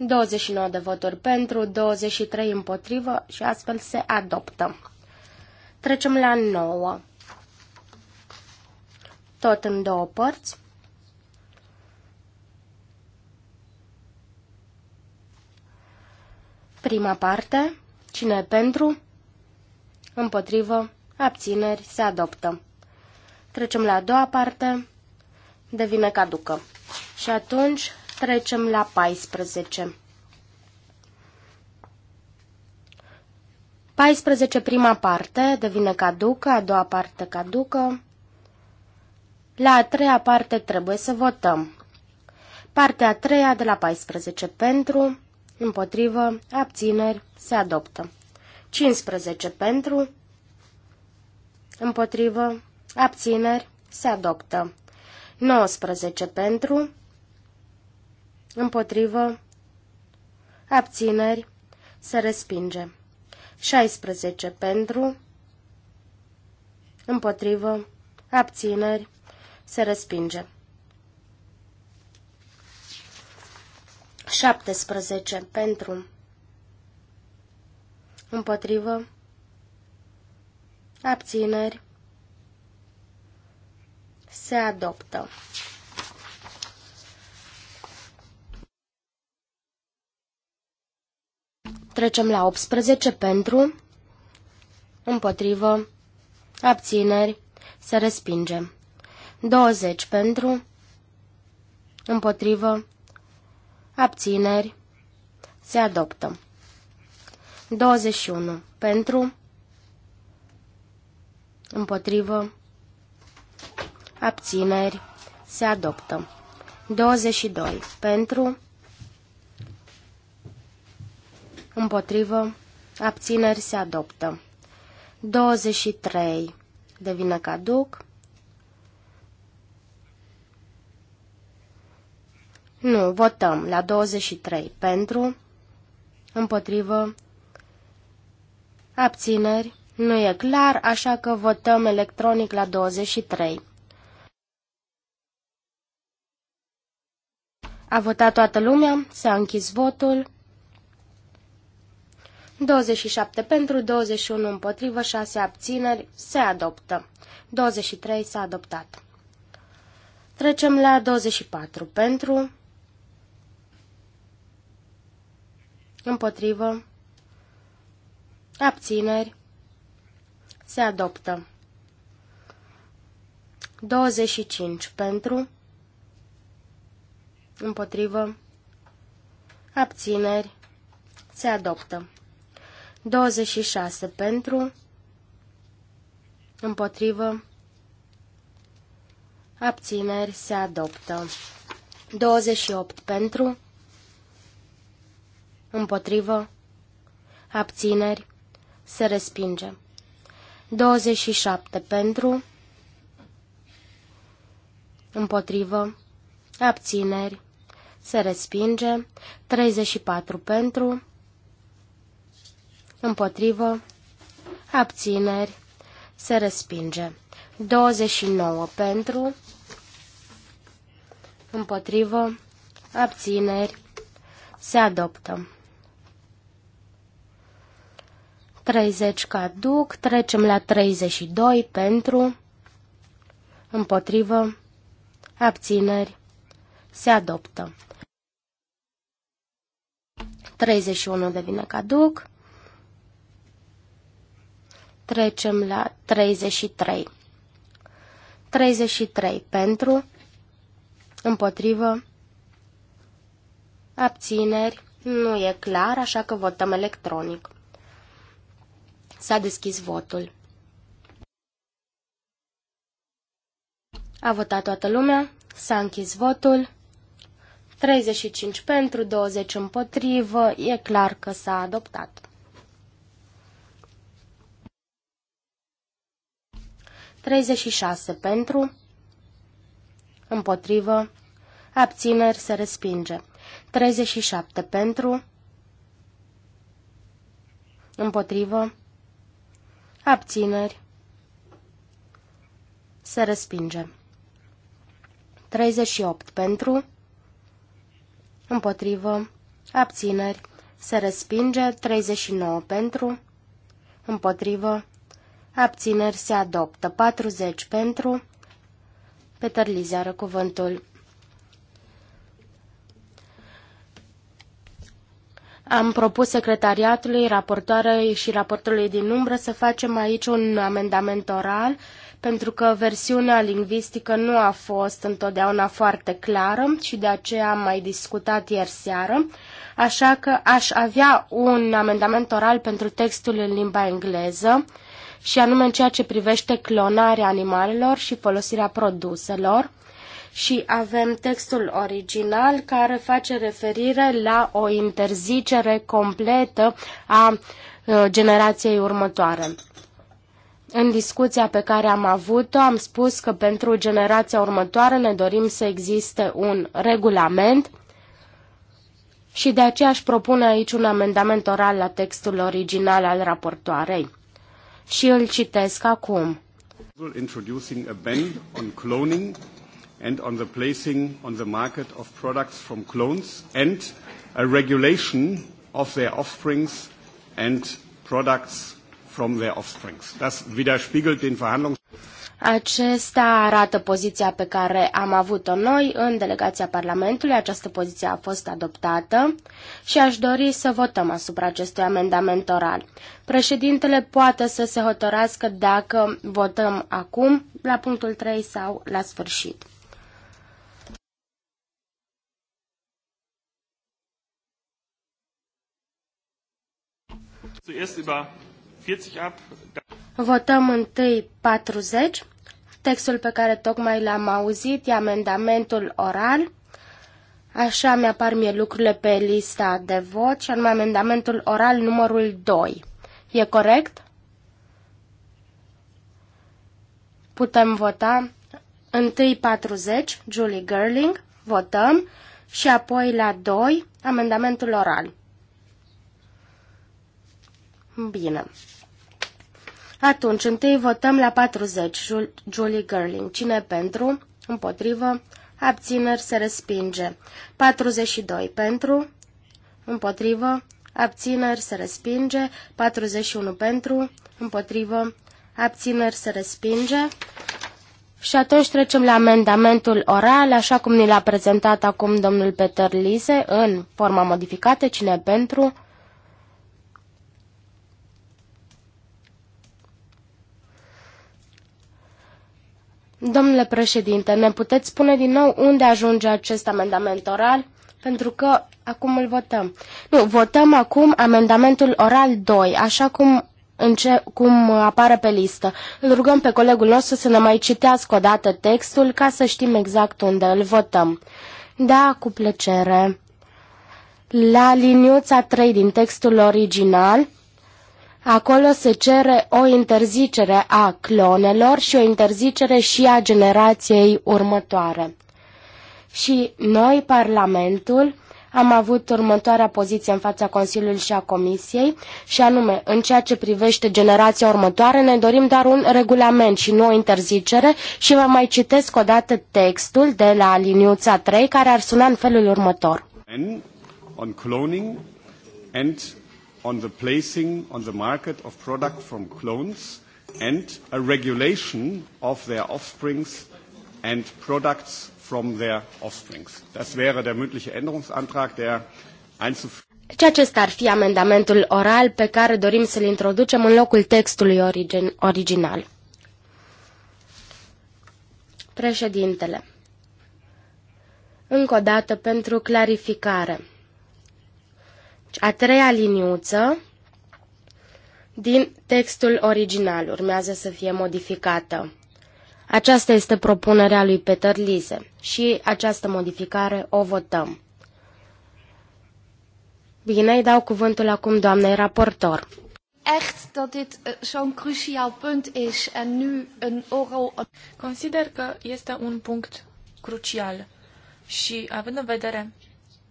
29 de voturi pentru, 23 împotrivă și astfel se adoptă. Trecem la 9. Tot în două părți. Prima parte. Cine e pentru? Împotrivă. Abțineri. Se adoptă. Trecem la a doua parte. Devine caducă. Și atunci Trecem la 14. 14, prima parte, devine caducă, a doua parte caducă. La a treia parte trebuie să votăm. Partea a treia de la 14 pentru, împotrivă, abțineri, se adoptă. 15 pentru, împotrivă, abțineri, se adoptă. 19 pentru, împotrivă, abțineri, se respinge. 16 pentru, împotrivă, abțineri, se respinge. 17 pentru, împotrivă, abțineri, se adoptă. Trecem la 18 pentru, împotrivă, abțineri, se respinge. 20 pentru, împotrivă, abțineri, se adoptă. 21 pentru, împotrivă, abțineri, se adoptă. 22 pentru, împotrivă, abțineri se adoptă. 23 devine caduc. Nu, votăm la 23 pentru, împotrivă, abțineri, nu e clar, așa că votăm electronic la 23. A votat toată lumea, s-a închis votul. 27 pentru, 21 împotrivă, 6 abțineri, se adoptă. 23 s-a adoptat. Trecem la 24 pentru, împotrivă, abțineri, se adoptă. 25 pentru, împotrivă, abțineri, se adoptă. 26 pentru, împotrivă, abțineri se adoptă. 28 pentru, împotrivă, abțineri se respinge. 27 pentru, împotrivă, abțineri se respinge. 34 pentru, împotrivă, abțineri, se respinge. 29 pentru, împotrivă, abțineri, se adoptă. 30 caduc, trecem la 32 pentru, împotrivă, abțineri, se adoptă. 31 devine caduc, Trecem la 33. 33 pentru, împotrivă, abțineri, nu e clar, așa că votăm electronic. S-a deschis votul. A votat toată lumea, s-a închis votul. 35 pentru, 20 împotrivă, e clar că s-a adoptat. 36 pentru, împotrivă, abțineri se respinge. 37 pentru, împotrivă, abțineri se respinge. 38 pentru, împotrivă, abțineri se respinge. 39 pentru, împotrivă, abțineri, se respinge. Abțineri se adoptă. 40 pentru. Peter Lizeară, cuvântul. Am propus secretariatului, raportoarei și raportului din umbră să facem aici un amendament oral, pentru că versiunea lingvistică nu a fost întotdeauna foarte clară și de aceea am mai discutat ieri seară, așa că aș avea un amendament oral pentru textul în limba engleză, și anume în ceea ce privește clonarea animalelor și folosirea produselor. Și avem textul original care face referire la o interzicere completă a uh, generației următoare. În discuția pe care am avut-o, am spus că pentru generația următoare ne dorim să existe un regulament și de aceea aș propune aici un amendament oral la textul original al raportoarei și îl citesc acum. Introducing a ban on cloning and on the placing on the market of products from clones and a regulation of their offsprings and products from their offsprings. Das widerspiegelt den Verhandlungs acesta arată poziția pe care am avut-o noi în delegația Parlamentului. Această poziție a fost adoptată și aș dori să votăm asupra acestui amendament oral. Președintele poate să se hotărască dacă votăm acum, la punctul 3 sau la sfârșit. Zuerst über 40 ab. Votăm întâi 40, textul pe care tocmai l-am auzit, e amendamentul oral. Așa mi-apar mie lucrurile pe lista de vot și anume amendamentul oral numărul 2. E corect? Putem vota întâi 40, Julie Gerling, votăm, și apoi la 2, amendamentul oral. Bine. Atunci, întâi votăm la 40, Julie Gerling. Cine pentru? Împotrivă? Abțineri se respinge. 42 pentru? Împotrivă? Abțineri se respinge. 41 pentru? Împotrivă? Abțineri se respinge. Și atunci trecem la amendamentul oral, așa cum ni l-a prezentat acum domnul Peter Lise, în forma modificată, cine pentru, Domnule președinte, ne puteți spune din nou unde ajunge acest amendament oral? Pentru că acum îl votăm. Nu, votăm acum amendamentul oral 2, așa cum, înce- cum apare pe listă. Îl rugăm pe colegul nostru să ne mai citească o dată textul ca să știm exact unde îl votăm. Da, cu plăcere. La liniuța 3 din textul original, Acolo se cere o interzicere a clonelor și o interzicere și a generației următoare. Și noi, Parlamentul, am avut următoarea poziție în fața Consiliului și a Comisiei, și anume, în ceea ce privește generația următoare, ne dorim doar un regulament și nu o interzicere și vă mai citesc o dată textul de la aliniuța 3, care ar suna în felul următor. On cloning and on the placing on the market of product from clones and a regulation of their offsprings and products from their offsprings. Das wäre der mündliche Änderungsantrag, der einzuführen. Deci acesta ar fi amendamentul oral pe care dorim să-l introducem în locul textului origin, original. Președintele, încă o dată pentru clarificare a treia liniuță din textul original urmează să fie modificată. Aceasta este propunerea lui Peter Lise și această modificare o votăm. Bine, îi dau cuvântul acum doamnei raportor. Echt dat dit eh, zo'n cruciaal punt is en nu een oral... Consider că este un punct crucial și având în vedere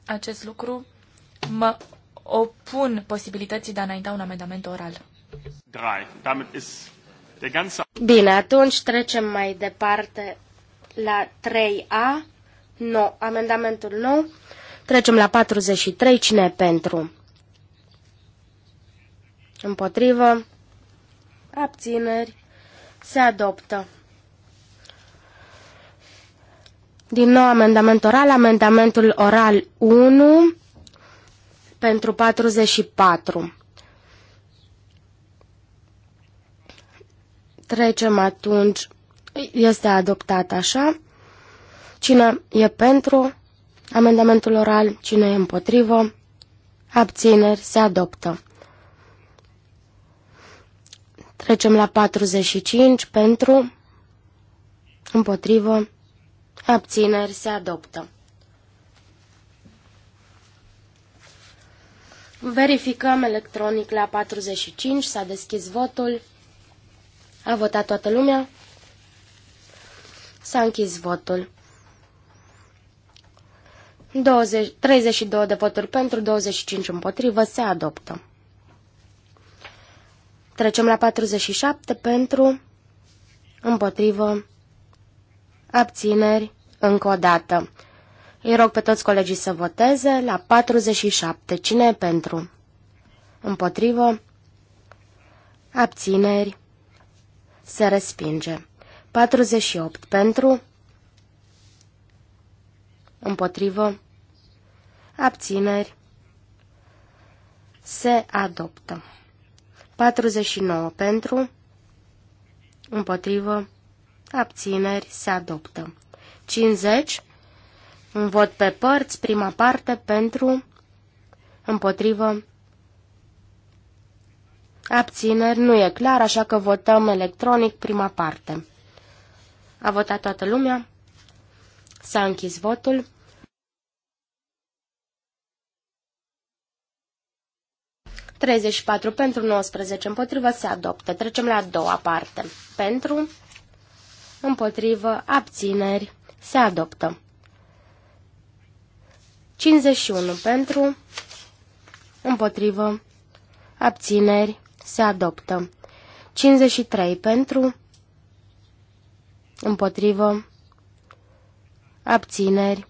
acest lucru, mă opun posibilității de a înainta un amendament oral. Bine, atunci trecem mai departe la 3A, no, amendamentul nou. Trecem la 43, cine e pentru? Împotrivă, abțineri, se adoptă. Din nou amendament oral, amendamentul oral 1 pentru 44. Trecem atunci, este adoptat așa. Cine e pentru amendamentul oral, cine e împotrivă, abțineri, se adoptă. Trecem la 45, pentru, împotrivă, abțineri, se adoptă. Verificăm electronic la 45, s-a deschis votul. A votat toată lumea. S-a închis votul. 20, 32 de voturi pentru, 25 împotrivă, se adoptă. Trecem la 47 pentru, împotrivă, abțineri, încă o dată. Îi rog pe toți colegii să voteze la 47. Cine e pentru? Împotrivă? Abțineri? Se respinge. 48. Pentru? Împotrivă? Abțineri? Se adoptă. 49. Pentru? Împotrivă? Abțineri? Se adoptă. 50 un vot pe părți, prima parte, pentru, împotrivă, abțineri, nu e clar, așa că votăm electronic prima parte. A votat toată lumea? S-a închis votul. Treizeci patru pentru 19 împotrivă se adoptă. Trecem la a doua parte. Pentru, împotrivă, abțineri, se adoptă. 51 pentru, împotrivă, abțineri, se adoptă. 53 pentru, împotrivă, abțineri.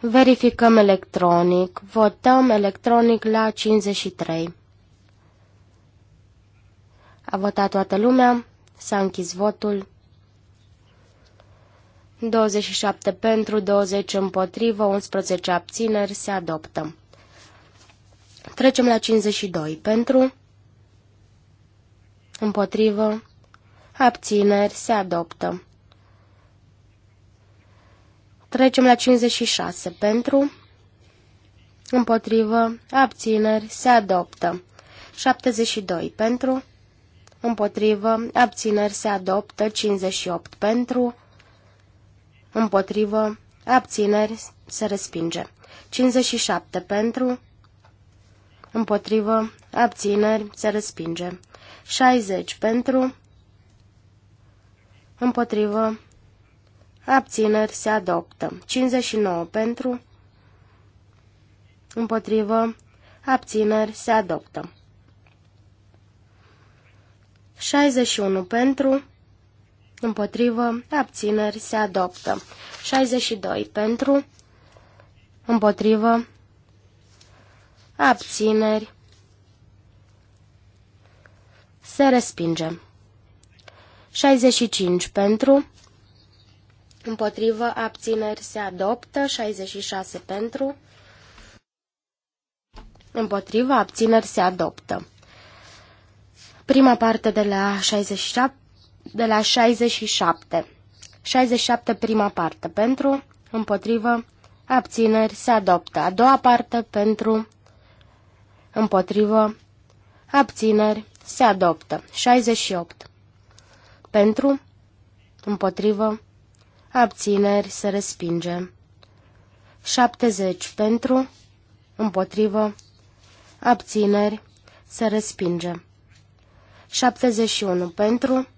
Verificăm electronic, votăm electronic la 53. A votat toată lumea, s-a închis votul. 27 pentru, 20 împotrivă, 11 abțineri, se adoptă. Trecem la 52. Pentru, împotrivă, abțineri, se adoptă. Trecem la 56. Pentru, împotrivă, abțineri, se adoptă. 72. Pentru, împotrivă, abțineri, se adoptă. 58. Pentru, împotrivă, abțineri, se respinge. 57 pentru, împotrivă, abțineri, se respinge. 60 pentru, împotrivă, abțineri, se adoptă. 59 pentru, împotrivă, abțineri, se adoptă. 61 pentru, împotrivă, abțineri, se adoptă. 62 pentru, împotrivă, abțineri, se respinge. 65 pentru, împotrivă, abțineri, se adoptă. 66 pentru, împotrivă, abțineri, se adoptă. Prima parte de la 67 de la 67. 67 prima parte pentru, împotrivă, abțineri se adoptă. A doua parte pentru, împotrivă, abțineri se adoptă. 68 pentru, împotrivă, abțineri se respinge. 70 pentru, împotrivă, abțineri se respinge. 71 pentru,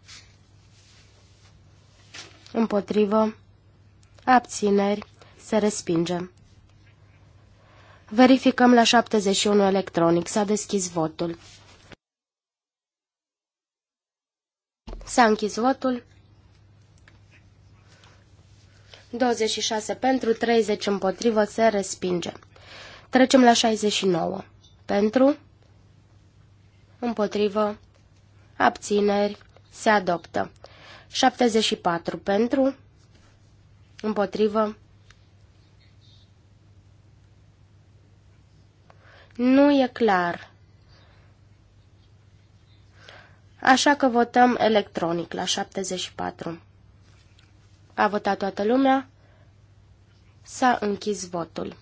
împotrivă, abțineri, se respinge. Verificăm la 71 electronic. S-a deschis votul. S-a închis votul. 26 pentru, 30 împotrivă, se respinge. Trecem la 69. Pentru, împotrivă, abțineri, se adoptă. 74 pentru, împotrivă. Nu e clar. Așa că votăm electronic la 74. A votat toată lumea? S-a închis votul.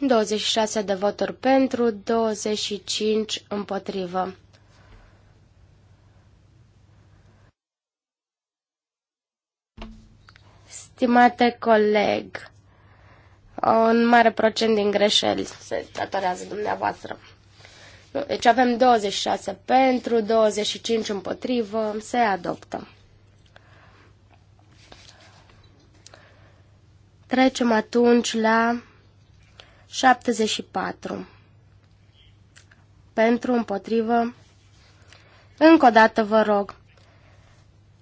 26 de voturi pentru, 25 împotrivă. Stimate coleg, un mare procent din greșeli se datorează dumneavoastră. Deci avem 26 pentru, 25 împotrivă, se adoptă. Trecem atunci la 74. Pentru, împotrivă. Încă o dată vă rog.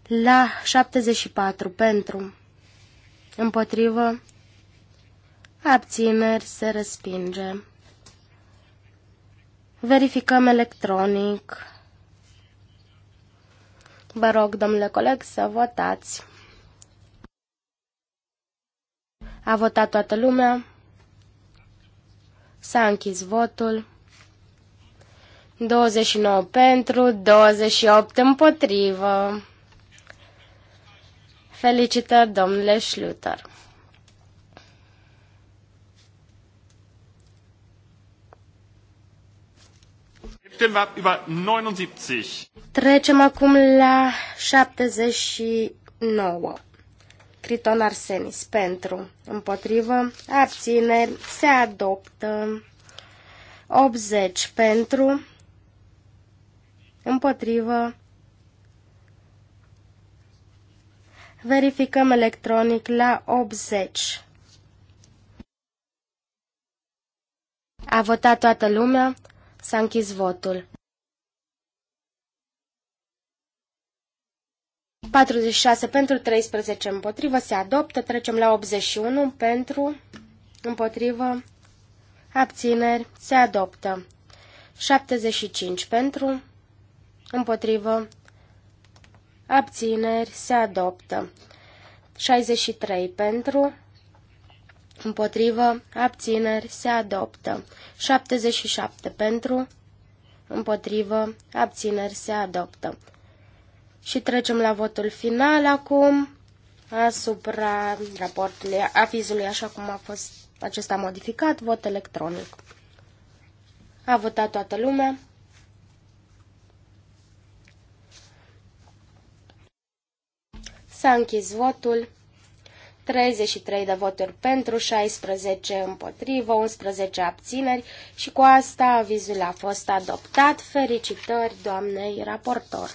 La 74. Pentru. Împotrivă. Abțineri se respinge. Verificăm electronic. Vă rog, domnule coleg, să votați. A votat toată lumea. S-a închis votul. 29 pentru, 28 împotrivă. Felicitări, domnule Schluter! Trecem acum la 79. Criton Arsenis pentru, împotrivă, abține, se adoptă. 80 pentru, împotrivă, Verificăm electronic la 80. A votat toată lumea, s-a închis votul. 46 pentru 13 împotrivă se adoptă, trecem la 81 pentru împotrivă abțineri se adoptă. 75 pentru împotrivă abțineri, se adoptă. 63 pentru, împotrivă, abțineri, se adoptă. 77 pentru, împotrivă, abțineri, se adoptă. Și trecem la votul final acum asupra raportului, avizului așa cum a fost acesta modificat, vot electronic. A votat toată lumea. S-a închis votul. 33 de voturi pentru, 16 împotrivă, 11 abțineri și cu asta avizul a fost adoptat. Fericitări doamnei raportor!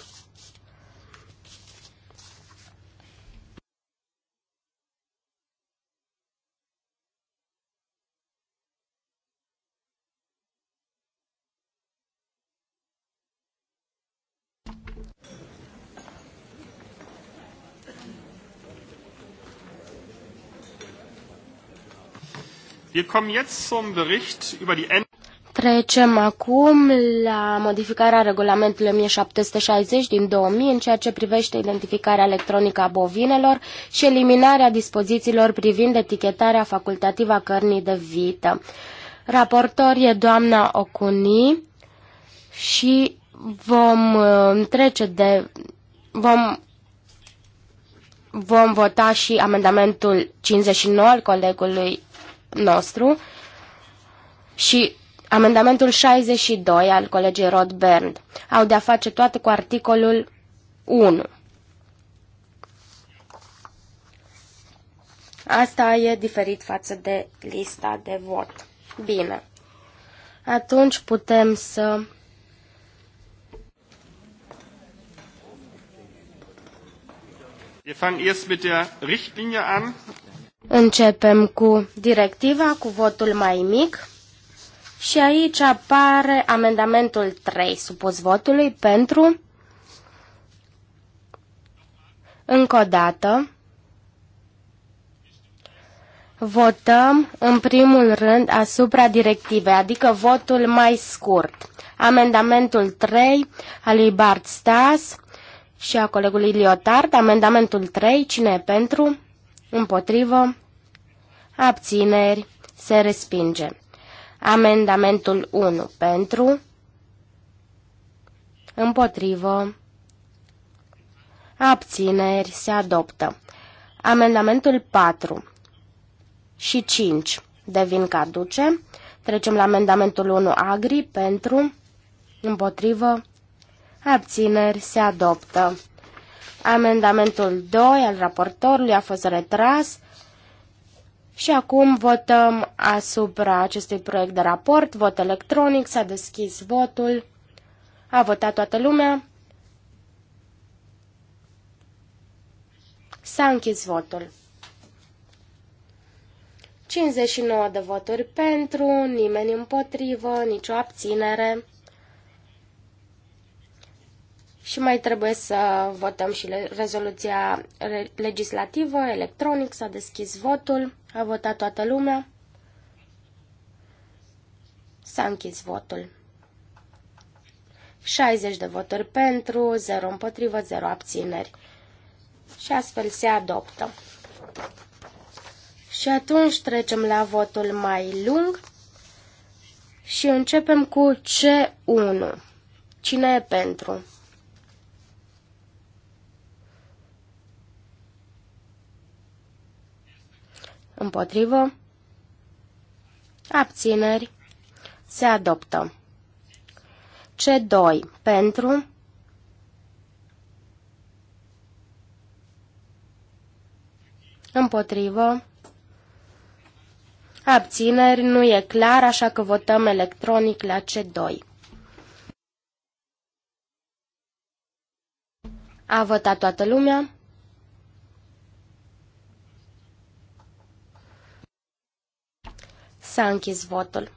Trecem acum la modificarea regulamentului 1760 din 2000 în ceea ce privește identificarea electronică a bovinelor și eliminarea dispozițiilor privind etichetarea facultativă a cărnii de vită. Raportor e doamna Ocuni și vom uh, trece de vom vom vota și amendamentul 59 al colegului nostru și amendamentul 62 al colegii Rod Bernd au de-a face toate cu articolul 1. Asta e diferit față de lista de vot. Bine. Atunci putem să Wir fangen erst mit der Richtlinie an Începem cu directiva, cu votul mai mic. Și aici apare amendamentul 3, supus votului, pentru... Încă o dată, votăm în primul rând asupra directivei, adică votul mai scurt. Amendamentul 3 al lui Bart Stas și a colegului Liotard, amendamentul 3, cine e pentru? Împotrivă. Abțineri. Se respinge. Amendamentul 1 pentru. Împotrivă. Abțineri. Se adoptă. Amendamentul 4 și 5 devin caduce. Trecem la amendamentul 1 agri pentru. Împotrivă. Abțineri. Se adoptă. Amendamentul 2 al raportorului a fost retras. Și acum votăm asupra acestui proiect de raport. Vot electronic. S-a deschis votul. A votat toată lumea. S-a închis votul. 59 de voturi pentru, nimeni împotrivă, nicio abținere. Și mai trebuie să votăm și rezoluția legislativă, electronic, s-a deschis votul, a votat toată lumea, s-a închis votul. 60 de voturi pentru, 0 împotrivă, 0 abțineri. Și astfel se adoptă. Și atunci trecem la votul mai lung și începem cu C1. Cine e pentru? Împotrivă. Abțineri. Se adoptă. C2. Pentru. Împotrivă. Abțineri nu e clar, așa că votăm electronic la C2. A votat toată lumea? S-a închis votul.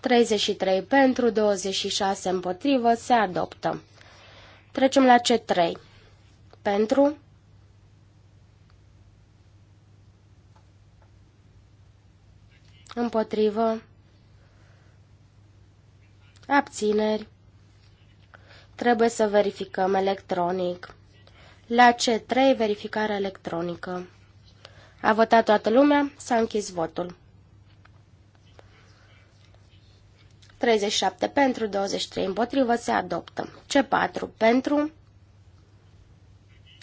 33 pentru, 26 împotrivă, se adoptă. Trecem la C3. Pentru. Împotrivă. Abțineri. Trebuie să verificăm electronic. La C3 verificare electronică. A votat toată lumea, s-a închis votul. 37 pentru, 23 împotrivă, se adoptă. C4 pentru,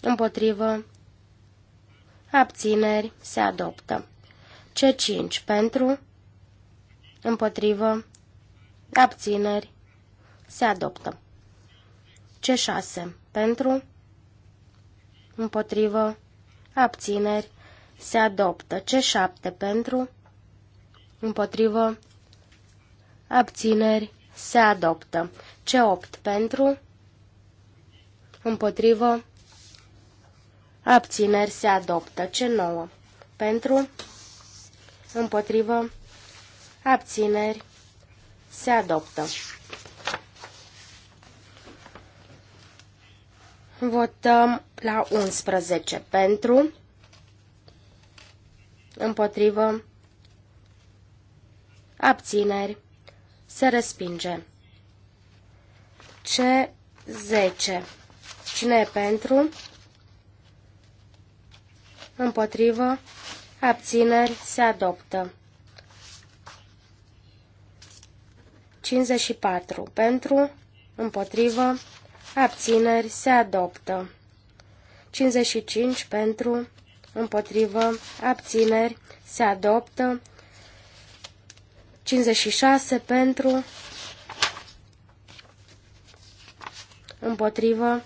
împotrivă, abțineri, se adoptă. C5 pentru, împotrivă, abțineri, se adoptă. C6 pentru, împotrivă, abțineri, se adoptă. C7 pentru, împotrivă, abțineri, se adoptă. C8 pentru, împotrivă, abțineri, se adoptă. C9 pentru, împotrivă, abțineri, se adoptă. Votăm la 11 pentru, împotrivă, abțineri, se respinge. C10. Cine e pentru? Împotrivă, abțineri, se adoptă. 54. Pentru, împotrivă, abțineri, se adoptă. 55 pentru, împotrivă, abțineri, se adoptă. 56 pentru, împotrivă,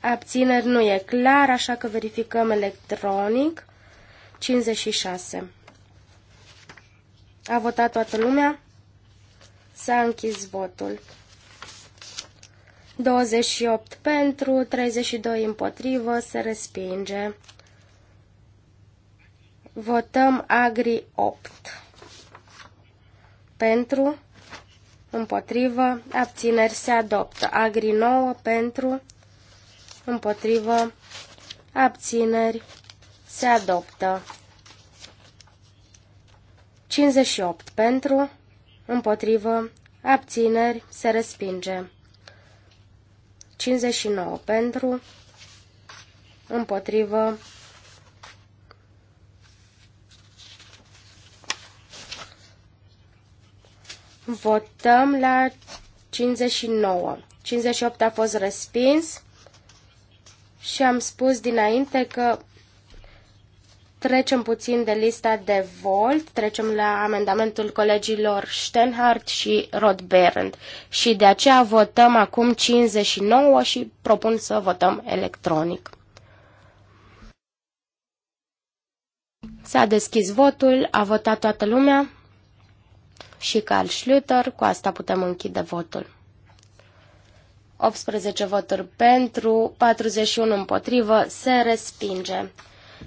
abțineri nu e clar, așa că verificăm electronic. 56. A votat toată lumea? S-a închis votul. 28 pentru, 32 împotrivă, se respinge. Votăm Agri 8. Pentru, împotrivă, abțineri se adoptă. Agri 9 pentru, împotrivă, abțineri se adoptă. 58 pentru, împotrivă, abțineri se respinge. 59 pentru, împotrivă, votăm la 59. 58 a fost respins și am spus dinainte că Trecem puțin de lista de volt, trecem la amendamentul colegilor Stenhardt și Rod Berend. Și de aceea votăm acum 59 și propun să votăm electronic. S-a deschis votul, a votat toată lumea și Carl Schlüter, cu asta putem închide votul. 18 voturi pentru, 41 împotrivă, se respinge.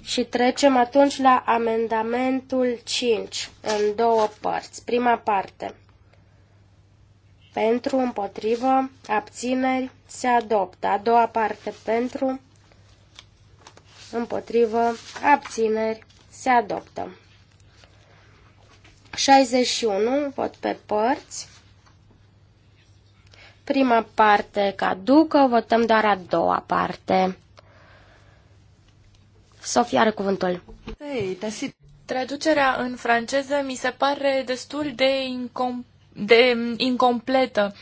Și trecem atunci la amendamentul 5, în două părți. Prima parte. Pentru, împotrivă, abțineri, se adoptă. A doua parte, pentru, împotrivă, abțineri, se adoptă. 61, vot pe părți. Prima parte caducă, votăm doar a doua parte. Sofia are cuvântul. Hey, Traducerea în franceză mi se pare destul de, incom- de incompletă.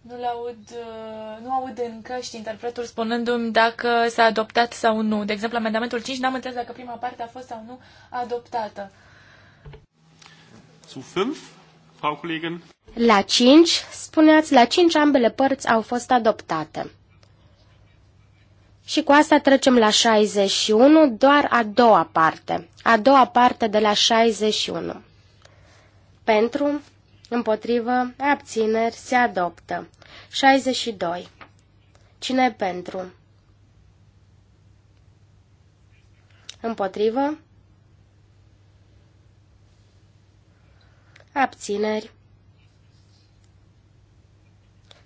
Nu-l aud, uh, nu aud în căști interpretul spunându-mi dacă s-a adoptat sau nu. De exemplu, amendamentul 5, n-am înțeles dacă prima parte a fost sau nu adoptată. Zu 5, Frau Kollegin. La 5, spuneați, la 5 ambele părți au fost adoptate. Și cu asta trecem la 61, doar a doua parte. A doua parte de la 61. Pentru, împotrivă, abțineri, se adoptă. 62. Cine e pentru? Împotrivă? Abțineri.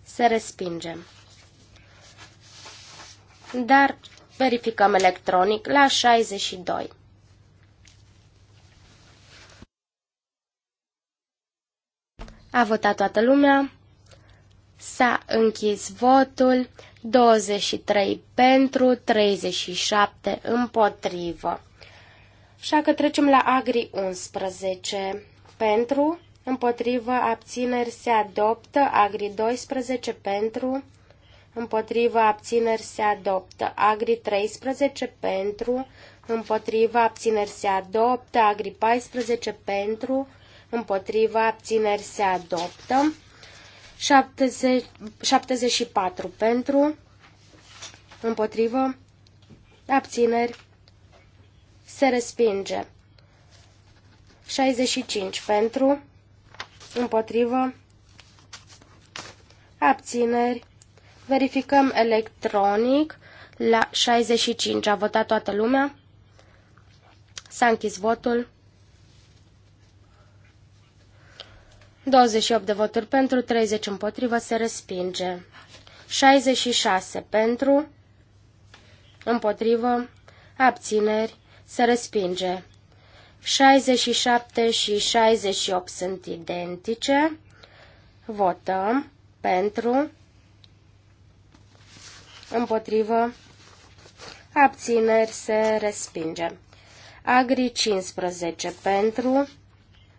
Se respingem dar verificăm electronic la 62. A votat toată lumea. S-a închis votul. 23 pentru, 37 împotrivă. Așa că trecem la Agri 11. Pentru, împotrivă, abțineri se adoptă. Agri 12 pentru, împotriva abțineri se adoptă. Agri 13 pentru, împotriva abțineri se adoptă. Agri 14 pentru, împotriva abțineri se adoptă. 70, 74 pentru, împotriva abțineri, se respinge. 65 pentru, împotriva abțineri, Verificăm electronic la 65. A votat toată lumea? S-a închis votul. 28 de voturi pentru, 30 împotrivă, se respinge. 66 pentru, împotrivă, abțineri, se respinge. 67 și 68 sunt identice. Votăm pentru, împotrivă, abțineri se respinge. Agri 15 pentru,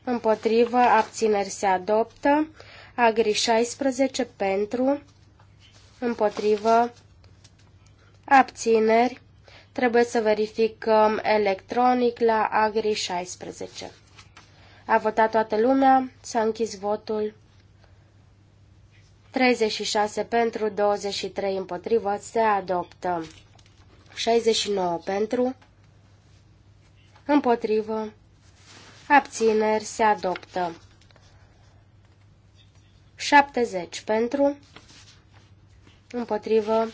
împotrivă, abțineri se adoptă. Agri 16 pentru, împotrivă, abțineri. Trebuie să verificăm electronic la Agri 16. A votat toată lumea, s-a închis votul. 36 pentru, 23 împotrivă, se adoptă. 69 pentru, împotrivă, abțineri, se adoptă. 70 pentru, împotrivă,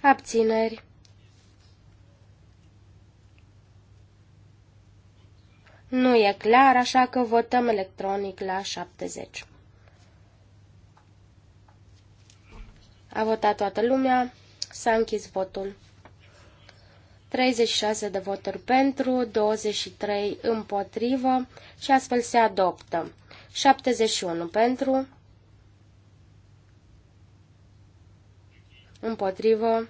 abțineri. Nu e clar, așa că votăm electronic la 70. A votat toată lumea. S-a închis votul. 36 de voturi pentru, 23 împotrivă și astfel se adoptă. 71 pentru, împotrivă,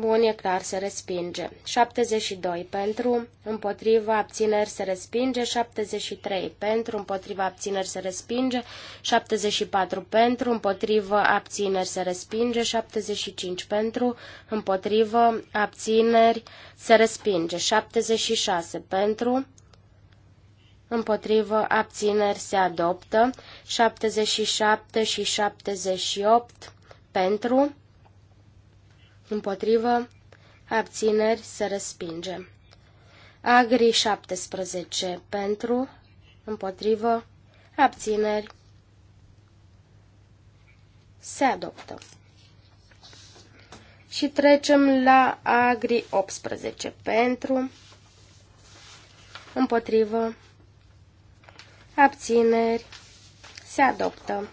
Bun, e clar, se respinge. 72 pentru, împotriva abțineri se respinge, 73 pentru, împotriva abțineri se respinge, 74 pentru, împotriva abțineri se respinge, 75 pentru, împotriva abțineri se respinge, 76 pentru, împotriva abțineri se adoptă, 77 și 78 pentru, Împotrivă. Abțineri se respinge. Agri 17 pentru, împotrivă, abțineri se adoptă. Și trecem la Agri 18 pentru, împotrivă, abțineri se adoptă.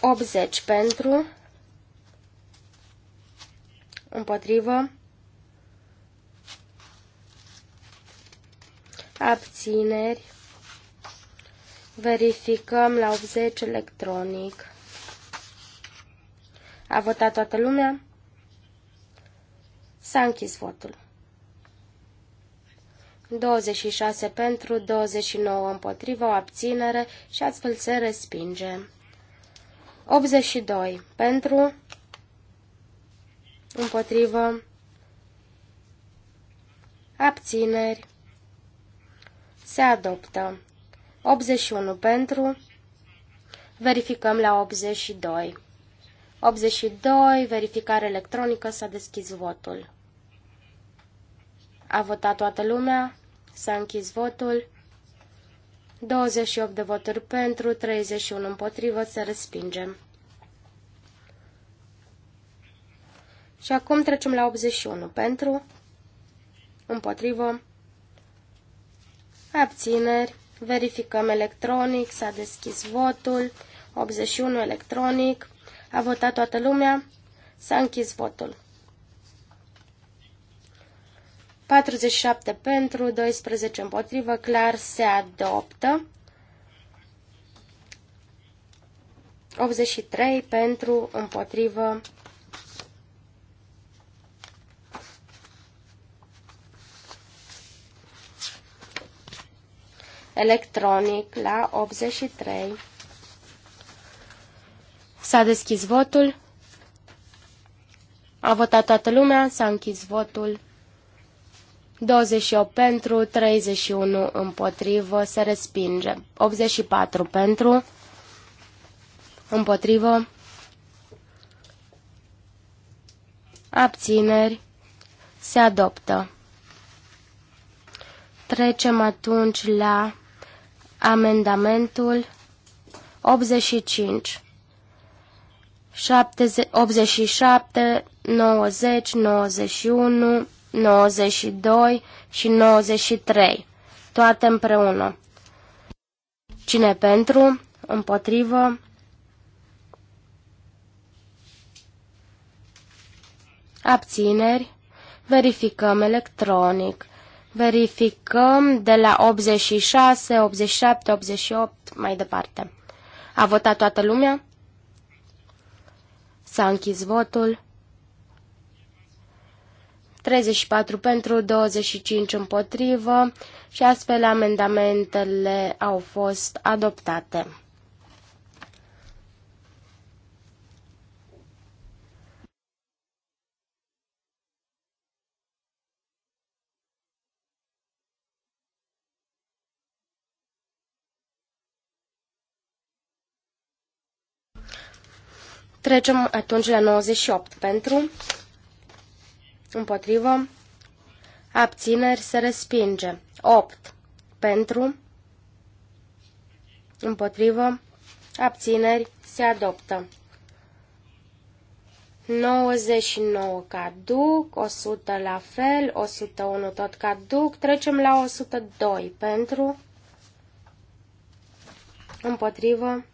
80 pentru, împotrivă, abțineri, verificăm la 80 electronic. A votat toată lumea? S-a închis votul. 26 pentru, 29 împotrivă, o abținere și astfel se respinge. 82 pentru, împotrivă, abțineri, se adoptă. 81 pentru, verificăm la 82. 82, verificare electronică, s-a deschis votul. A votat toată lumea, s-a închis votul. 28 de voturi pentru, 31 împotrivă, să respingem. Și acum trecem la 81. Pentru, împotrivă, abțineri, verificăm electronic, s-a deschis votul, 81 electronic, a votat toată lumea, s-a închis votul. 47 pentru, 12 împotrivă, clar se adoptă. 83 pentru, împotrivă, electronic la 83. S-a deschis votul. A votat toată lumea, s-a închis votul. 28 pentru, 31 împotrivă, se respinge. 84 pentru, împotrivă, abțineri, se adoptă. Trecem atunci la Amendamentul 85, 70, 87, 90, 91, 92 și 93, toate împreună. Cine pentru, împotrivă, abțineri, verificăm electronic. Verificăm de la 86, 87, 88, mai departe. A votat toată lumea? S-a închis votul. 34 pentru, 25 împotrivă și astfel amendamentele au fost adoptate. Trecem atunci la 98 pentru, împotrivă, abțineri se respinge. 8 pentru, împotrivă, abțineri se adoptă. 99 caduc, 100 la fel, 101 tot caduc, trecem la 102 pentru, împotrivă,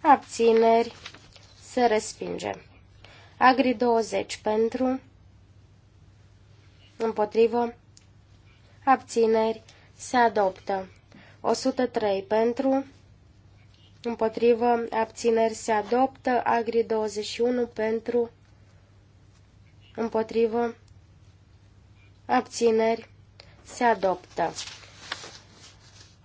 abțineri se respinge. Agri 20 pentru, împotrivă, abțineri, se adoptă. 103 pentru, împotrivă, abțineri, se adoptă. Agri 21 pentru, împotrivă, abțineri, se adoptă.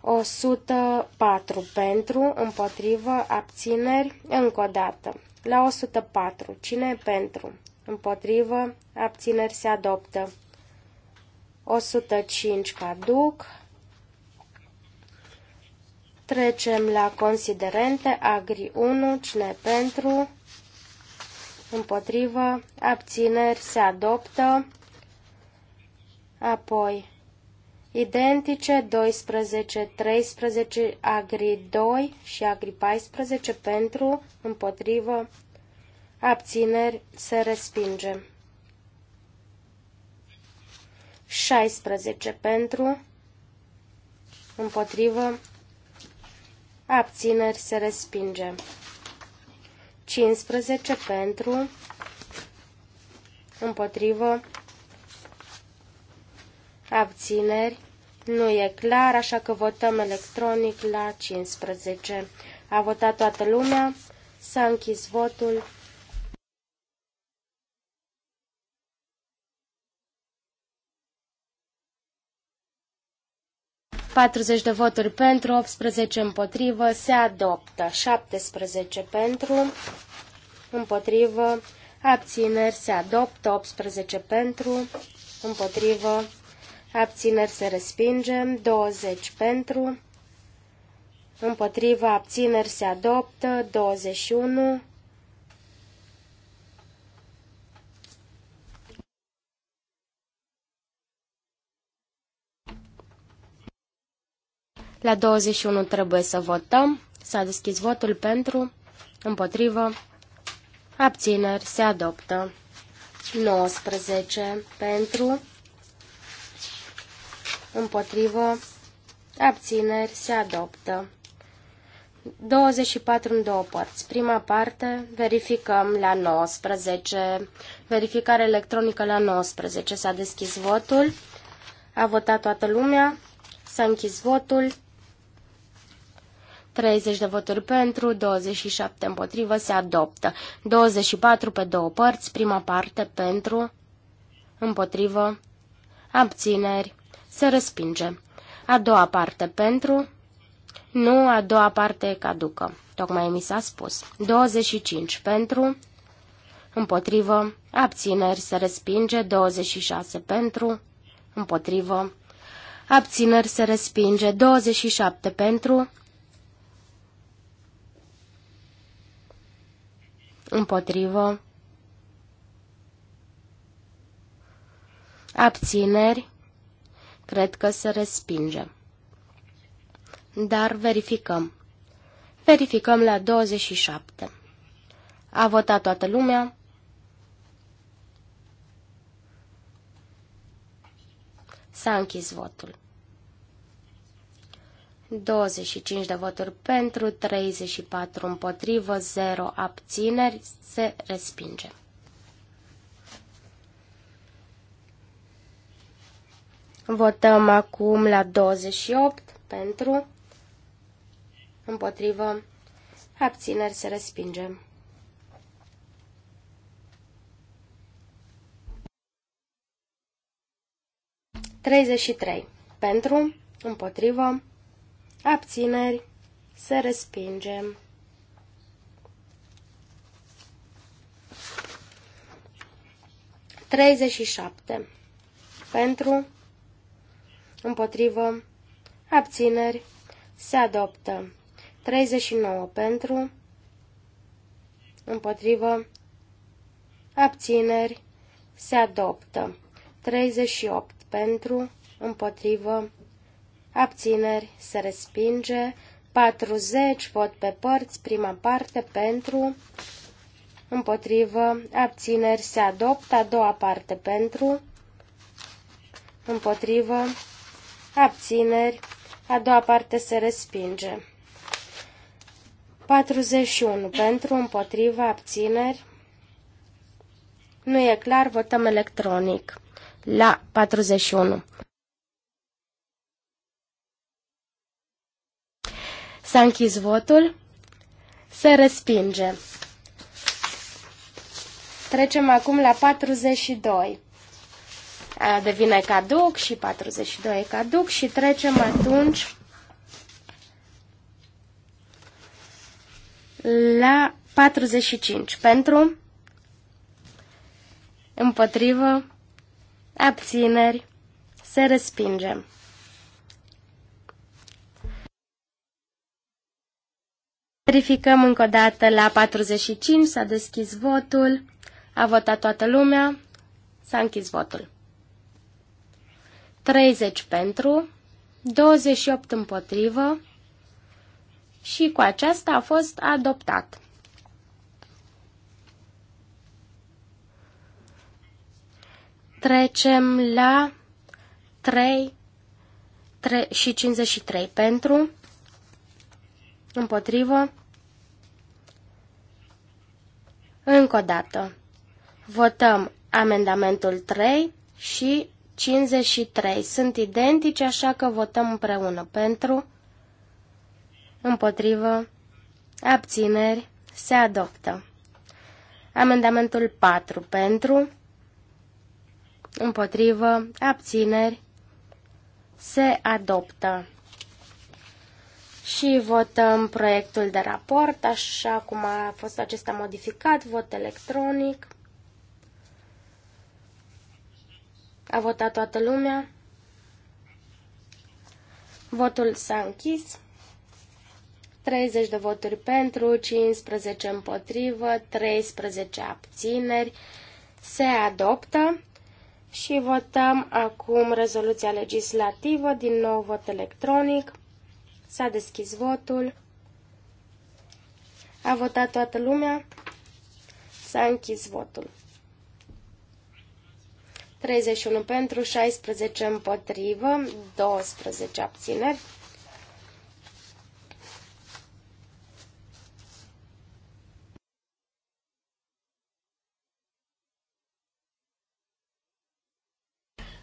104 pentru, împotrivă, abțineri, încă o dată. La 104. Cine e pentru? Împotrivă. Abțineri se adoptă. 105 caduc. Trecem la considerente. Agri 1. Cine e pentru? Împotrivă. Abțineri se adoptă. Apoi Identice 12, 13, Agri 2 și Agri 14 pentru, împotrivă, abțineri, se respinge. 16 pentru, împotrivă, abțineri, se respinge. 15 pentru, împotrivă, abțineri, nu e clar, așa că votăm electronic la 15. A votat toată lumea, s-a închis votul. Patruzeci de voturi pentru, 18 împotrivă, se adoptă. 17 pentru, împotrivă, abțineri, se adoptă, 18 pentru, împotrivă, abțineri se respinge, 20 pentru, împotriva abțineri se adoptă, 21 La 21 trebuie să votăm. S-a deschis votul pentru, împotrivă, abțineri, se adoptă. 19 pentru, împotrivă, abțineri, se adoptă. 24 în două părți. Prima parte, verificăm la 19, verificare electronică la 19. S-a deschis votul, a votat toată lumea, s-a închis votul, 30 de voturi pentru, 27 împotrivă, se adoptă. 24 pe două părți, prima parte pentru, împotrivă, abțineri, se respinge. A doua parte pentru. Nu, a doua parte e caducă. Tocmai mi s-a spus. 25 pentru. Împotrivă. Abțineri se respinge. 26 pentru. Împotrivă. Abțineri se respinge. 27 pentru. Împotrivă. Abțineri Cred că se respinge. Dar verificăm. Verificăm la 27. A votat toată lumea. S-a închis votul. 25 de voturi pentru, 34 împotrivă, 0 abțineri, se respinge. Votăm acum la 28 pentru, împotrivă, abțineri se respinge. Treizeci și trei. Pentru, împotrivă, abțineri, se respingem. Treizeci și șapte. Pentru, împotrivă, abțineri, se adoptă. 39 pentru, împotrivă, abțineri, se adoptă. 38 pentru, împotrivă, abțineri, se respinge. 40 vot pe părți, prima parte pentru, împotrivă, abțineri, se adoptă. A doua parte pentru, împotrivă, abțineri, a doua parte se respinge. 41 pentru, împotriva, abțineri, nu e clar, votăm electronic. La 41. S-a închis votul. Se respinge. Trecem acum la 42 devine caduc și 42 e caduc și trecem atunci la 45 pentru împotrivă abțineri se respingem. Verificăm încă o dată la 45, s-a deschis votul, a votat toată lumea, s-a închis votul. 30 pentru, 28 împotrivă și cu aceasta a fost adoptat. Trecem la 3, 3 și 53 pentru, împotrivă, încă o dată. Votăm amendamentul 3 și 53. Sunt identici așa că votăm împreună. Pentru, împotrivă, abțineri, se adoptă. Amendamentul 4. Pentru, împotrivă, abțineri, se adoptă. Și votăm proiectul de raport, așa cum a fost acesta modificat, vot electronic. A votat toată lumea. Votul s-a închis. 30 de voturi pentru, 15 împotrivă, 13 abțineri. Se adoptă și votăm acum rezoluția legislativă, din nou vot electronic. S-a deschis votul. A votat toată lumea. S-a închis votul. 31 pentru, 16 împotrivă, 12 abțineri.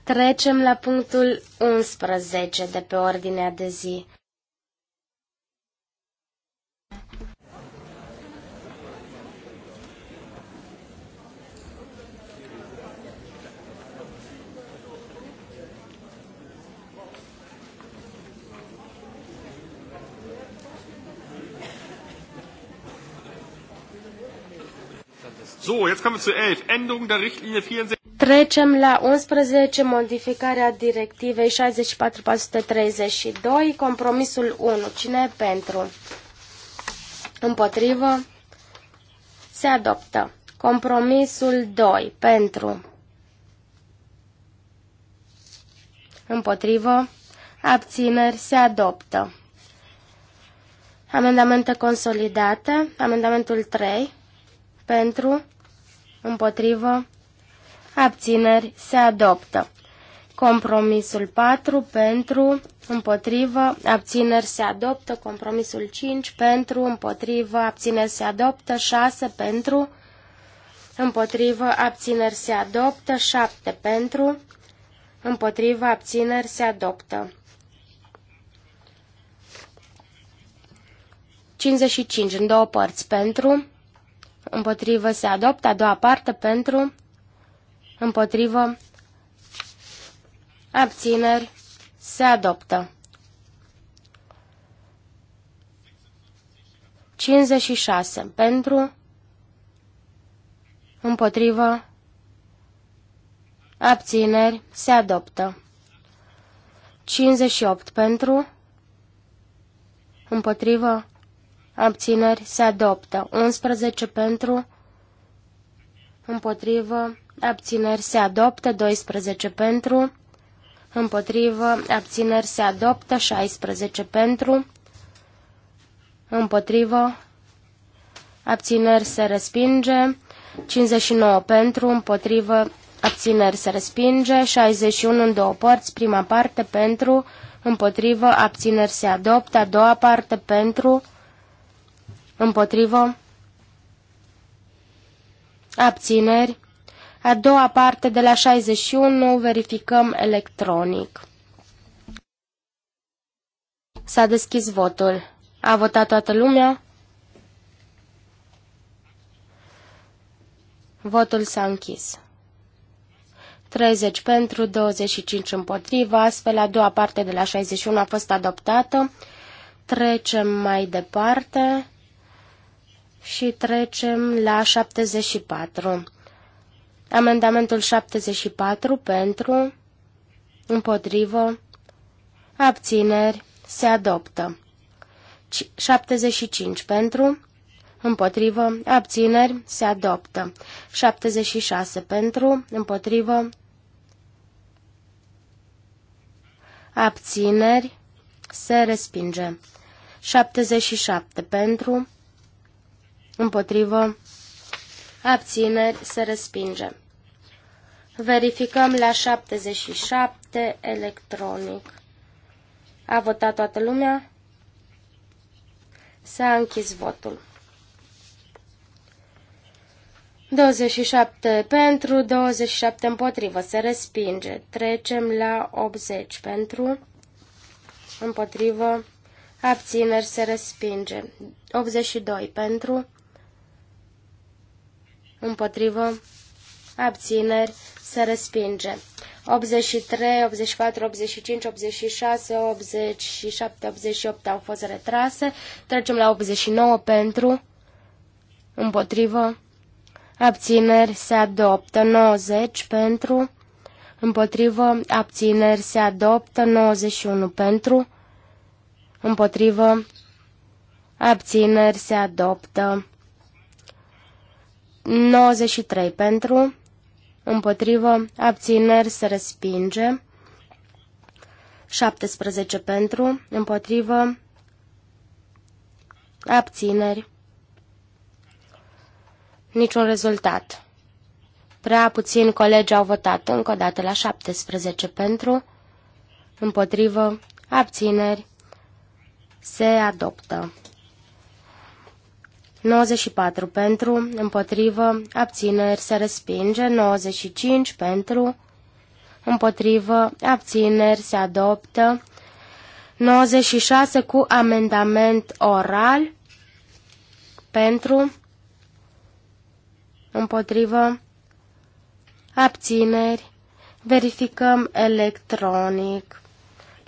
Trecem la punctul 11 de pe ordinea de zi. So, jetzt kommen wir zu 11. Änderung der Richtlinie 64. Trecem la 11, modificarea directivei 64432, compromisul 1. Cine e pentru? Împotrivă? Se adoptă. Compromisul 2. Pentru. Împotrivă? Abțineri? Se adoptă. Amendamente consolidate. Amendamentul 3. Pentru împotrivă, abțineri, se adoptă. Compromisul 4 pentru, împotrivă, abțineri se adoptă. Compromisul 5 pentru, împotrivă, abțineri se adoptă. 6 pentru, împotrivă, abțineri se adoptă. 7 pentru, împotrivă, abțineri se adoptă. 55 în două părți pentru, împotrivă se adoptă, a doua parte pentru, împotrivă, abțineri, se adoptă. 56. Pentru, împotrivă, abțineri, se adoptă. 58. Pentru, împotrivă, abțineri se adoptă. 11 pentru, împotrivă, abțineri se adoptă. 12 pentru, împotrivă, abțineri se adoptă. 16 pentru, împotrivă, abțineri se respinge. 59 pentru, împotrivă, abțineri se respinge. 61 în două părți, prima parte pentru, împotrivă, abțineri se adoptă. A doua parte pentru, Împotrivă. Abțineri. A doua parte de la 61 verificăm electronic. S-a deschis votul. A votat toată lumea? Votul s-a închis. 30 pentru, 25 împotriva, astfel a doua parte de la 61 a fost adoptată. Trecem mai departe și trecem la 74. Amendamentul 74 pentru, împotrivă, abțineri, se adoptă. 75 pentru, împotrivă, abțineri, se adoptă. 76 pentru, împotrivă, abțineri, se respinge. 77 pentru, împotrivă, abțineri, se respinge. Verificăm la 77 electronic. A votat toată lumea? S-a închis votul. 27 pentru, 27 împotrivă, se respinge. Trecem la 80 pentru, împotrivă, abțineri, se respinge. 82 pentru, împotrivă, abțineri, se respinge. 83, 84, 85, 86, 87, 88 au fost retrase. Trecem la 89 pentru, împotrivă, abțineri, se adoptă. 90 pentru, împotrivă, abțineri, se adoptă. 91 pentru, împotrivă, abțineri, se adoptă. 93 pentru, împotrivă, abțineri se respinge. 17 pentru, împotrivă, abțineri. Niciun rezultat. Prea puțini colegi au votat încă o dată la 17 pentru, împotrivă, abțineri, se adoptă. 94 pentru, împotrivă, abțineri se respinge, 95 pentru, împotrivă, abțineri se adoptă, 96 cu amendament oral, pentru, împotrivă, abțineri, verificăm electronic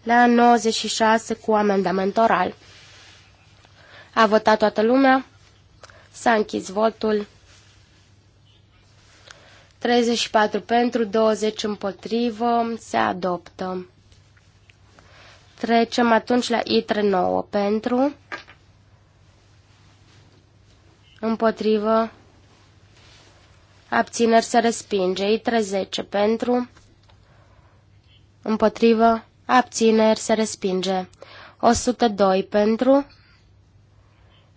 la 96 cu amendament oral. A votat toată lumea? S-a închis votul. 34 pentru, 20 împotrivă, se adoptă. Trecem atunci la ITRE 9 pentru, împotrivă, abțineri se respinge, ITRE 10 pentru, împotrivă, abțineri se respinge, 102 pentru,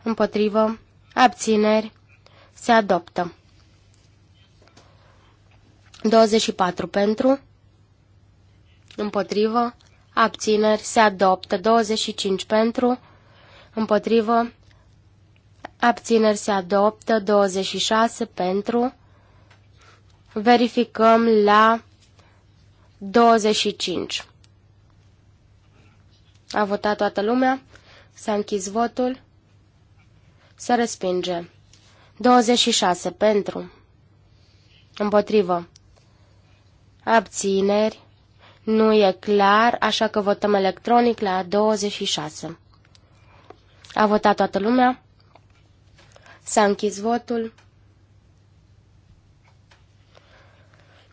împotrivă, Abțineri. Se adoptă. 24 pentru. Împotrivă. Abțineri. Se adoptă. 25 pentru. Împotrivă. Abțineri. Se adoptă. 26 pentru. Verificăm la 25. A votat toată lumea. S-a închis votul. Se respinge. 26. Pentru. Împotrivă. Abțineri. Nu e clar, așa că votăm electronic la 26. A votat toată lumea? S-a închis votul.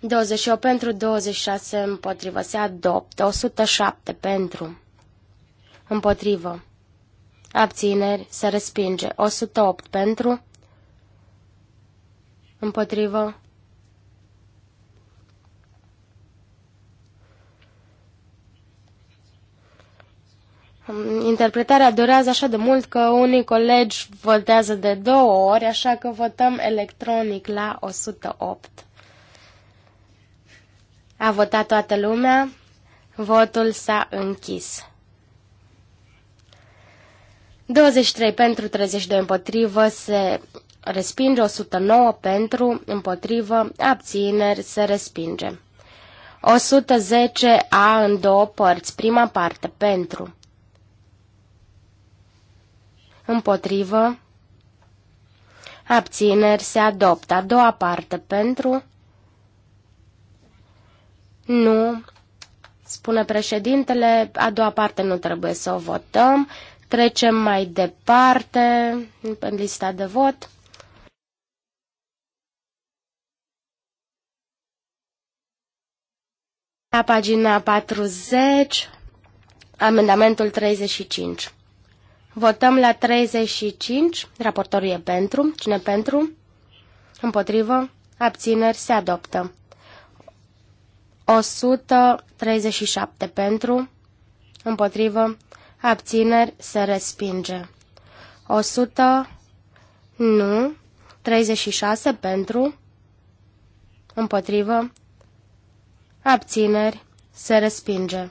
28 pentru, 26 împotrivă. Se adoptă. 107 pentru. Împotrivă. Abțineri se respinge. 108 pentru. Împotrivă. Interpretarea durează așa de mult că unii colegi votează de două ori, așa că votăm electronic la 108. A votat toată lumea. Votul s-a închis. 23 pentru, 32 împotrivă, se respinge, 109 pentru, împotrivă, abțineri, se respinge. 110 A în două părți, prima parte, pentru, împotrivă, abțineri, se adoptă, a doua parte, pentru, nu, spune președintele, a doua parte nu trebuie să o votăm, Trecem mai departe în lista de vot. La pagina 40, amendamentul 35. Votăm la 35. Raportorul e pentru. Cine pentru? Împotrivă? Abțineri se adoptă. 137 pentru. Împotrivă? abțineri, se respinge. 100, nu, 36 pentru, împotrivă, abțineri, se respinge.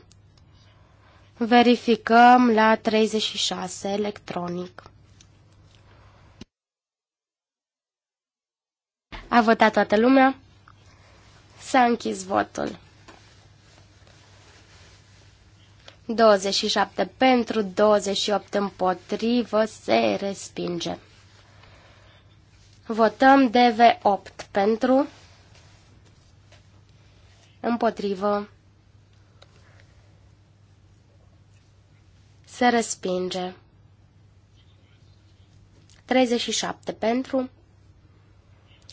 Verificăm la 36 electronic. A votat toată lumea? S-a închis votul. 27 pentru, 28 împotrivă, se respinge. Votăm DV8 pentru, împotrivă, se respinge. 37 pentru,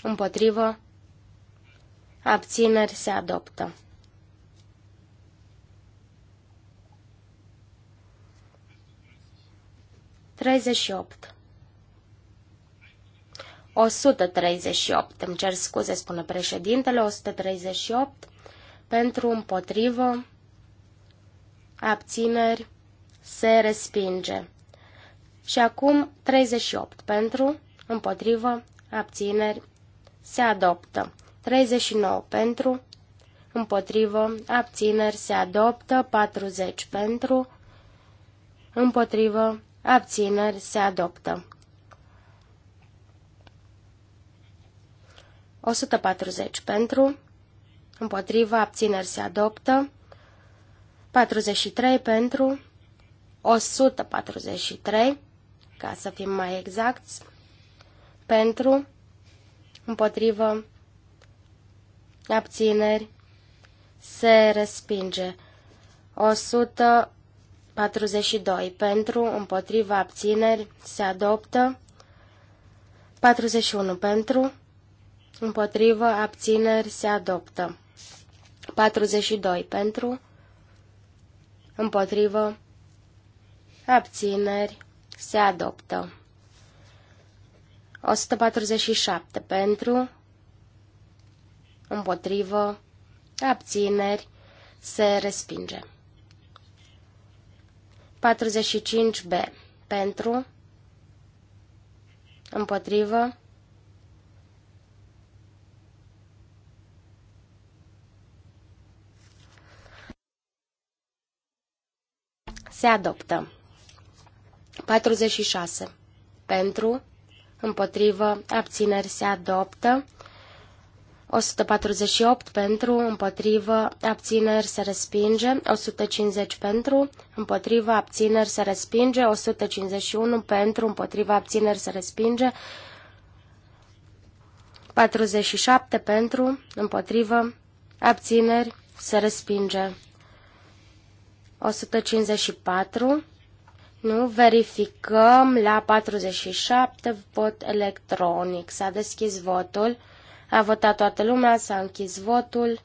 împotrivă, abțineri se adoptă. 38. 138. Îmi cer scuze, spune președintele. 138. Pentru împotrivă. Abțineri. Se respinge. Și acum 38. Pentru împotrivă. Abțineri. Se adoptă. 39. Pentru împotrivă. Abțineri. Se adoptă. 40. Pentru împotrivă. Abțineri se adoptă. 140 pentru, împotriva, abțineri se adoptă. 43 pentru, 143, ca să fim mai exacti, pentru, împotrivă, abțineri, se respinge. 100 42. Pentru, împotriva, abțineri, se adoptă. 41. Pentru, împotriva abțineri, se adoptă. 42. Pentru, împotriva abțineri, se adoptă. 147. Pentru, împotrivă, abțineri, se respinge. 45B. Pentru. Împotrivă. Se adoptă. 46. Pentru. Împotrivă. Abțineri se adoptă. 148 pentru, împotrivă, abțineri se respinge, 150 pentru, împotrivă, abțineri se respinge, 151 pentru, împotrivă, abțineri se respinge, 47 pentru, împotrivă, abțineri se respinge. 154. Nu verificăm la 47 vot electronic. S-a deschis votul. A votat toată lumea, s-a închis votul.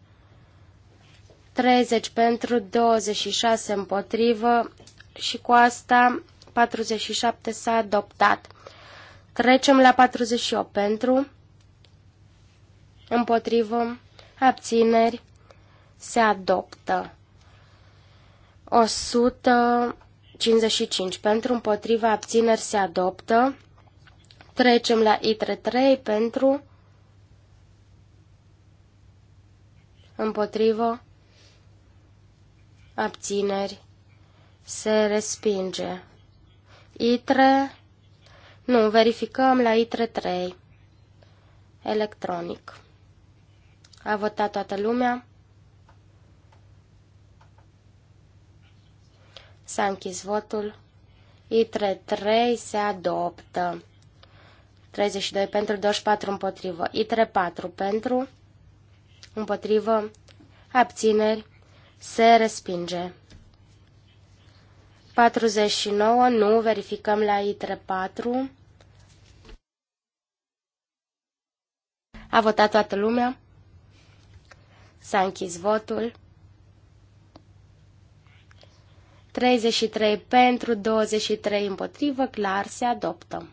30 pentru, 26 împotrivă și cu asta 47 s-a adoptat. Trecem la 48 pentru, împotrivă, abțineri, se adoptă. 155 pentru, împotrivă, abțineri, se adoptă. Trecem la ITRE 3 pentru, împotrivă, abțineri, se respinge. ITRE, nu, verificăm la ITRE 3, electronic. A votat toată lumea. S-a închis votul. ITRE 3 se adoptă. 32 pentru, 24 împotrivă. ITRE 4 pentru, împotrivă, abțineri, se respinge. 49, nu, verificăm la ITRE 4. A votat toată lumea? S-a închis votul. 33 pentru, 23 împotrivă, clar se adoptă.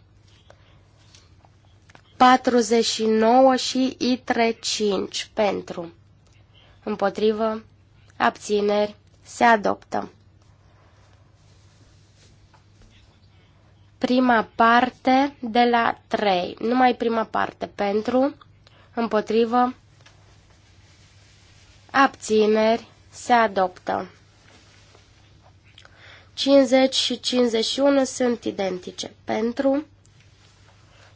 49 și I35 pentru. Împotrivă, abțineri, se adoptă. Prima parte de la 3. Numai prima parte pentru, împotrivă, abțineri, se adoptă. 50 și 51 sunt identice pentru,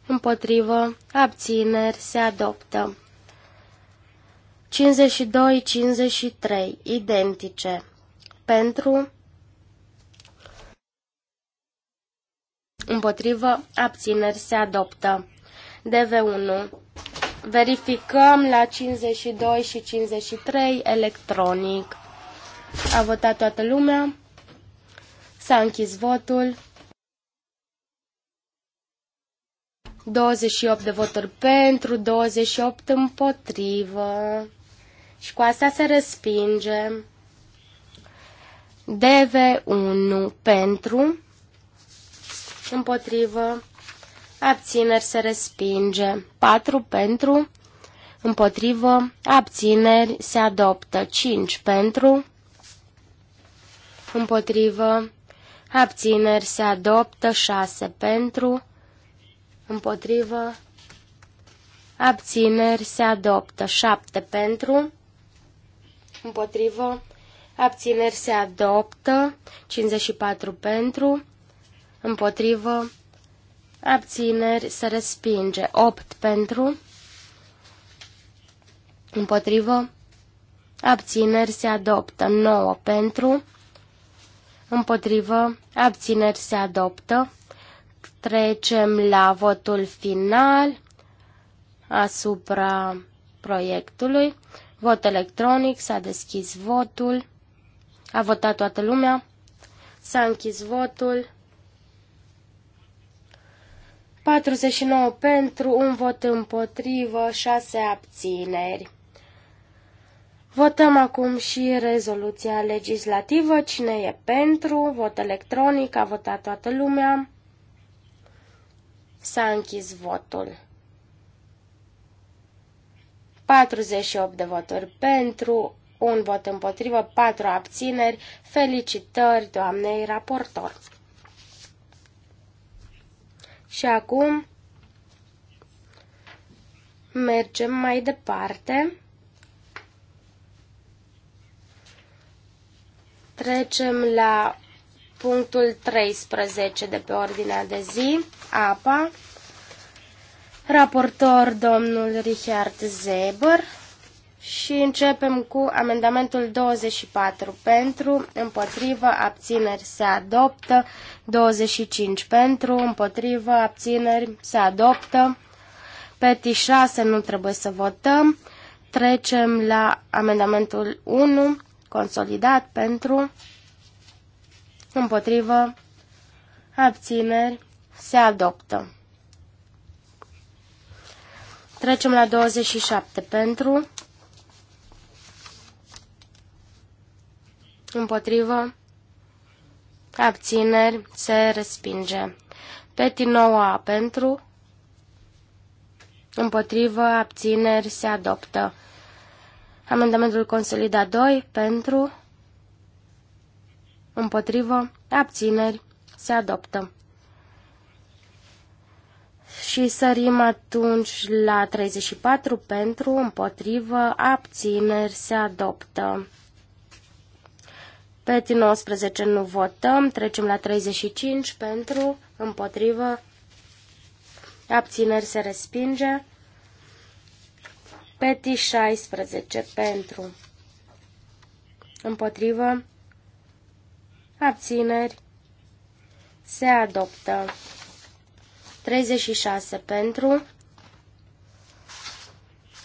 împotrivă, abțineri, se adoptă. 52-53, identice. Pentru, împotrivă, abțineri, se adoptă. DV1. Verificăm la 52 și 53 electronic. A votat toată lumea. S-a închis votul. 28 de voturi pentru, 28 împotrivă. Și cu asta se respinge. DV1 pentru, împotrivă, abțineri se respinge. 4 pentru, împotrivă, abțineri se adoptă. 5 pentru, împotrivă, abțineri se adoptă. 6 pentru, împotrivă, abțineri se adoptă. 7 pentru, împotrivă, abțineri se adoptă. 54 pentru, împotrivă, abțineri se respinge. 8 pentru, împotrivă, abțineri se adoptă. 9 pentru, împotrivă, abțineri se adoptă. Trecem la votul final asupra proiectului. Vot electronic, s-a deschis votul. A votat toată lumea. S-a închis votul. 49 pentru, un vot împotrivă, 6 abțineri. Votăm acum și rezoluția legislativă. Cine e pentru? Vot electronic. A votat toată lumea. S-a închis votul. 48 de voturi pentru, un vot împotrivă, 4 abțineri. Felicitări doamnei raportor. Și acum mergem mai departe. Trecem la punctul 13 de pe ordinea de zi, APA, raportor domnul Richard Zeber și începem cu amendamentul 24 pentru, împotrivă, abțineri se adoptă, 25 pentru, împotrivă, abțineri se adoptă, peti 6 nu trebuie să votăm, trecem la amendamentul 1, consolidat pentru, împotrivă, abțineri, se adoptă. Trecem la 27 pentru, împotrivă, abțineri, se respinge. Peti 9 pentru, împotrivă, abțineri, se adoptă. Amendamentul consolidat 2 pentru, împotrivă, abțineri, se adoptă. Și sărim atunci la 34 pentru, împotrivă, abțineri, se adoptă. Pe 19 nu votăm, trecem la 35 pentru, împotrivă, abțineri se respinge. Peti 16 pentru, împotrivă, abțineri, se adoptă. 36 pentru,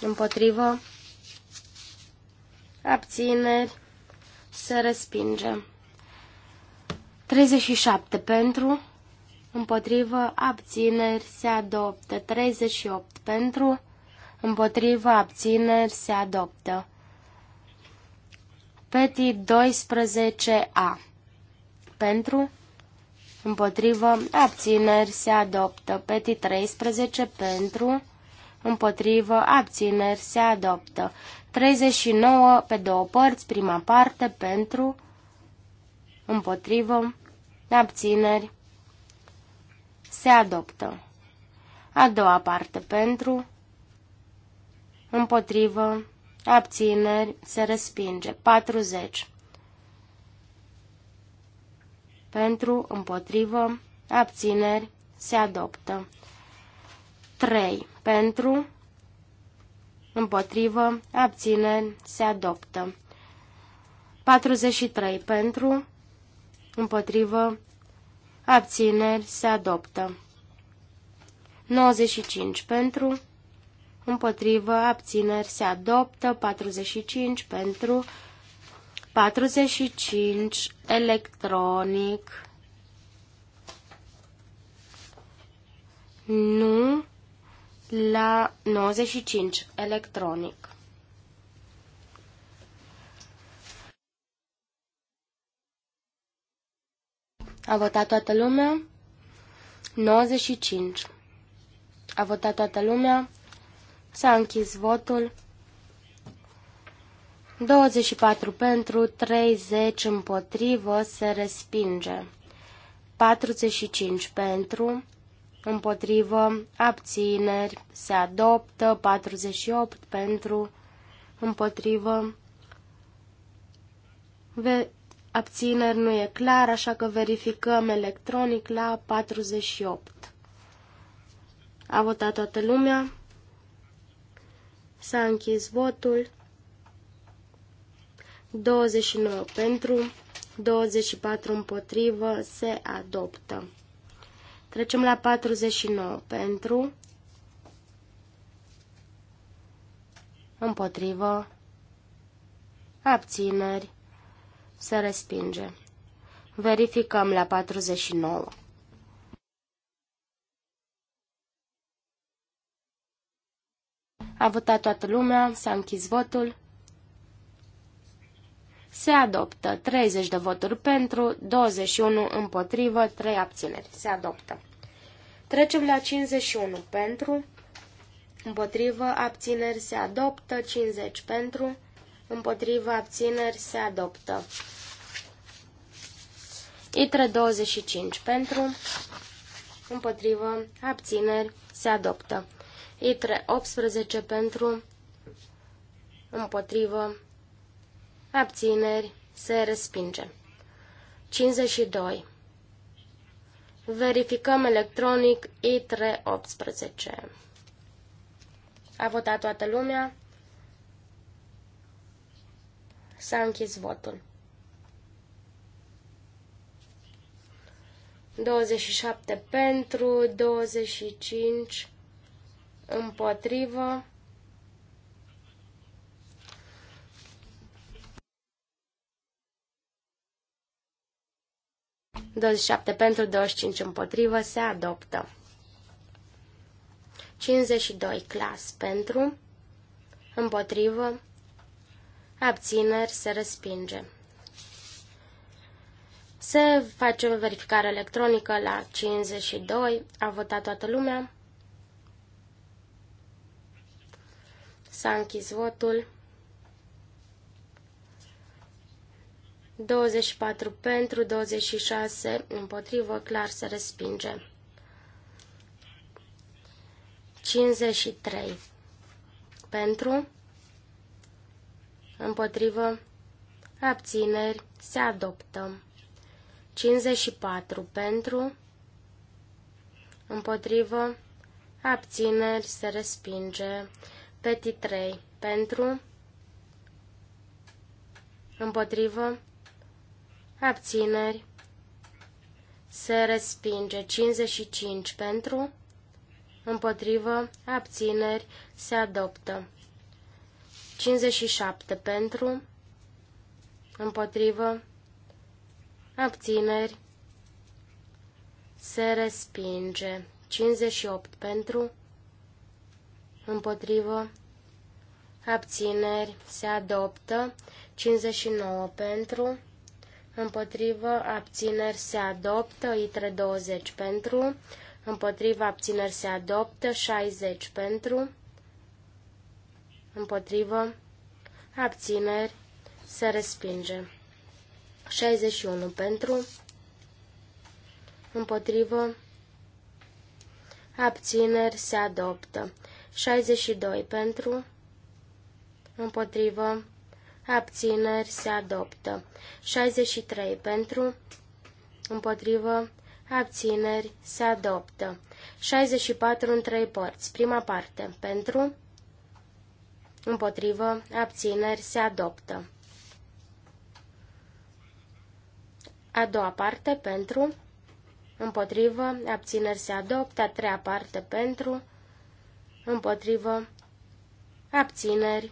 împotrivă, abțineri, se respinge. 37 pentru, împotrivă, abțineri, se adoptă. 38 pentru, împotrivă, abțineri, se adoptă. Petit 12a pentru, împotrivă, abțineri se adoptă. Peti 13 pentru, împotrivă, abțineri se adoptă. 39 pe două părți, prima parte, pentru, împotrivă, abțineri se adoptă. A doua parte, pentru, împotrivă, abțineri se respinge. 40 pentru, împotrivă, abțineri, se adoptă. 3. Pentru, împotrivă, abțineri, se adoptă. 43. Pentru, împotrivă, abțineri, se adoptă. 95. Pentru, împotrivă, abțineri, se adoptă. 45. Pentru, împotrivă, 45 electronic. Nu la 95 electronic. A votat toată lumea? 95. A votat toată lumea? S-a închis votul. 24 pentru, 30 împotrivă, se respinge. 45 pentru, împotrivă, abțineri, se adoptă. 48 pentru, împotrivă, ve abțineri nu e clar, așa că verificăm electronic la 48. A votat toată lumea. S-a închis votul. 29 pentru, 24 împotrivă, se adoptă. Trecem la 49 pentru, împotrivă, abțineri, se respinge. Verificăm la 49. A votat toată lumea, s-a închis votul. Se adoptă 30 de voturi pentru, 21 împotrivă, 3 abțineri. Se adoptă. Trecem la 51 pentru, împotrivă, abțineri, se adoptă, 50 pentru, împotrivă, abțineri, se adoptă. ITRE 25 pentru, împotrivă, abțineri, se adoptă. ITRE 18 pentru, împotrivă, abțineri, se respinge. 52. Verificăm electronic I318. A votat toată lumea. S-a închis votul. 27 pentru, 25 împotrivă. 27 pentru, 25 împotrivă, se adoptă. 52 clas pentru, împotrivă, abțineri, se respinge. Se face o verificare electronică la 52, a votat toată lumea. S-a închis votul. 24 pentru, 26 împotrivă, clar se respinge. 53 pentru, împotrivă, abțineri, se adoptă. 54 pentru, împotrivă, abțineri, se respinge. Peti 3 pentru, împotrivă, abțineri, se respinge 55 pentru, împotrivă, abțineri, se adoptă. 57 pentru, împotrivă, abțineri, se respinge. 58 pentru, împotrivă, abțineri, se adoptă. 59 pentru, împotrivă, abțineri se adoptă, ITRE 20 pentru, împotrivă, abțineri se adoptă, 60 pentru, împotrivă, abțineri se respinge, 61 pentru, împotrivă, abțineri se adoptă, 62 pentru, împotrivă, abțineri se adoptă. 63 pentru, împotrivă, abțineri se adoptă. 64 în trei părți. Prima parte, pentru, împotrivă, abțineri se adoptă. A doua parte, pentru, împotrivă, abțineri se adoptă. A treia parte, pentru, împotrivă, abțineri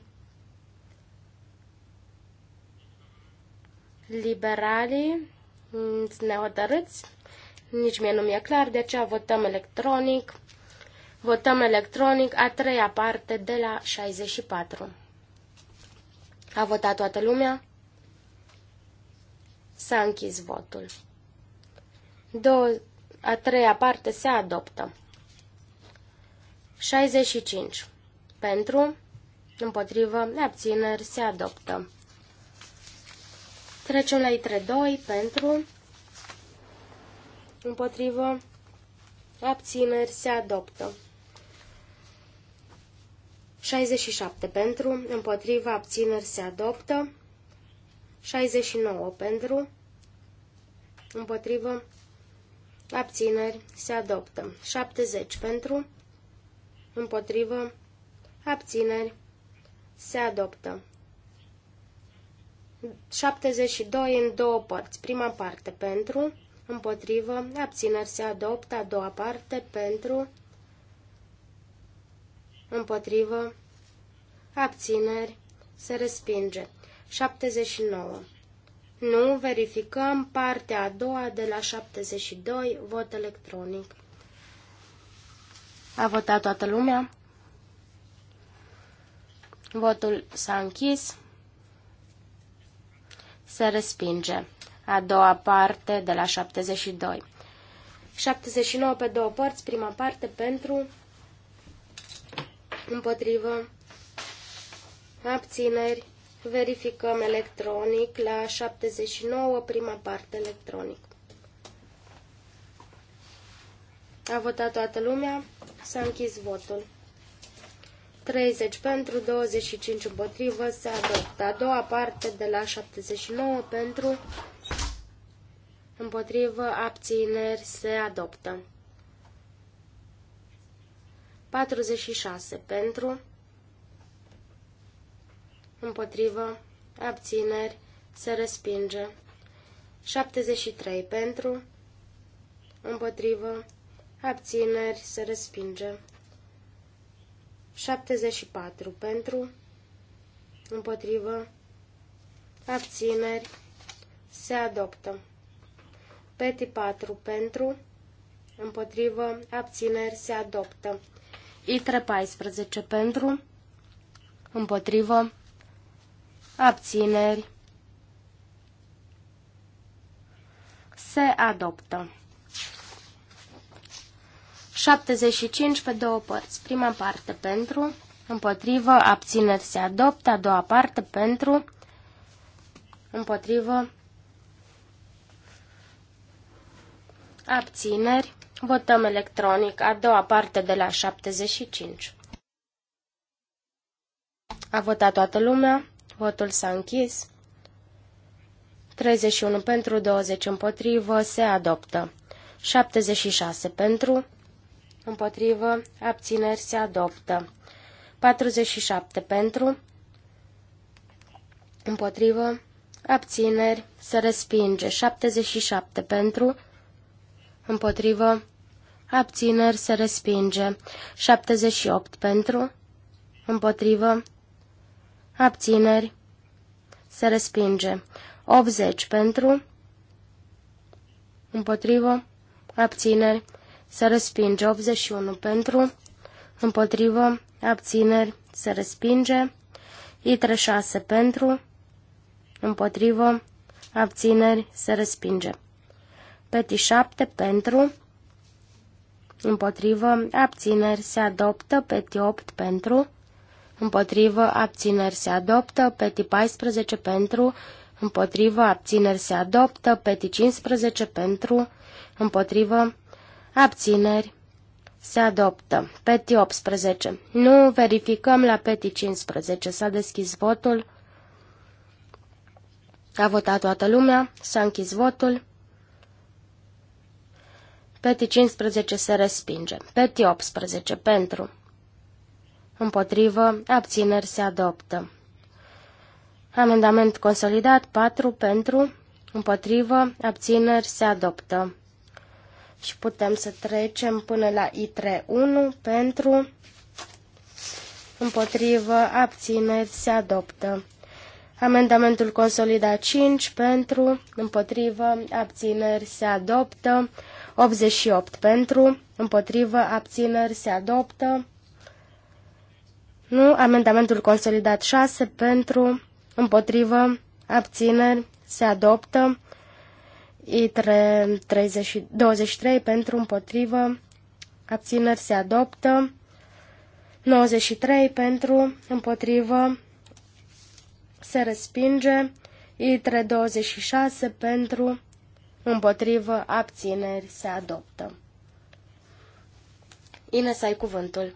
liberalii mm, nehotărâți. Nici mie nu mi-e clar, de aceea votăm electronic. Votăm electronic a treia parte de la 64. A votat toată lumea? S-a închis votul. Două, a treia parte se adoptă. 65. Pentru, împotrivă, abțineri, se adoptă. Trecem la ITRE 2 pentru, împotrivă, abțineri se adoptă. 67 pentru, împotriva abțineri se adoptă. 69 pentru, împotrivă, abțineri se adoptă. 70 pentru, împotrivă, abțineri se adoptă. 72 în două părți. Prima parte pentru, împotrivă, abțineri se adoptă, a doua parte pentru, împotrivă, abțineri se respinge. 79. Nu verificăm partea a doua de la 72, vot electronic. A votat toată lumea? Votul s-a închis. Se respinge. A doua parte de la 72. 79 pe două părți, prima parte pentru, împotrivă, abțineri, verificăm electronic la 79, prima parte electronic. A votat toată lumea, s-a închis votul. 30 pentru, 25 împotrivă, se adoptă. A doua parte de la 79 pentru, împotrivă, abțineri, se adoptă. 46 pentru, împotrivă, abțineri, se respinge. 73 pentru, împotrivă, abțineri, se respinge. 74 pentru, împotrivă, abțineri, se adoptă. Peti 4 pentru, împotrivă, abțineri, se adoptă. ITRE 14 pentru, împotrivă, abțineri, se adoptă. 75 pe două părți. Prima parte pentru, împotrivă, abțineri se adoptă, a doua parte pentru, împotrivă, abțineri. Votăm electronic a doua parte de la 75. A votat toată lumea, votul s-a închis. 31 pentru, 20 împotrivă, se adoptă. 76 pentru, împotrivă, abțineri se adoptă. 47 pentru, împotrivă, abțineri se respinge. 77 pentru, împotrivă, abțineri se respinge. 78 pentru, împotrivă, abțineri se respinge. 80 pentru, împotrivă, abțineri se respinge. 81 pentru, împotrivă, abțineri, se respinge. ITRE 6 pentru, împotrivă, abțineri, se respinge. PETI 7 pentru, împotrivă, abțineri, se adoptă. PETI 8 pentru, împotrivă, abțineri, se adoptă. PETI 14 pentru, împotrivă, abțineri, se adoptă. PETI 15 pentru, împotrivă, Abțineri. Se adoptă. Peti 18. Nu verificăm la peti 15. S-a deschis votul. A votat toată lumea. S-a închis votul. Peti 15 se respinge. Peti 18. Pentru. Împotrivă. Abțineri se adoptă. Amendament consolidat 4 pentru, împotrivă, abțineri se adoptă și putem să trecem până la I 3 1 pentru împotrivă abțineri se adoptă. Amendamentul consolidat 5 pentru împotrivă abțineri se adoptă. 88 pentru împotrivă abțineri se adoptă. Nu, amendamentul consolidat 6 pentru împotrivă abțineri se adoptă. ITRE 30, 23 pentru împotrivă, abțineri se adoptă, 93 pentru împotrivă, se respinge, ITRE 26 pentru împotrivă, abțineri se adoptă. Ines, ai cuvântul.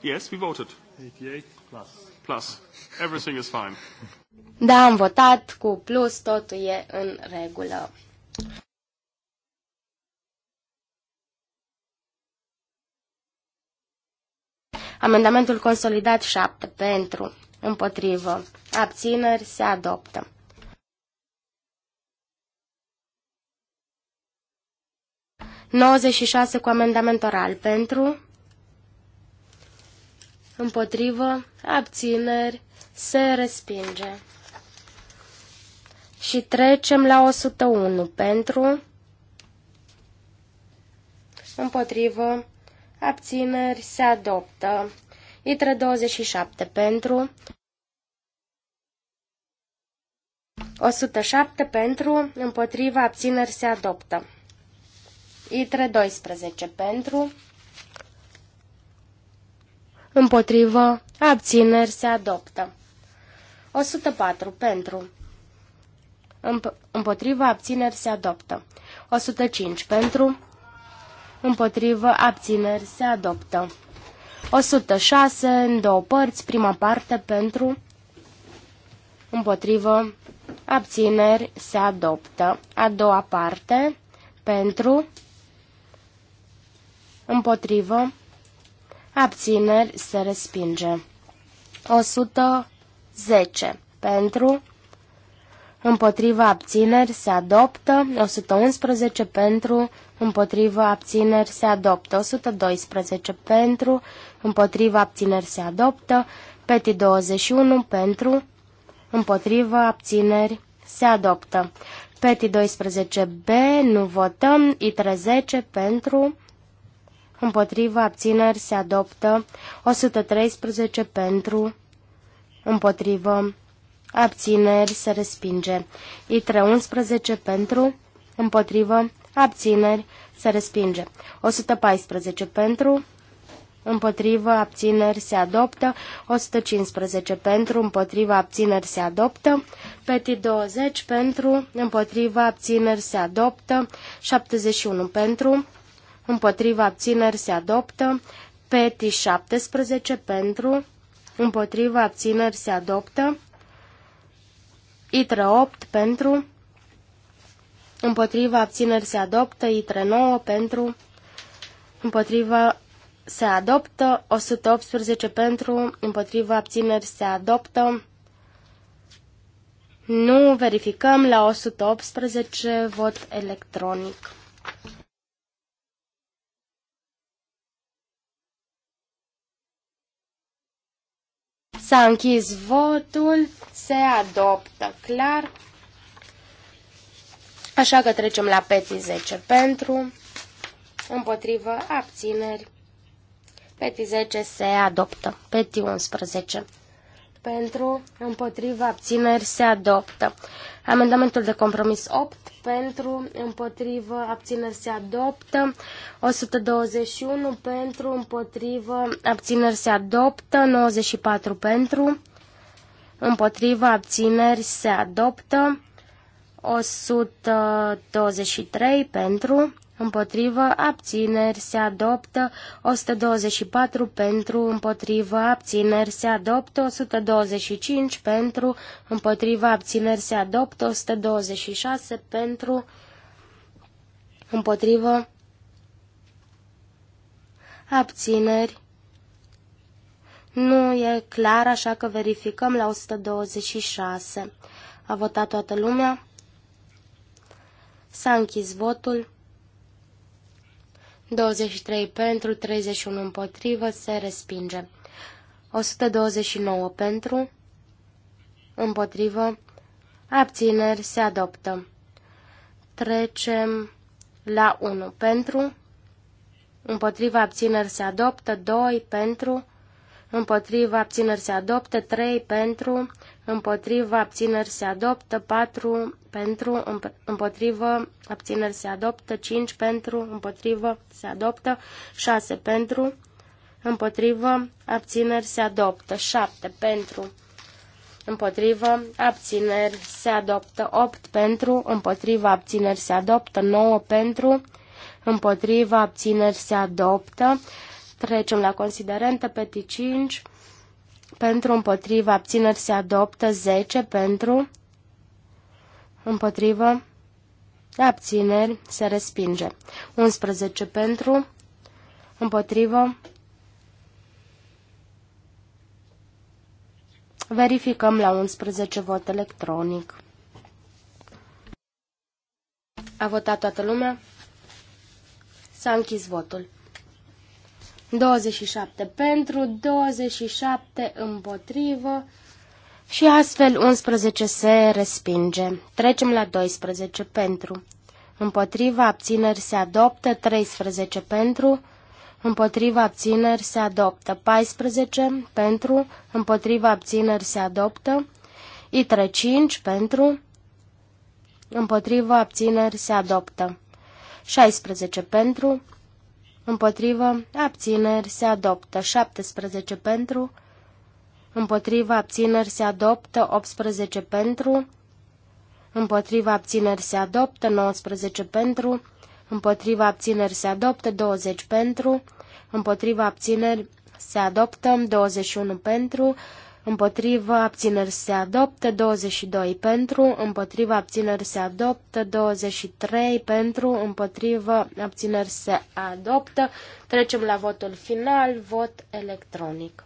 Yes, we voted. 88 plus. Plus. Everything is fine. Da, am votat cu plus, totul e în regulă. Amendamentul consolidat 7 pentru, împotrivă, abțineri se adoptă. șase cu amendament oral pentru, împotrivă, abțineri, se respinge. Și trecem la 101 pentru, împotrivă, abțineri, se adoptă. Itre 27 pentru, 107 pentru, împotriva, abțineri, se adoptă. Itre 12 pentru, împotrivă, abțineri, se adoptă. 104 pentru, împotrivă, abțineri se adoptă. 105 pentru, împotrivă, abțineri se adoptă. 106 în două părți, prima parte pentru, împotrivă, abțineri se adoptă. A doua parte pentru, împotrivă, abțineri se respinge. 110 pentru, împotriva abțineri se adoptă, 111 pentru, împotriva abțineri se adoptă, 112 pentru, împotriva abțineri se adoptă, peti 21 pentru, împotriva abțineri se adoptă. Peti 12b, nu votăm, I30 pentru, împotriva abțineri se adoptă, 113 pentru, împotrivă abțineri se respinge. ITRE 11 pentru, împotrivă, abțineri se respinge. 114 pentru, împotrivă, abțineri se adoptă, 115 pentru, împotrivă, abțineri se adoptă, peti 20 pentru, împotrivă, abțineri se adoptă, 71 pentru, împotrivă, abțineri se adoptă, peti 17 pentru, împotrivă, abțineri se adoptă, ITRE 8 pentru, împotriva abțineri se adoptă, ITRE 9 pentru, împotriva se adoptă, 118 pentru, împotriva abțineri se adoptă. Nu verificăm la 118 vot electronic. S-a închis votul, se adoptă clar. Așa că trecem la petii 10 pentru, împotrivă, abțineri. Petii 10 se adoptă. Petii 11 pentru, împotriva, abțineri, se adoptă. Amendamentul de compromis 8 pentru, împotrivă, abțineri se adoptă. 121 pentru, împotrivă, abțineri se adoptă. 94 pentru, împotrivă, abțineri se adoptă. 123 pentru, împotrivă, abțineri, se adoptă, 124 pentru, împotrivă, abțineri, se adoptă, 125 pentru, împotrivă, abțineri, se adoptă, 126 pentru, împotrivă, abțineri. Nu e clar, așa că verificăm la 126. A votat toată lumea? S-a închis votul. 23 pentru, 31 împotrivă, se respinge. 129 pentru, împotrivă, abțineri, se adoptă. Trecem la 1 pentru, împotrivă, abțineri se adoptă, 2 pentru, împotrivă, abțineri se adoptă, 3 pentru, împotrivă, abțineri se adoptă, 4 pentru, împotrivă, abțineri se adoptă, 5 pentru, împotrivă, se adoptă, 6 pentru, împotrivă, abțineri se adoptă, 7 pentru, împotrivă, abțineri se adoptă, 8 pentru, împotrivă, abțineri se adoptă, 9 pentru, împotrivă, abțineri se adoptă, trecem la considerente, peti 5, pentru, împotrivă, abțineri se adoptă, 10 pentru, împotrivă, abțineri, se respinge. 11 pentru, împotrivă, verificăm la 11 vot electronic. A votat toată lumea? S-a închis votul. 27 pentru, 27 împotrivă, și astfel 11 se respinge. Trecem la 12 pentru. Împotriva abțineri se adoptă 13 pentru. Împotriva abțineri se adoptă 14 pentru. Împotriva abțineri se adoptă. Itre 5 pentru. Împotriva abțineri se adoptă. 16 pentru. Împotriva abțineri, se adoptă 17 pentru, împotriva abțineri se adoptă 18 pentru, împotriva abțineri se adoptă 19 pentru, împotriva abțineri se adoptă 20 pentru, împotriva abțineri se adoptă 21 pentru, împotriva abțineri se adoptă 22 pentru, împotriva abțineri se adoptă 23 pentru, împotriva abțineri se adoptă. Trecem la votul final, vot electronic.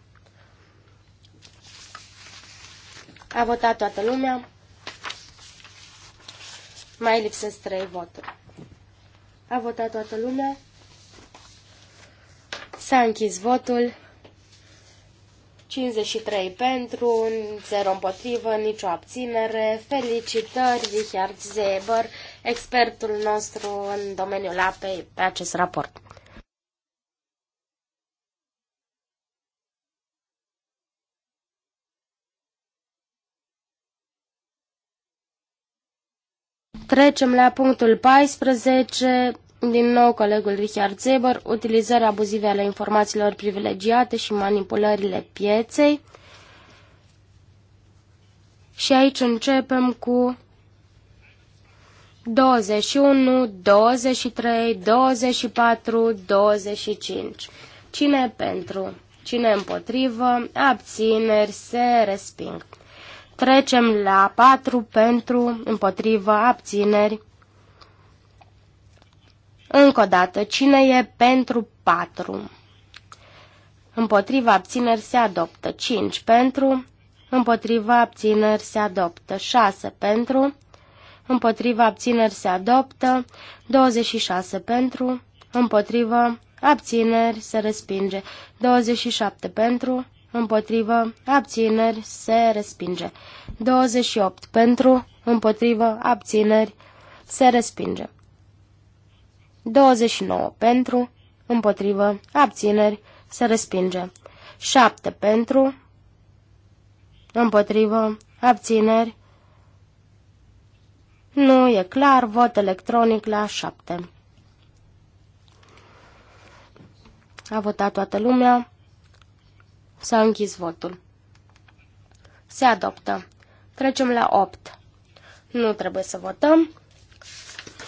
A votat toată lumea. Mai lipsesc trei voturi. A votat toată lumea. S-a închis votul. 53 pentru, 0 împotrivă, nicio abținere. Felicitări, Richard Zeber, expertul nostru în domeniul apei, pe acest raport. Trecem la punctul 14, din nou colegul Richard Zeber, utilizarea abuzive ale informațiilor privilegiate și manipulările pieței. Și aici începem cu 21, 23, 24, 25. Cine pentru? Cine împotrivă? Abțineri se resping. Trecem la 4 pentru, împotrivă, abțineri. Încă o dată, cine e pentru 4? Împotriva abțineri se adoptă 5 pentru, împotriva abțineri se adoptă 6 pentru, împotriva abțineri se adoptă 26 pentru, împotriva abțineri se respinge 27 pentru, împotrivă, abțineri, se respinge. 28. Pentru, împotrivă, abțineri, se respinge. 29. Pentru, împotrivă, abțineri, se respinge. 7. Pentru, împotrivă, abțineri, nu e clar, vot electronic la 7. A votat toată lumea. S-a închis votul. Se adoptă. Trecem la 8. Nu trebuie să votăm.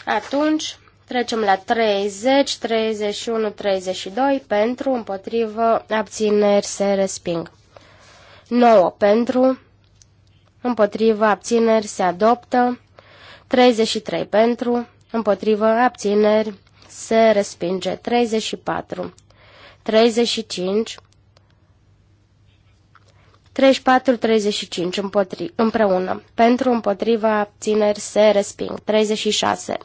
Atunci trecem la 30, 31, 32 pentru, împotrivă, abțineri se resping. 9 pentru, împotrivă, abțineri se adoptă. 33 pentru, împotrivă, abțineri se respinge. 34, 35 34-35 împreună. Pentru împotriva abțineri se resping. 36.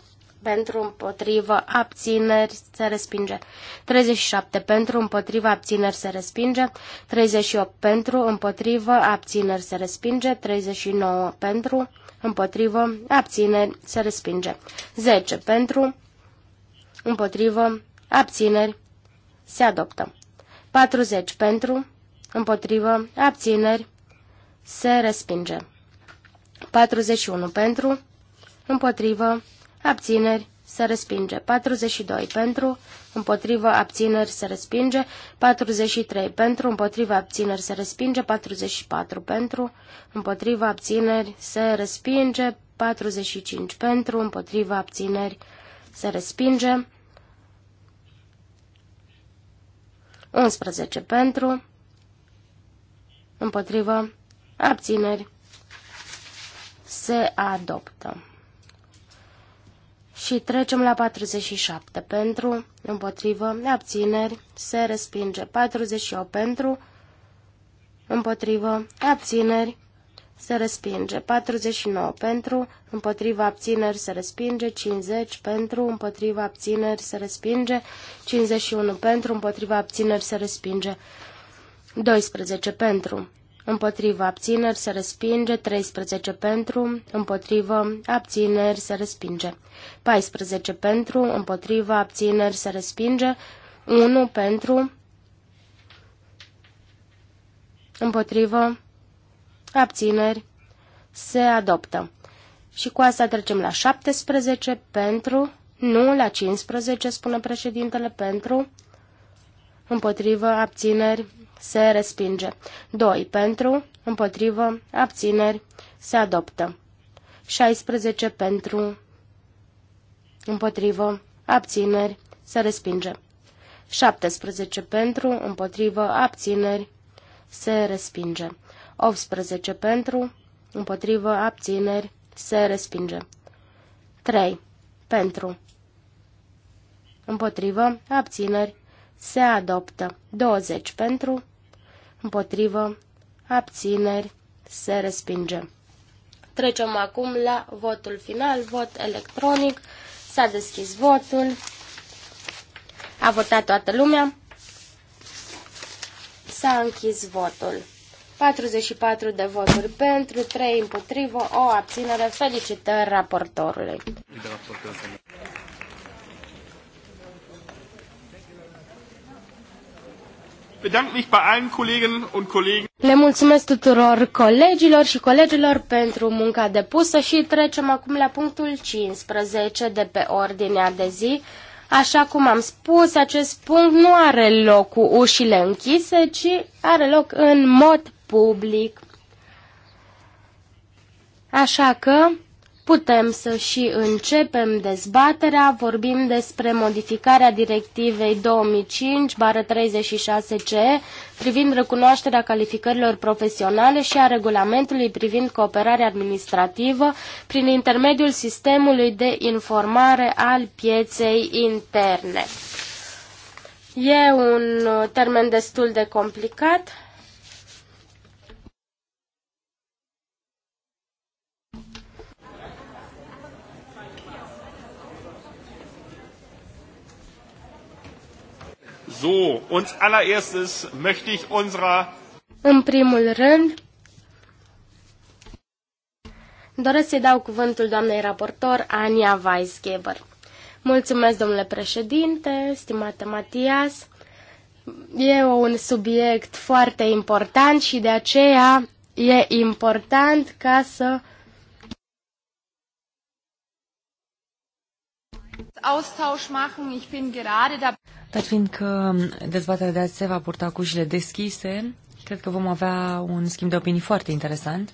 Pentru împotriva abțineri se respinge. 37. Pentru împotriva abțineri se respinge. 38. Pentru împotriva abțineri se respinge. 39. Pentru împotriva abțineri se respinge. 10. Pentru împotriva abțineri se adoptă. 40. Pentru împotrivă, abțineri, se respinge. 41 pentru, împotrivă, abțineri, se respinge. 42 pentru, împotrivă, abțineri, se respinge. 43 pentru, împotrivă, abțineri, se respinge. 44 pentru, împotrivă, abțineri, se respinge. 45 pentru, împotrivă, abțineri, se respinge. 11 pentru, împotrivă, abțineri, se adoptă. Și trecem la 47. Pentru, împotrivă, abțineri, se respinge. 48 pentru, împotrivă, abțineri, se respinge. 49 pentru, împotriva abțineri se respinge. 50 pentru, împotriva abțineri se respinge. 51 pentru, împotriva abțineri se respinge. 12 pentru, Împotriva abțineri se respinge, 13 pentru, Împotriva abțineri se respinge, 14 pentru, Împotriva abțineri se respinge, 1 pentru, Împotriva abțineri se adoptă. Și cu asta trecem la 17 pentru, nu la 15, spune președintele, pentru, împotrivă, abțineri, se respinge. 2. Pentru, împotrivă, abțineri, se adoptă. 16. Pentru, împotrivă, abțineri, se respinge. 17. Pentru, împotrivă, abțineri, se respinge. 18. Pentru, împotrivă, abțineri, se respinge. 3. Pentru, împotrivă, abțineri, se adoptă. 20 pentru, împotrivă, abțineri, se respinge. Trecem acum la votul final, vot electronic. S-a deschis votul. A votat toată lumea. S-a închis votul. 44 de voturi pentru, 3 împotrivă, o abținere. Felicitări raportorului. Le mulțumesc tuturor colegilor și colegilor pentru munca depusă și trecem acum la punctul 15 de pe ordinea de zi. Așa cum am spus, acest punct nu are loc cu ușile închise, ci are loc în mod public. Așa că putem să și începem dezbaterea. Vorbim despre modificarea directivei 2005-36CE privind recunoașterea calificărilor profesionale și a regulamentului privind cooperarea administrativă prin intermediul sistemului de informare al pieței interne. E un termen destul de complicat So, uns allererstes möchte ich unserer... În primul rând, doresc să-i dau cuvântul doamnei raportor Ania Weisgeber. Mulțumesc, domnule președinte, stimate Matias. E un subiect foarte important și de aceea e important ca să Austausch machen. Ich bin gerade da. Dar fiindcă dezbaterea de azi se va purta cu ușile deschise, cred că vom avea un schimb de opinii foarte interesant.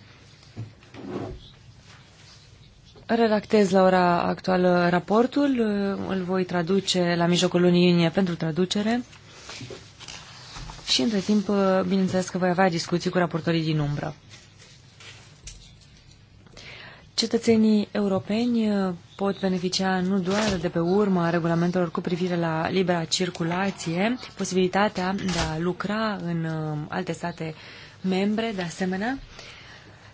Redactez la ora actuală raportul, îl voi traduce la mijlocul lunii iunie pentru traducere și între timp, bineînțeles că voi avea discuții cu raportorii din umbră. Cetățenii europeni uh, pot beneficia nu doar de pe urma regulamentelor cu privire la libera circulație, posibilitatea de a lucra în uh, alte state membre, de asemenea,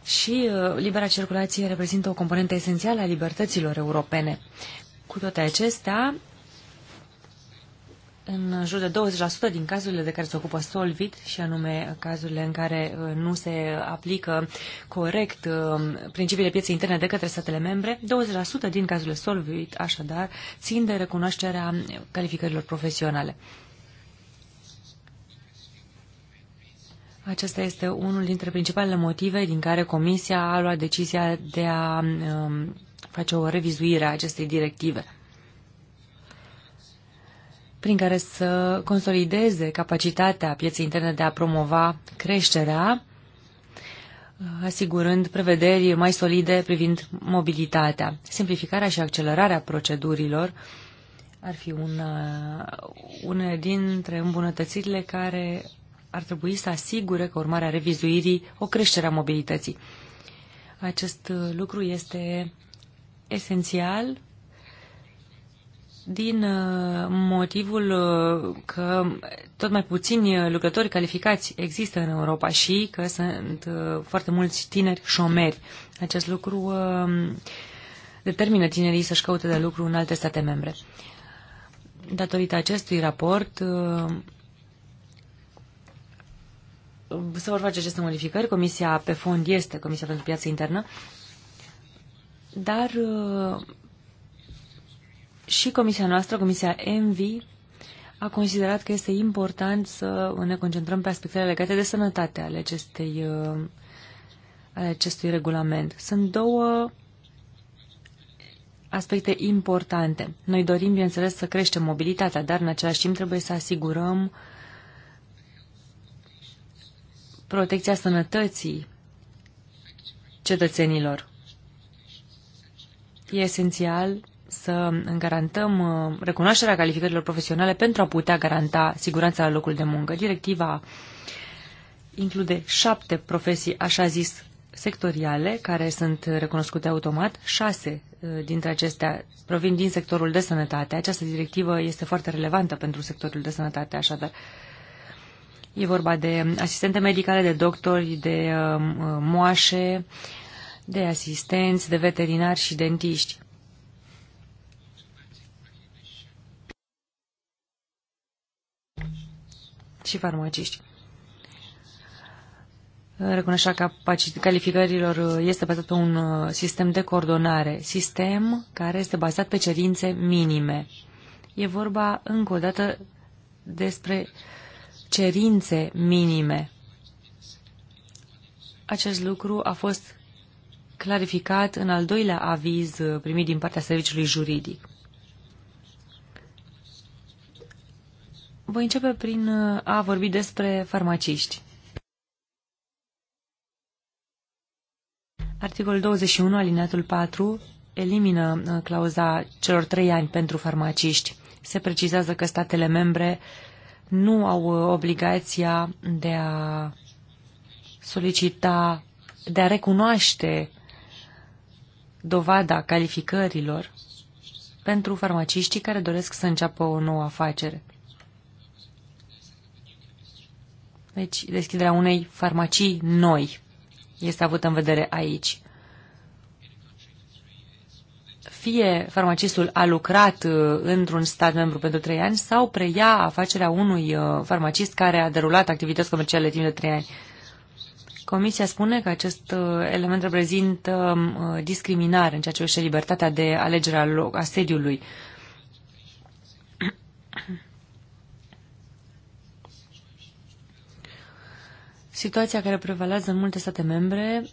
și uh, libera circulație reprezintă o componentă esențială a libertăților europene. Cu toate acestea, în jur de 20% din cazurile de care se ocupă Solvit, și anume cazurile în care uh, nu se aplică corect uh, principiile pieței interne de către statele membre, 20% din cazurile Solvit, așadar, țin de recunoașterea calificărilor profesionale. Acesta este unul dintre principalele motive din care Comisia a luat decizia de a um, face o revizuire a acestei directive prin care să consolideze capacitatea pieței interne de a promova creșterea, asigurând prevederi mai solide privind mobilitatea. Simplificarea și accelerarea procedurilor ar fi una, uh, una dintre îmbunătățirile care ar trebui să asigure că urmarea revizuirii o creștere a mobilității. Acest uh, lucru este esențial din uh, motivul uh, că tot mai puțini lucrători calificați există în Europa și că sunt uh, foarte mulți tineri șomeri. Acest lucru determină tinerii să-și caute de lucru în alte state membre. Datorită acestui raport se vor face aceste modificări. Comisia pe fond este Comisia pentru Piață Internă, dar și comisia noastră, comisia ENVI, a considerat că este important să ne concentrăm pe aspectele legate de sănătate ale, acestei, uh, ale acestui regulament. Sunt două aspecte importante. Noi dorim, bineînțeles, să creștem mobilitatea, dar în același timp trebuie să asigurăm protecția sănătății cetățenilor. E esențial să garantăm uh, recunoașterea calificărilor profesionale pentru a putea garanta siguranța la locul de muncă. Directiva include șapte profesii, așa zis, sectoriale, care sunt recunoscute automat. Șase uh, dintre acestea provin din sectorul de sănătate. Această directivă este foarte relevantă pentru sectorul de sănătate, așadar. E vorba de um, asistente medicale, de doctori, de um, uh, moașe, de asistenți, de veterinari și dentiști. și farmaciști. că calificărilor uh, este bazat pe un uh, sistem de coordonare, sistem care este bazat pe cerințe minime. E vorba încă o dată despre cerințe minime. Acest lucru a fost clarificat în al doilea aviz uh, primit din partea serviciului juridic. Voi începe prin uh, a vorbi despre farmaciști. Articolul 21, alineatul 4, elimină uh, clauza celor trei ani pentru farmaciști. Se precizează că statele membre nu au uh, obligația de a solicita, de a recunoaște dovada calificărilor pentru farmaciștii care doresc să înceapă o nouă afacere. Deci deschiderea unei farmacii noi este avută în vedere aici. Fie farmacistul a lucrat uh, într-un stat membru pentru trei ani sau preia afacerea unui uh, farmacist care a derulat activități comerciale timp de trei ani. Comisia spune că acest uh, element reprezintă um, discriminare în ceea ce privește libertatea de alegere a, a sediului. Situația care prevalează în multe state membre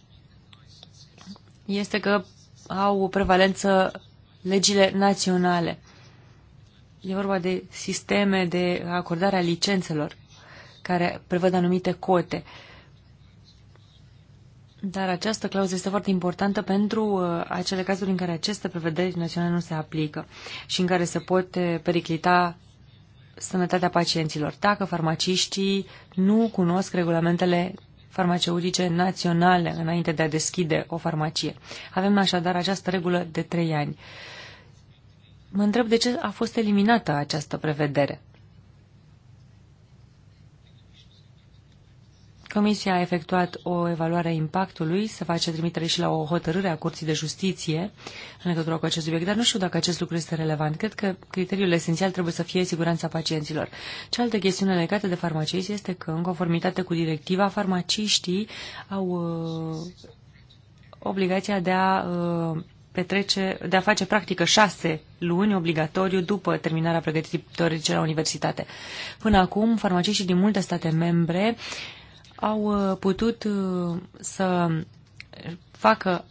este că au o prevalență legile naționale. E vorba de sisteme de acordare a licențelor care prevăd anumite cote. Dar această clauză este foarte importantă pentru uh, acele cazuri în care aceste prevederi naționale nu se aplică și în care se pot periclita sănătatea pacienților. Dacă farmaciștii nu cunosc regulamentele farmaceutice naționale înainte de a deschide o farmacie. Avem așadar această regulă de trei ani. Mă întreb de ce a fost eliminată această prevedere. Comisia a efectuat o evaluare a impactului, se face trimitere și la o hotărâre a Curții de Justiție în legătură cu acest subiect, dar nu știu dacă acest lucru este relevant. Cred că criteriul esențial trebuie să fie siguranța pacienților. Cealaltă chestiune legată de farmacie este că, în conformitate cu directiva, farmaciștii au uh, obligația de a uh, petrece, de a face practică șase luni obligatoriu după terminarea pregătitorice la universitate. Până acum, farmaciștii din multe state membre uh, au uh, putut uh, să facă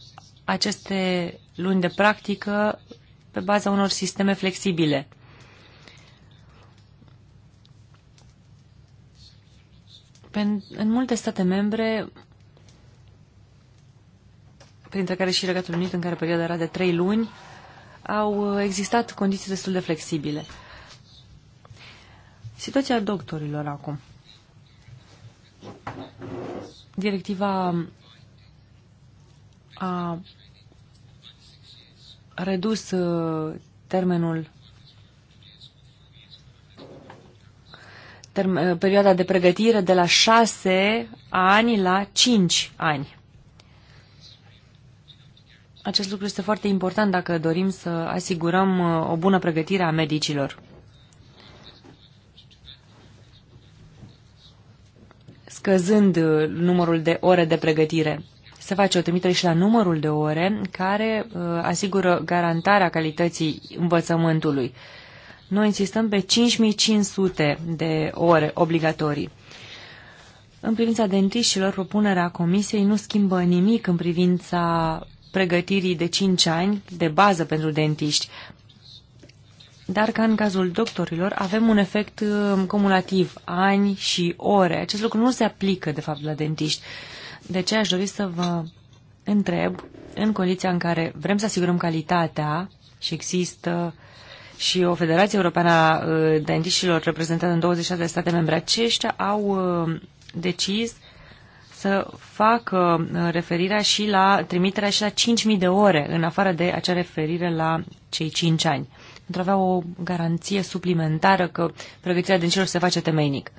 aceste luni de practică pe baza unor sisteme flexibile. În multe state membre, printre care și Regatul Unit, în care perioada era de trei luni, au uh, existat condiții destul de flexibile. Situația doctorilor acum. Directiva a redus uh, termenul term, uh, perioada de pregătire de la 6 ani la 5 ani. Acest lucru este foarte important dacă dorim să asigurăm uh, o bună pregătire a medicilor. scăzând uh, numărul de ore de pregătire. Se face o trimitere și la numărul de ore care uh, asigură garantarea calității învățământului. Noi insistăm pe 5500 de ore obligatorii. În privința dentiștilor, propunerea comisiei nu schimbă nimic în privința pregătirii de 5 ani de bază pentru dentiști dar ca în cazul doctorilor avem un efect uh, cumulativ, ani și ore. Acest lucru nu se aplică, de fapt, la dentiști. De ce aș dori să vă întreb, în condiția în care vrem să asigurăm calitatea și există și o Federație Europeană a uh, Dentiștilor reprezentată în 26 de state membre, aceștia au uh, decis să facă referirea și la trimiterea și la 5.000 de ore, în afară de acea referire la cei 5 ani pentru a avea o garanție suplimentară că pregătirea din ceruri se face temeinic.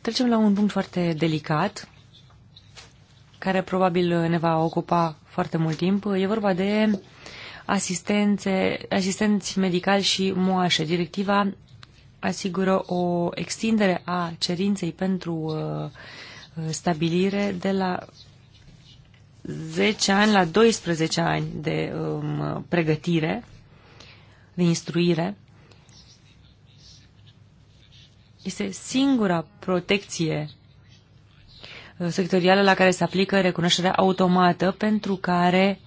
Trecem la un punct foarte delicat, care probabil ne va ocupa foarte mult timp. E vorba de asistențe, asistenți medicali și moașe. Directiva asigură o extindere a cerinței pentru uh, stabilire de la 10 ani la 12 ani de um, pregătire de instruire este singura protecție uh, sectorială la care se aplică recunoașterea automată pentru care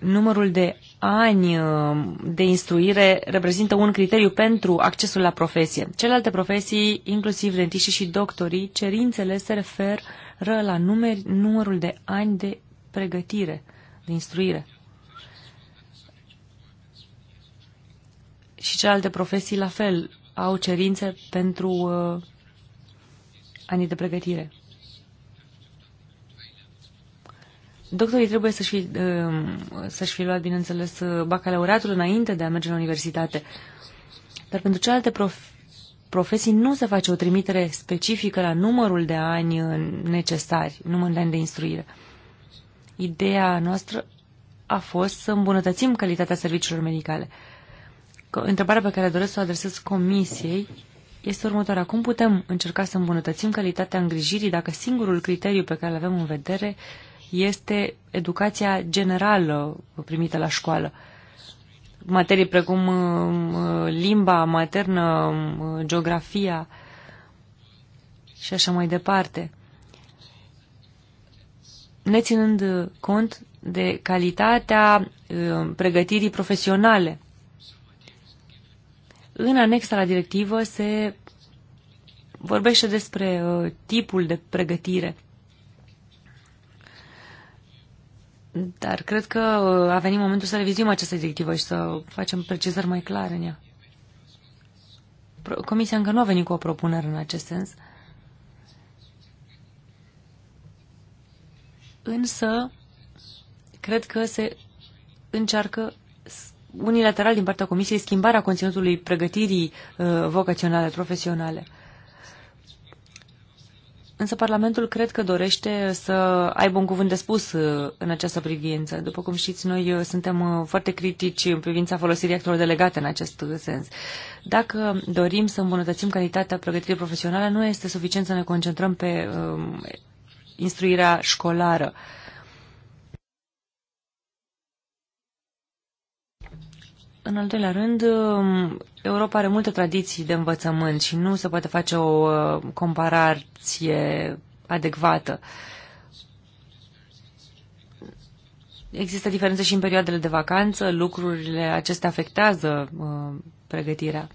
numărul de ani uh, de instruire reprezintă un criteriu pentru accesul la profesie. Celelalte profesii, inclusiv dentiștii și doctorii, cerințele se referă la numeri, numărul de ani de pregătire, de instruire. și celelalte profesii la fel au cerințe pentru uh, anii de pregătire. Doctorii trebuie să-și fi, uh, să-și fi luat, bineînțeles, uh, bacalaureatul înainte de a merge la universitate. Dar pentru celelalte prof- profesii nu se face o trimitere specifică la numărul de ani uh, necesari, numărul de ani de instruire. Ideea noastră a fost să îmbunătățim calitatea serviciilor medicale. Uh, întrebarea pe care doresc să o adresez Comisiei este următoarea. Cum putem încerca să îmbunătățim calitatea îngrijirii dacă singurul criteriu pe care îl avem în vedere este educația generală primită la școală? Materii precum uh, uh, limba maternă, uh, geografia și așa mai departe. Ne ținând cont de calitatea pregătirii profesionale în anexa la directivă se vorbește despre uh, tipul de pregătire. Dar cred că uh, a venit momentul să revizuim această directivă și să facem precizări mai clare în ea. Comisia încă nu a venit cu o propunere în acest sens. Însă, cred că se încearcă unilateral din partea Comisiei schimbarea conținutului pregătirii uh, vocaționale, profesionale. Însă Parlamentul cred că dorește să aibă un cuvânt de spus uh, în această privință. După cum știți, noi uh, suntem foarte critici în privința folosirii actelor delegate în acest sens. Dacă dorim să îmbunătățim calitatea pregătirii profesionale, nu este suficient să ne concentrăm pe um, instruirea școlară. Uh, În al doilea rând, um, Europa are multe tradiții de învățământ și nu se poate face o uh, comparație adecvată. Există diferențe și în perioadele de vacanță, lucrurile acestea afectează uh, pregătirea.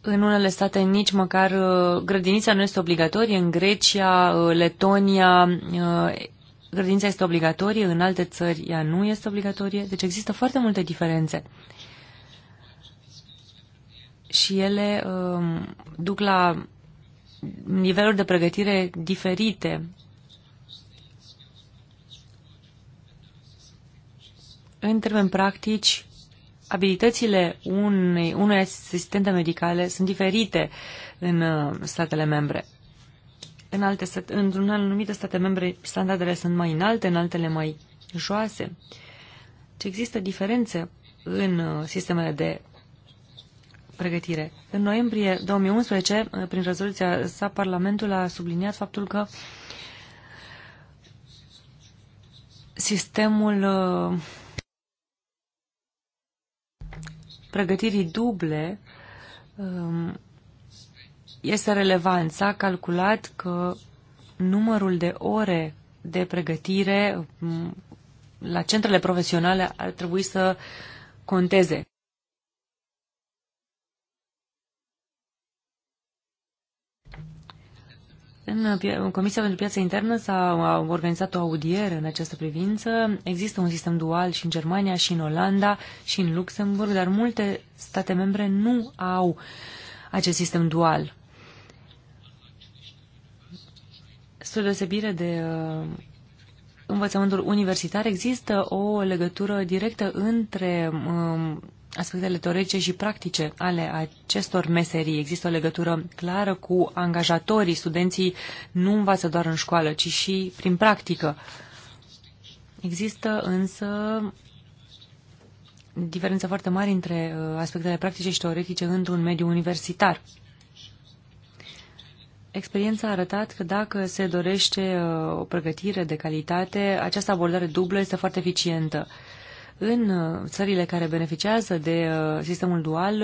În unele state nici măcar uh, grădinița nu este obligatorie, în Grecia, Letonia, grădința este obligatorie, în alte țări ea nu este obligatorie, deci există foarte multe diferențe. Și ele uh, duc la niveluri de pregătire diferite. În termeni practici, abilitățile unei, unei asistente medicale sunt diferite în uh, statele membre în alte state, într-un anumite state membre standardele sunt mai înalte, în altele mai joase. Ce deci există diferențe în uh, sistemele de pregătire. În noiembrie 2011, uh, prin rezoluția sa, Parlamentul a subliniat faptul că sistemul uh, pregătirii duble um, este relevant. S-a calculat că numărul de ore de pregătire la centrele profesionale ar trebui să conteze. În Comisia pentru Piața Internă s-a organizat o audiere în această privință. Există un sistem dual și în Germania, și în Olanda, și în Luxemburg, dar multe state membre nu au acest sistem dual. spre deosebire de uh, învățământul universitar, există o legătură directă între um, aspectele teoretice și practice ale acestor meserii. Există o legătură clară cu angajatorii. Studenții nu învață doar în școală, ci și prin practică. Există însă diferență foarte mari între uh, aspectele practice și teoretice într-un mediu universitar. Experiența a arătat că dacă se dorește uh, o pregătire de calitate, această abordare dublă este foarte eficientă. În uh, țările care beneficiază de uh, sistemul dual,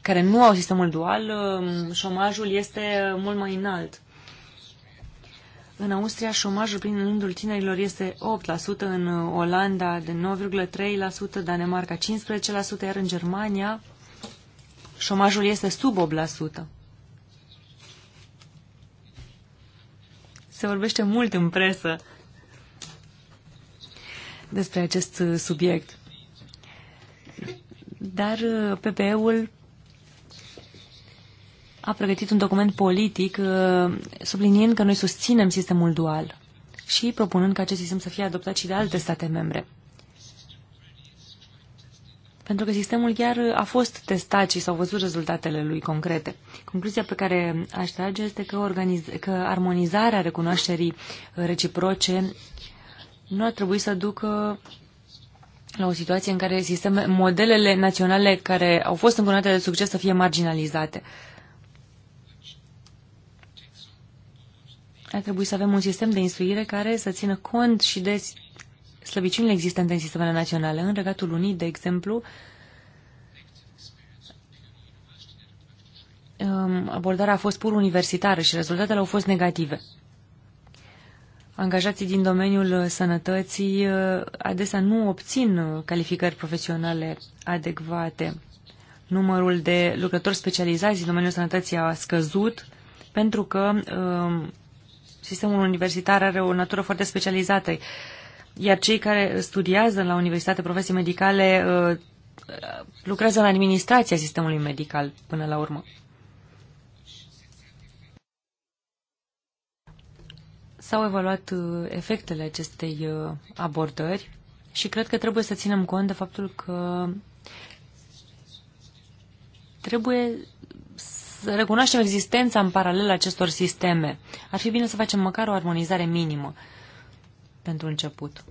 care nu au sistemul dual, șomajul este mult mai înalt. În Austria, șomajul prin rândul tinerilor este 8%, în Olanda de 9,3%, Danemarca 15%, iar în Germania șomajul este sub 8%. Se vorbește mult în presă despre acest uh, subiect. Dar uh, PPE-ul a pregătit un document politic uh, subliniind că noi susținem sistemul dual și propunând ca acest sistem să fie adoptat și de alte state membre pentru că sistemul chiar a fost testat și s-au văzut rezultatele lui concrete. Concluzia pe care aș trage este că, organiz- că armonizarea recunoașterii reciproce nu ar trebui să ducă la o situație în care sisteme, modelele naționale care au fost încunate de succes să fie marginalizate. Ar trebui să avem un sistem de instruire care să țină cont și de slăbiciunile existente în sistemele naționale. În Regatul Lunii, de exemplu, um, abordarea a fost pur universitară și rezultatele au fost negative. Angajații din domeniul sănătății uh, adesea nu obțin calificări profesionale adecvate. Numărul de lucrători specializați din domeniul sănătății a scăzut pentru că um, sistemul universitar are o natură foarte specializată. Iar cei care studiază la Universitate Profesii Medicale uh, lucrează în administrația sistemului medical până la urmă. S-au evaluat uh, efectele acestei uh, abordări și cred că trebuie să ținem cont de faptul că trebuie să recunoaștem existența în paralel acestor sisteme. Ar fi bine să facem măcar o armonizare minimă pentru început.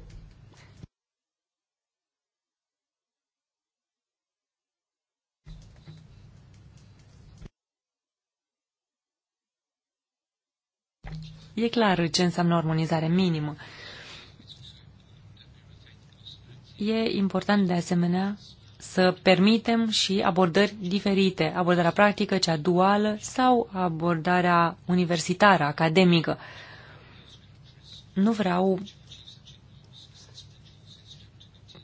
E clar ce înseamnă armonizare minimă. E important de asemenea să permitem și abordări diferite, abordarea practică, cea duală sau abordarea universitară, academică. Nu vreau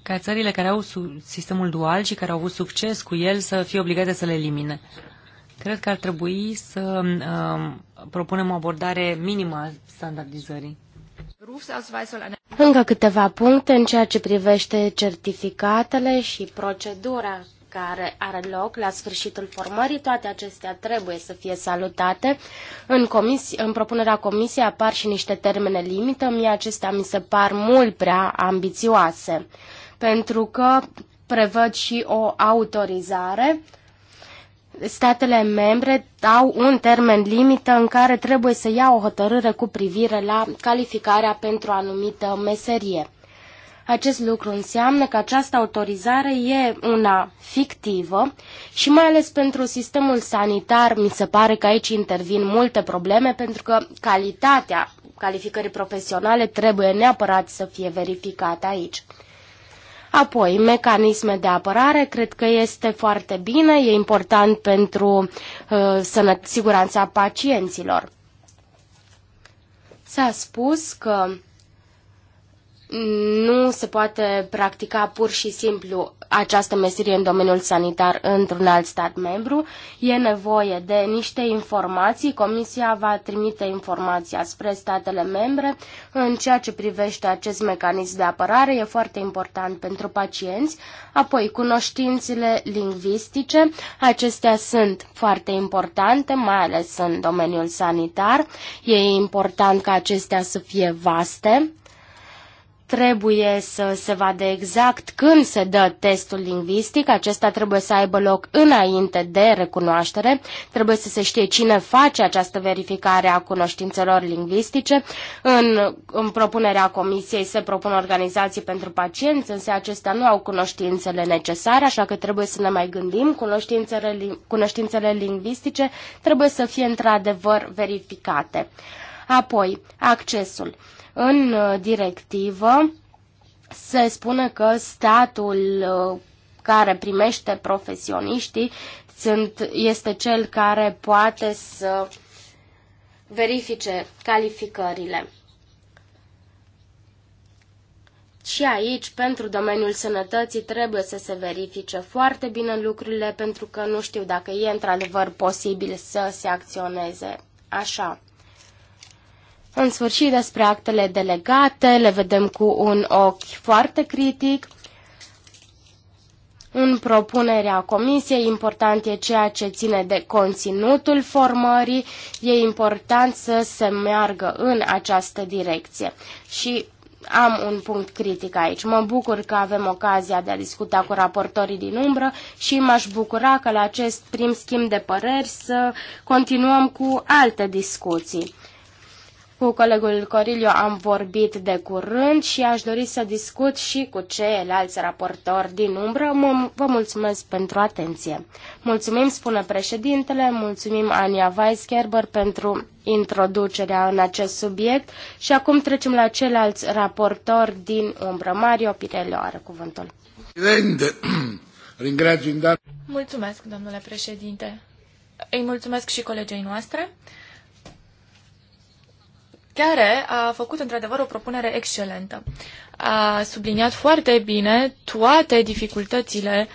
ca țările care au sistemul dual și care au avut succes cu el să fie obligate să le elimine. Cred că ar trebui să uh, propunem o abordare minimă a standardizării. Încă câteva puncte în ceea ce privește certificatele și procedura care are loc la sfârșitul formării, toate acestea trebuie să fie salutate. În, comis- în propunerea comisiei apar și niște termene limită, mie acestea mi se par mult prea ambițioase pentru că prevăd și o autorizare. Statele membre au un termen limită în care trebuie să ia o hotărâre cu privire la calificarea pentru o anumită meserie. Acest lucru înseamnă că această autorizare e una fictivă și mai ales pentru sistemul sanitar mi se pare că aici intervin multe probleme pentru că calitatea calificării profesionale trebuie neapărat să fie verificată aici. Apoi, mecanisme de apărare, cred că este foarte bine, e important pentru uh, siguranța pacienților. S-a spus că nu se poate practica pur și simplu această meserie în domeniul sanitar într-un alt stat membru. E nevoie de niște informații. Comisia va trimite informația spre statele membre în ceea ce privește acest mecanism de apărare. E foarte important pentru pacienți. Apoi, cunoștințele lingvistice. Acestea sunt foarte importante, mai ales în domeniul sanitar. E important ca acestea să fie vaste trebuie să se vadă exact când se dă testul lingvistic. Acesta trebuie să aibă loc înainte de recunoaștere. Trebuie să se știe cine face această verificare a cunoștințelor lingvistice. În, în propunerea comisiei se propun organizații pentru pacienți, însă acestea nu au cunoștințele necesare, așa că trebuie să ne mai gândim. Cunoștințele, cunoștințele lingvistice trebuie să fie într-adevăr verificate. Apoi, accesul. În uh, directivă se spune că statul uh, care primește profesioniștii sunt, este cel care poate să verifice calificările. Și aici, pentru domeniul sănătății, trebuie să se verifice foarte bine lucrurile, pentru că nu știu dacă e într-adevăr posibil să se acționeze așa. În sfârșit, despre actele delegate, le vedem cu un ochi foarte critic. În propunerea comisiei, important e ceea ce ține de conținutul formării, e important să se meargă în această direcție. Și am un punct critic aici. Mă bucur că avem ocazia de a discuta cu raportorii din umbră și m-aș bucura că la acest prim schimb de păreri să continuăm cu alte discuții. Cu colegul Corilio am vorbit de curând și aș dori să discut și cu ceilalți raportori din umbră. Vă mulțumesc pentru atenție. Mulțumim, spune președintele, mulțumim Ania Weisgerber pentru introducerea în acest subiect și acum trecem la ceilalți raportori din umbră. Mario Pirelio are cuvântul. Mulțumesc, domnule președinte. Îi mulțumesc și colegei noastre care a făcut într-adevăr o propunere excelentă. A subliniat foarte bine toate dificultățile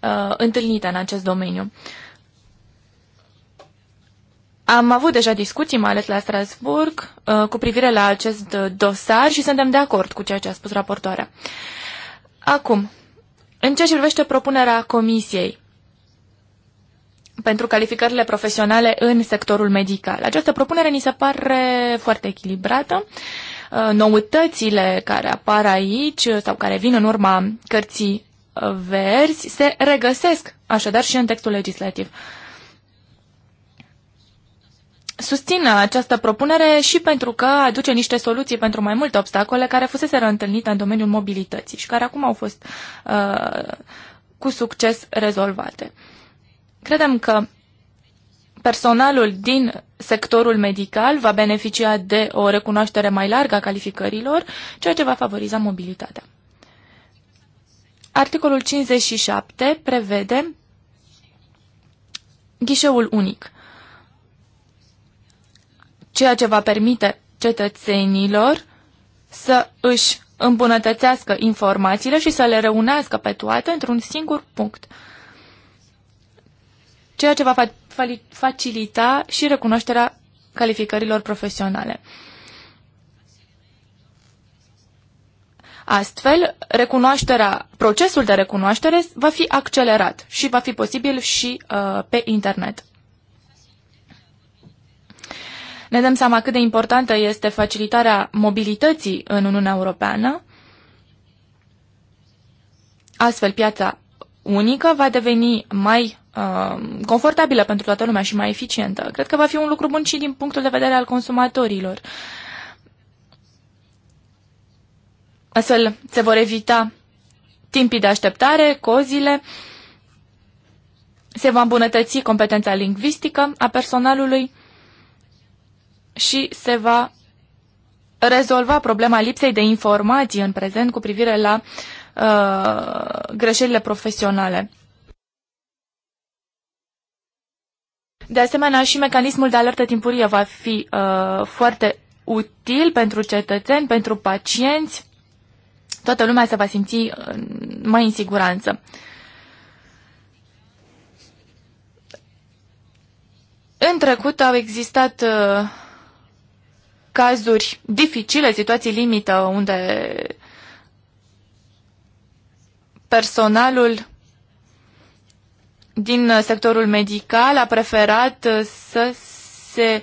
uh, întâlnite în acest domeniu. Am avut deja discuții, mai ales la Strasburg, uh, cu privire la acest dosar și suntem de acord cu ceea ce a spus raportoarea. Acum, în ceea ce privește propunerea Comisiei, pentru calificările profesionale în sectorul medical. Această propunere ni se pare foarte echilibrată. Uh, noutățile care apar aici uh, sau care vin în urma cărții uh, verzi se regăsesc așadar și în textul legislativ. Susțin această propunere și pentru că aduce niște soluții pentru mai multe obstacole care fusese întâlnite în domeniul mobilității și care acum au fost uh, cu succes rezolvate. Credem că personalul din sectorul medical va beneficia de o recunoaștere mai largă a calificărilor, ceea ce va favoriza mobilitatea. Articolul 57 prevede ghișeul unic, ceea ce va permite cetățenilor să își îmbunătățească informațiile și să le reunească pe toate într-un singur punct ceea ce va facilita și recunoașterea calificărilor profesionale. Astfel, recunoașterea, procesul de recunoaștere va fi accelerat și va fi posibil și uh, pe internet. Ne dăm seama cât de importantă este facilitarea mobilității în Uniunea Europeană. Astfel, piața unică va deveni mai uh, confortabilă pentru toată lumea și mai eficientă. Cred că va fi un lucru bun și din punctul de vedere al consumatorilor. Astfel se vor evita timpii de așteptare, cozile, se va îmbunătăți competența lingvistică a personalului și se va rezolva problema lipsei de informații în prezent cu privire la uh, Uh, greșelile profesionale. De asemenea, și mecanismul de alertă timpurie va fi uh, foarte util pentru cetățeni, pentru pacienți. Toată lumea se va simți uh, mai în siguranță. În trecut au existat uh, cazuri dificile, situații limită unde personalul din sectorul medical a preferat să se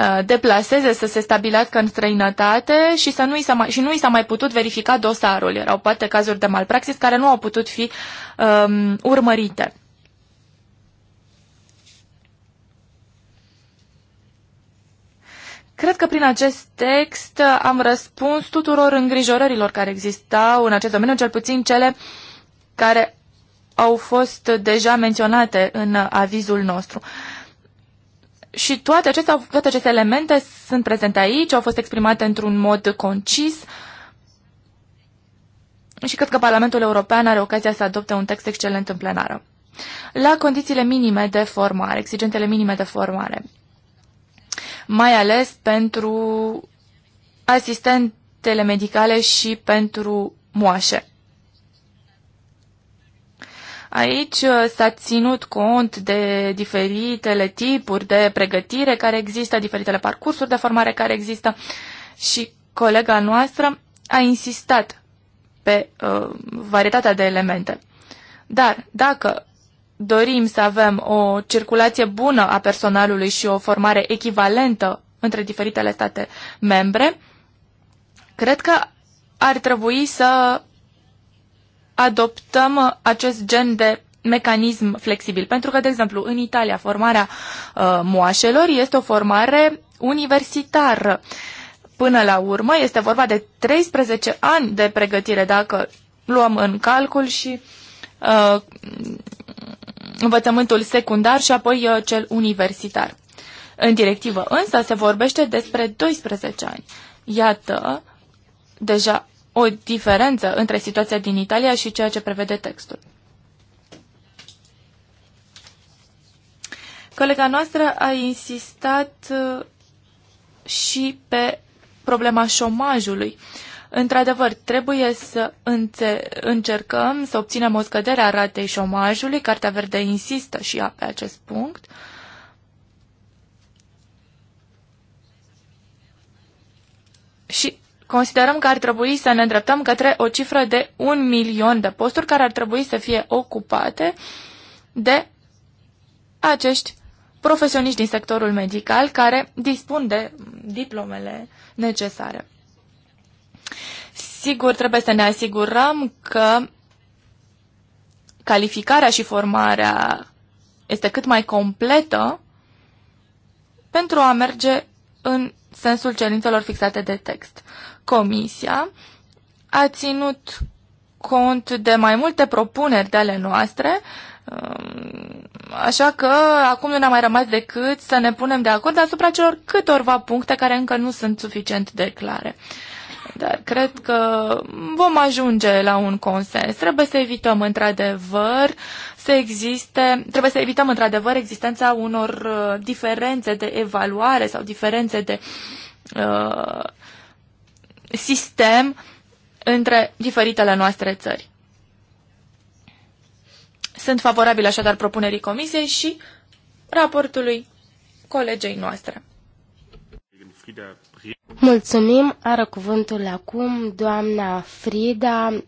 uh, deplaseze, să se stabilească în străinătate și, să nu i s-a mai, și nu i s-a mai putut verifica dosarul. Erau poate cazuri de malpraxis care nu au putut fi um, urmărite. Cred că prin acest text am răspuns tuturor îngrijorărilor care existau în acest domeniu, cel puțin cele uh, care au fost deja menționate în avizul nostru. Și toate aceste, toate aceste elemente sunt prezente aici, au fost exprimate într-un mod concis și cred că Parlamentul European are ocazia să adopte un text excelent în plenară. La condițiile minime de formare, exigentele minime de formare, mai ales pentru asistentele medicale și pentru moașe. Aici uh, s-a ținut cont de diferitele tipuri de pregătire care există, diferitele parcursuri de formare care există și colega noastră a insistat pe uh, varietatea de elemente. Dar dacă dorim să avem o circulație bună a personalului și o formare echivalentă între diferitele state membre, cred că ar trebui să adoptăm uh, acest gen de mecanism flexibil. Pentru că, de exemplu, în Italia, formarea uh, moașelor este o formare universitară. Până la urmă, este vorba de 13 ani de pregătire, dacă luăm în calcul și uh, învățământul secundar și apoi uh, cel universitar. În directivă însă se vorbește despre 12 ani. Iată, deja o diferență între situația din Italia și ceea ce prevede textul. Colega noastră a insistat uh, și pe problema șomajului. Într-adevăr, trebuie să încercăm să obținem o scădere a ratei șomajului. Cartea Verde insistă și ea pe acest punct. Și Considerăm că ar trebui să ne îndreptăm către o cifră de un milion de posturi care ar trebui să fie ocupate de acești profesioniști din sectorul medical care dispun de diplomele necesare. Sigur, trebuie să ne asigurăm că calificarea și formarea este cât mai completă pentru a merge în sensul cerințelor fixate de text. Comisia a ținut cont de mai multe propuneri de ale noastre, um, așa că acum nu ne-a mai rămas decât să ne punem de acord asupra celor câtorva puncte care încă nu sunt suficient de clare. Dar cred că vom ajunge la un consens. Trebuie să evităm într-adevăr să existe, trebuie să evităm într-adevăr existența unor uh, diferențe de evaluare sau diferențe de uh, sistem între diferitele noastre țări. Sunt favorabil așadar propunerii comisiei și raportului colegei noastre. Mulțumim. Are cuvântul acum doamna Frida.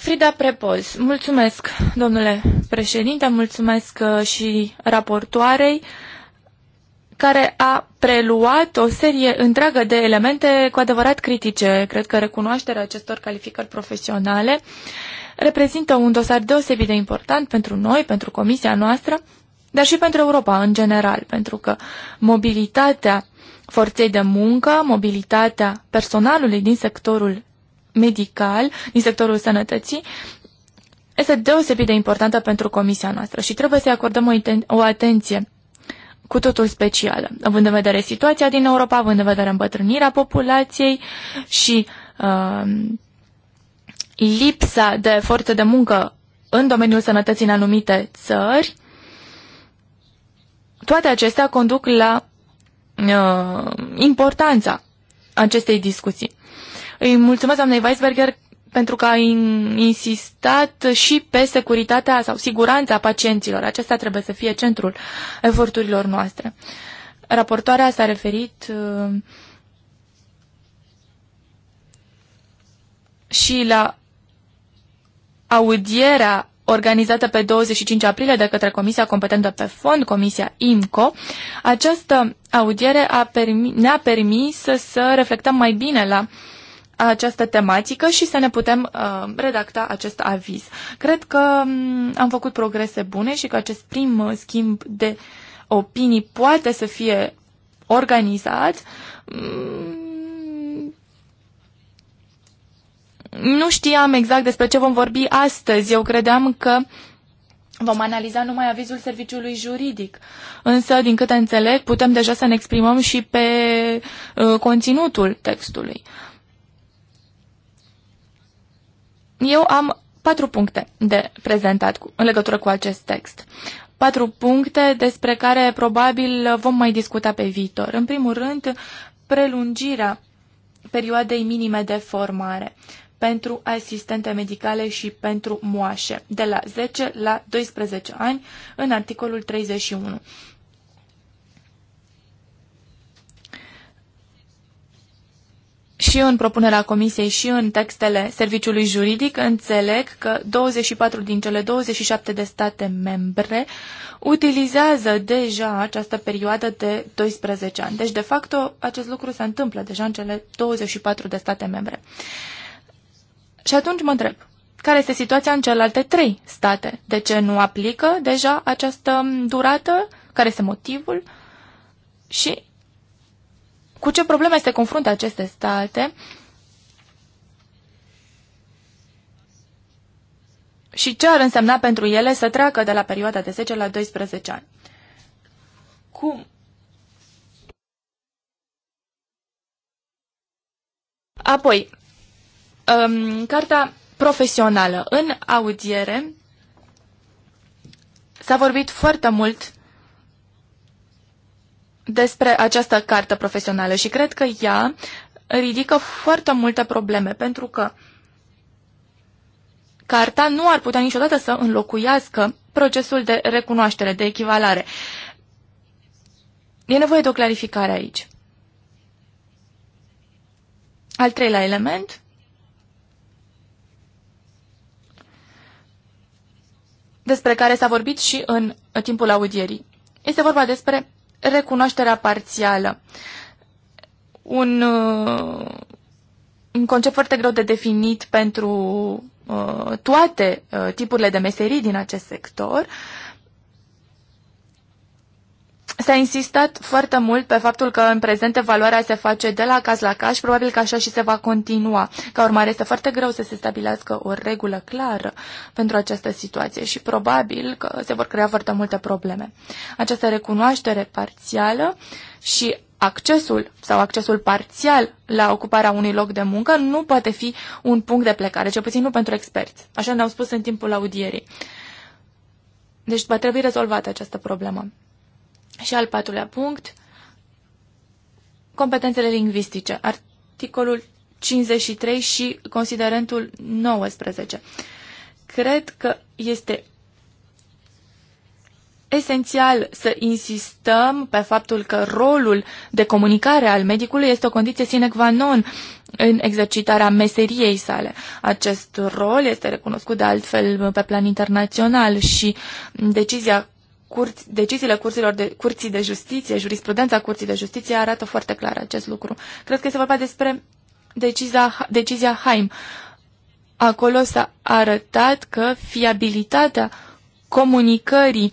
Frida Prepoz. Mulțumesc, domnule președinte, mulțumesc uh, și raportoarei care a preluat o serie întreagă de elemente cu adevărat critice. Cred că recunoașterea acestor calificări profesionale reprezintă un dosar deosebit de important pentru noi, pentru comisia noastră, dar și pentru Europa în general, pentru că mobilitatea forței de muncă, mobilitatea personalului din sectorul medical, din sectorul sănătății, este deosebit de importantă pentru comisia noastră și trebuie să-i acordăm o, o atenție cu totul specială, având în vedere situația din Europa, având în vedere îmbătrânirea populației și uh, lipsa de forță de muncă în domeniul sănătății în anumite țări, toate acestea conduc la uh, importanța acestei discuții. Îi mulțumesc doamnei Weisberger pentru că a insistat și pe securitatea sau siguranța pacienților. Acesta trebuie să fie centrul eforturilor noastre. Raportoarea s-a referit uh, și la audierea organizată pe 25 aprilie de către Comisia Competentă pe Fond, Comisia IMCO, această audiere a permi- ne-a permis să, reflectăm mai bine la această tematică și să ne putem uh, redacta acest aviz. Cred că mm, am făcut progrese bune și că acest prim uh, schimb de opinii poate să fie organizat. Mm, nu știam exact despre ce vom vorbi astăzi. Eu credeam că vom analiza numai avizul serviciului juridic. Însă, din câte înțeleg, putem deja să ne exprimăm și pe uh, conținutul textului. Eu am patru puncte de prezentat cu, în legătură cu acest text. Patru puncte despre care probabil vom mai discuta pe viitor. În primul rând, prelungirea perioadei minime de formare pentru asistente medicale și pentru moașe, de la 10 la 12 ani, în articolul 31. și în propunerea comisiei și în textele serviciului juridic înțeleg că 24 din cele 27 de state membre utilizează deja această perioadă de 12 ani. Deci, de facto, acest lucru se întâmplă deja în cele 24 de state membre. Uh, și atunci mă întreb, care este situația în celelalte trei state? De ce nu aplică deja această durată? Care este motivul? Și cu ce probleme se confruntă aceste state? Și ce ar însemna pentru ele să treacă de la perioada de 10 la 12 ani? Cum Apoi, um, carta profesională. În audiere s-a vorbit foarte mult despre această carte profesională și cred că ea ridică foarte multe probleme, pentru că carta nu ar putea niciodată să înlocuiască procesul de recunoaștere, de echivalare. E nevoie de o clarificare aici. Al treilea element despre care s-a vorbit și în timpul audierii. Este vorba despre recunoașterea parțială. Un, uh, un concept foarte greu de definit pentru uh, toate uh, tipurile de meserii din acest sector. Uh, S-a insistat foarte mult pe faptul că în prezent evaluarea se face de la caz la caz și probabil că așa și se va continua. Ca urmare, este foarte greu să se stabilească o regulă clară pentru această situație și probabil că se vor crea foarte multe probleme. Această recunoaștere parțială și accesul sau accesul parțial la ocuparea unui loc de muncă nu poate fi un punct de plecare, cel puțin nu pentru experți. Așa ne-au spus în timpul audierii. Deci va trebui rezolvată această problemă. Și al patrulea punct, competențele lingvistice, articolul 53 și considerentul 19. Cred că este esențial să insistăm pe faptul că rolul de comunicare al medicului este o condiție sine qua non în exercitarea meseriei sale. Acest rol este recunoscut de altfel pe plan internațional și decizia curți, deciziile curților de, curții de justiție, jurisprudența curții de justiție arată foarte clar acest lucru. Cred că este vorba despre decizia, decizia Haim. Acolo s-a arătat că fiabilitatea comunicării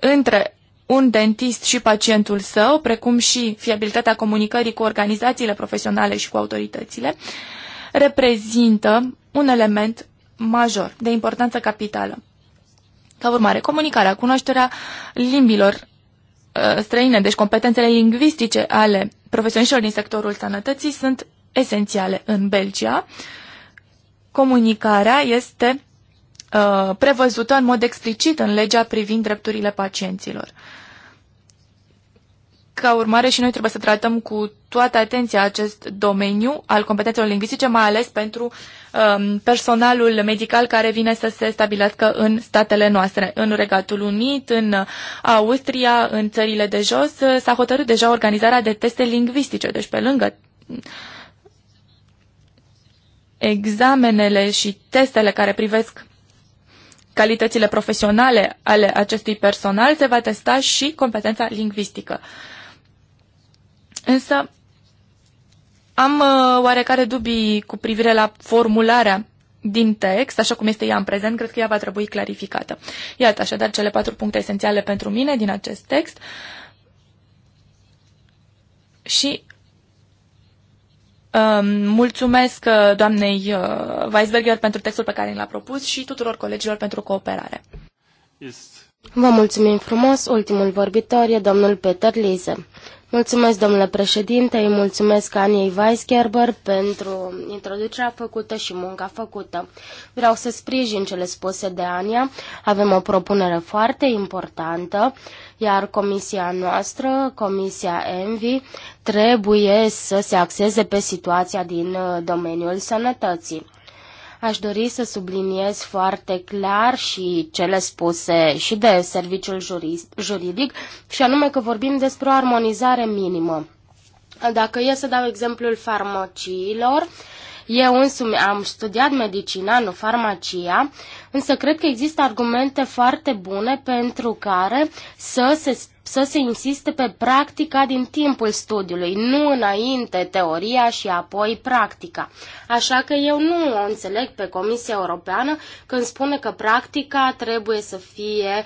între un dentist și pacientul său, precum și fiabilitatea comunicării cu organizațiile profesionale și cu autoritățile, reprezintă un element major de importanță capitală. Ca urmare, comunicarea, cunoașterea limbilor uh, străine, deci competențele lingvistice ale profesioniștilor din sectorul sănătății sunt esențiale în Belgia. Comunicarea este uh, prevăzută în mod explicit în legea privind drepturile pacienților. Ca urmare și noi trebuie să tratăm cu toată atenția acest domeniu al competențelor lingvistice, mai ales pentru Um, personalul medical care vine să se stabilească în statele noastre. În Regatul Unit, în Austria, în țările de jos, s-a hotărât deja organizarea de teste lingvistice, deci pe lângă examenele și testele care privesc calitățile profesionale ale acestui personal, se va testa și competența lingvistică. Însă, am uh, oarecare dubii cu privire la formularea din text, așa cum este ea în prezent, cred că ea va trebui clarificată. Iată, așadar, cele patru puncte esențiale pentru mine din acest text. Și um, mulțumesc uh, doamnei uh, Weisberger pentru textul pe care l-a propus și tuturor colegilor pentru cooperare. Vă mulțumim frumos. Ultimul vorbitor e domnul Peter Lise. Mulțumesc, domnule președinte, îi mulțumesc Aniei Weisgerber pentru introducerea făcută și munca făcută. Vreau să sprijin cele spuse de Ania. Avem o propunere foarte importantă, iar comisia noastră, comisia ENVI, trebuie să se axeze pe situația din uh, domeniul sănătății. Aș dori să subliniez foarte clar și cele spuse și de serviciul jurist, juridic, și anume că vorbim despre o armonizare minimă. Dacă e să dau exemplul farmaciilor, uh, eu însumi am studiat medicina, nu farmacia, însă cred că există argumente foarte bune pentru care să se să se insiste pe practica din timpul studiului, nu înainte teoria și apoi practica. Așa că eu nu o înțeleg pe Comisia Europeană când spune că practica trebuie să fie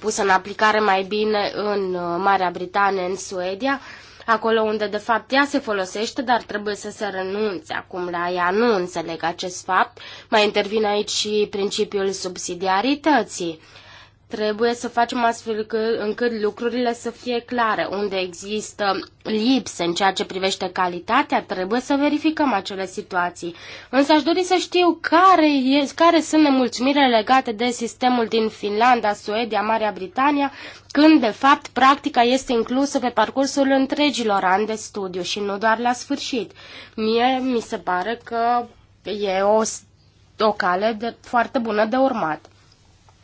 pusă în aplicare mai bine în uh, Marea Britanie, în Suedia, acolo unde de fapt ea se folosește, dar trebuie să se renunțe acum la ea. Nu înțeleg acest fapt. Mai intervine aici și principiul subsidiarității. Trebuie să facem astfel încât lucrurile să fie clare. Unde există lipse în ceea ce privește calitatea, trebuie să verificăm acele situații. Însă aș dori să știu care, e, care sunt nemulțumirile legate de sistemul din Finlanda, Suedia, Marea Britania, când, de fapt, practica este inclusă pe parcursul întregilor ani de studiu și nu doar la sfârșit. Mie mi se pare că e o, o cale de, foarte bună de urmat.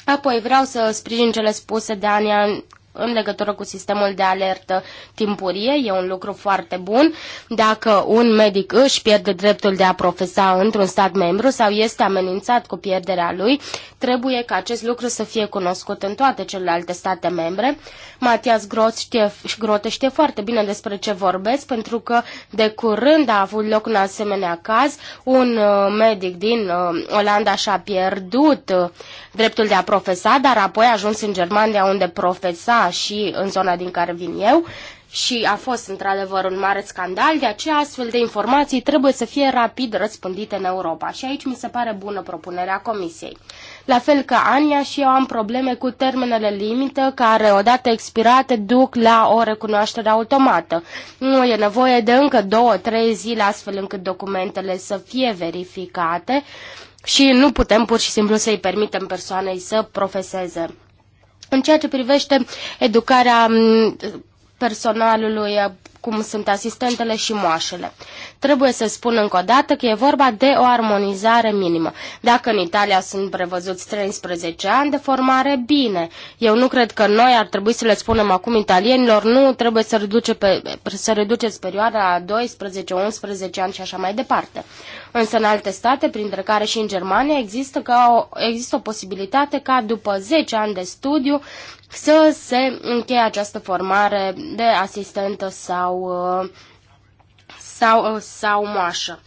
Apoi vreau să sprijin cele spuse de Anian în legătură cu sistemul de alertă timpurie. E un lucru foarte bun. Dacă un medic își pierde dreptul de a profesa într-un stat membru sau este amenințat cu pierderea lui, trebuie ca acest lucru să fie cunoscut în toate celelalte state membre. Matias Groț știe, Grote știe foarte bine despre ce vorbesc, pentru că de curând a avut loc un asemenea caz. Un uh, medic din uh, Olanda și-a pierdut uh, dreptul de a profesa, dar apoi a ajuns în Germania unde profesa și în zona din care vin eu și a fost într-adevăr un mare scandal, de aceea astfel de informații trebuie să fie rapid răspândite în Europa și aici mi se pare bună propunerea Comisiei. La fel ca Ania și eu am probleme cu termenele limită care odată expirate duc la o recunoaștere automată. Nu e nevoie de încă două, trei zile astfel încât documentele să fie verificate și nu putem pur și simplu să-i permitem persoanei să profeseze în ceea ce privește educarea mm, personalului, cum sunt asistentele și moașele. Trebuie să spun încă o dată că e vorba de o armonizare minimă. Dacă în Italia sunt prevăzuți 13 ani de formare, bine. Eu nu cred că noi ar trebui să le spunem acum italienilor, nu, trebuie să, reduce pe, să reduceți perioada la 12, 11 ani și așa mai departe. Însă în alte state, printre care și în Germania, există, ca o, există o posibilitate ca după 10 ani de studiu să se încheie această formare de asistentă sau, uh, sau, uh, sau moașă.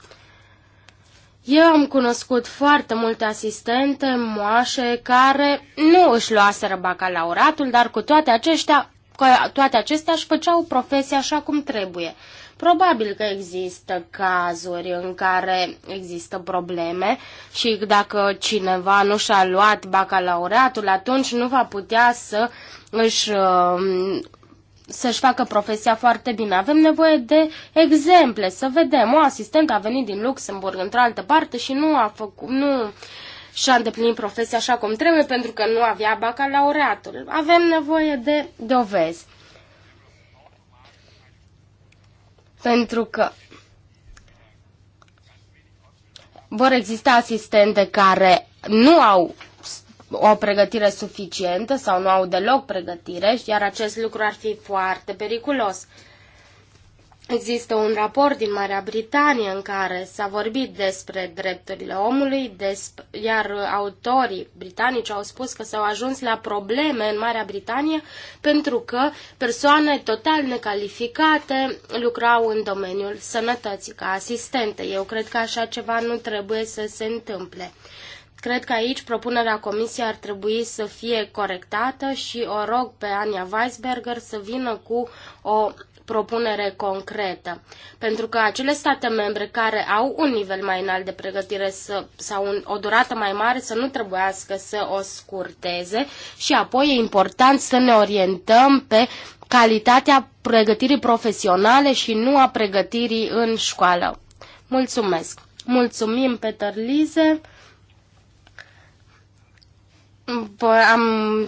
Eu am cunoscut foarte multe asistente, moașe, care nu își luaseră bacalauratul, dar cu toate, acestea cu toate acestea își făceau profesia așa cum trebuie. Probabil că există cazuri în care există probleme și dacă cineva nu și-a luat bacalaureatul, atunci nu va putea să își um, să-și facă profesia foarte bine. Avem nevoie de exemple, să vedem. O asistentă a venit din Luxemburg într-o altă parte și nu a făcut, nu și-a îndeplinit profesia așa cum trebuie pentru că nu avea bacalaureatul. Avem nevoie de dovezi. pentru că vor exista asistente care nu au o pregătire suficientă sau nu au deloc pregătire, iar acest lucru ar fi foarte periculos. Există un raport din Marea Britanie în care s-a vorbit despre drepturile omului, despre, iar autorii britanici au spus că s-au ajuns la probleme în Marea Britanie pentru că persoane total necalificate lucrau în domeniul sănătății ca asistente. Eu cred că așa ceva nu trebuie să se întâmple. Cred că aici propunerea comisiei ar trebui să fie corectată și o rog pe Ania Weisberger să vină cu o propunere concretă, pentru că acele state membre care au un nivel mai înalt de pregătire să, sau un, o durată mai mare să nu trebuiască să o scurteze și apoi e important să ne orientăm pe calitatea pregătirii profesionale și nu a pregătirii în școală. Mulțumesc! Mulțumim, Peter Lize! am,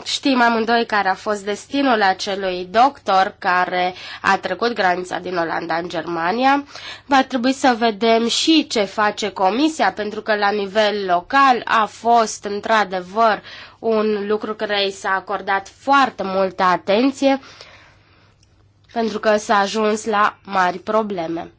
știm amândoi care a fost destinul acelui doctor care a trecut granița din Olanda în Germania. Va trebui să vedem și ce face comisia, pentru că la nivel local a fost într-adevăr un lucru care i s-a acordat foarte multă atenție, pentru că s-a ajuns la mari probleme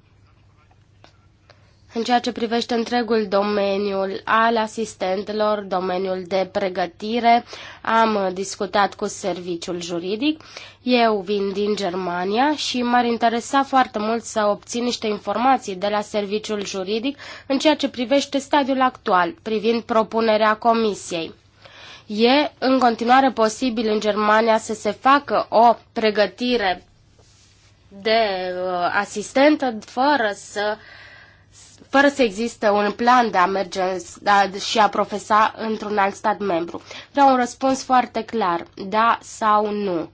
în ceea ce privește întregul domeniul al asistentelor, domeniul de pregătire. Am discutat cu serviciul juridic. Eu vin din Germania și m-ar interesa foarte mult să obțin niște informații de la serviciul juridic în ceea ce privește stadiul actual, privind propunerea comisiei. E în continuare posibil în Germania să se facă o pregătire de uh, asistentă fără să uh, fără să existe un plan de a merge și a profesa într-un alt stat membru. Vreau un răspuns foarte clar, da sau nu.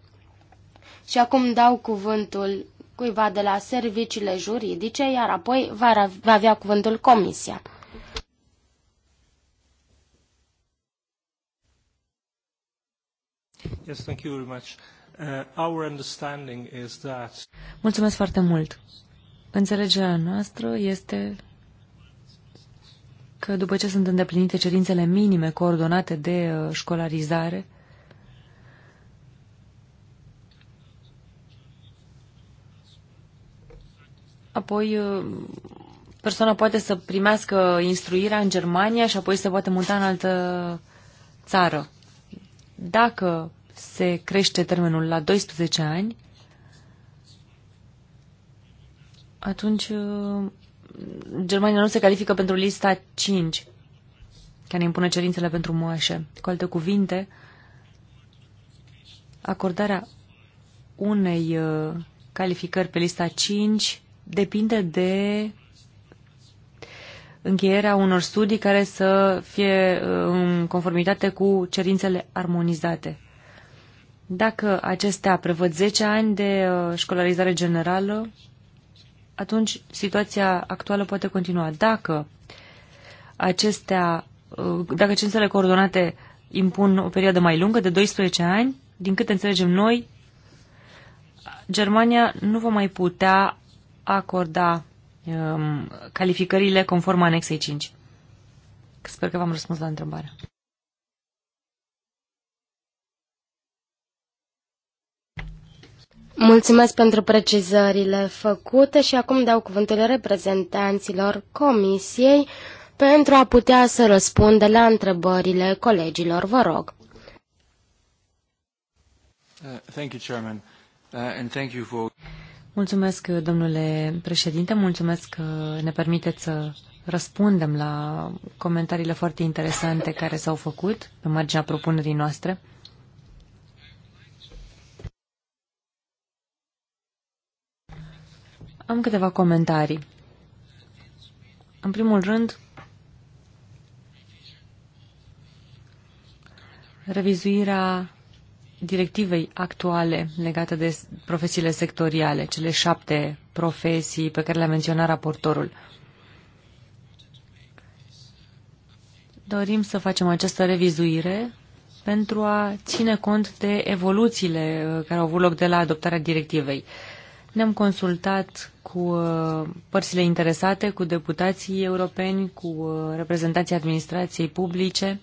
Și acum dau cuvântul cuiva de la serviciile juridice, iar apoi va avea cuvântul comisia. Yes, thank you very much. Uh, our understanding is that... Mulțumesc foarte mult. Înțelegerea noastră este că după ce sunt îndeplinite cerințele minime coordonate de uh, școlarizare, apoi uh, persoana poate să primească instruirea în Germania și apoi se poate muta în altă țară. Dacă se crește termenul la 12 ani, atunci uh, Germania nu se califică pentru lista 5, care impune cerințele pentru moașe. Cu alte cuvinte, acordarea unei uh, calificări pe lista 5 depinde de încheierea unor studii care să fie uh, în conformitate cu cerințele armonizate. Dacă acestea prevăd 10 ani de uh, școlarizare generală, atunci situația actuală poate continua. Dacă acestea, uh, dacă cinstele coordonate impun o perioadă mai lungă, de 12 ani, din câte înțelegem noi, Germania nu va mai putea acorda um, calificările conform anexei 5. Sper că v-am răspuns la întrebare. Mulțumesc pentru precizările făcute și acum dau cuvântul reprezentanților Comisiei pentru a putea să răspundă la întrebările colegilor. Vă rog. Uh, uh, mulțumesc, domnule președinte, mulțumesc că ne permiteți să răspundem la comentariile foarte interesante care s-au făcut pe marginea propunerii noastre. Am câteva comentarii. În primul rând, revizuirea directivei actuale legate de profesiile sectoriale, cele șapte profesii pe care le-a menționat raportorul. Dorim să facem această revizuire pentru a ține cont de evoluțiile uh, care au avut loc de la adoptarea directivei. Ne-am consultat cu uh, părțile interesate, cu deputații europeni, cu uh, reprezentanții administrației publice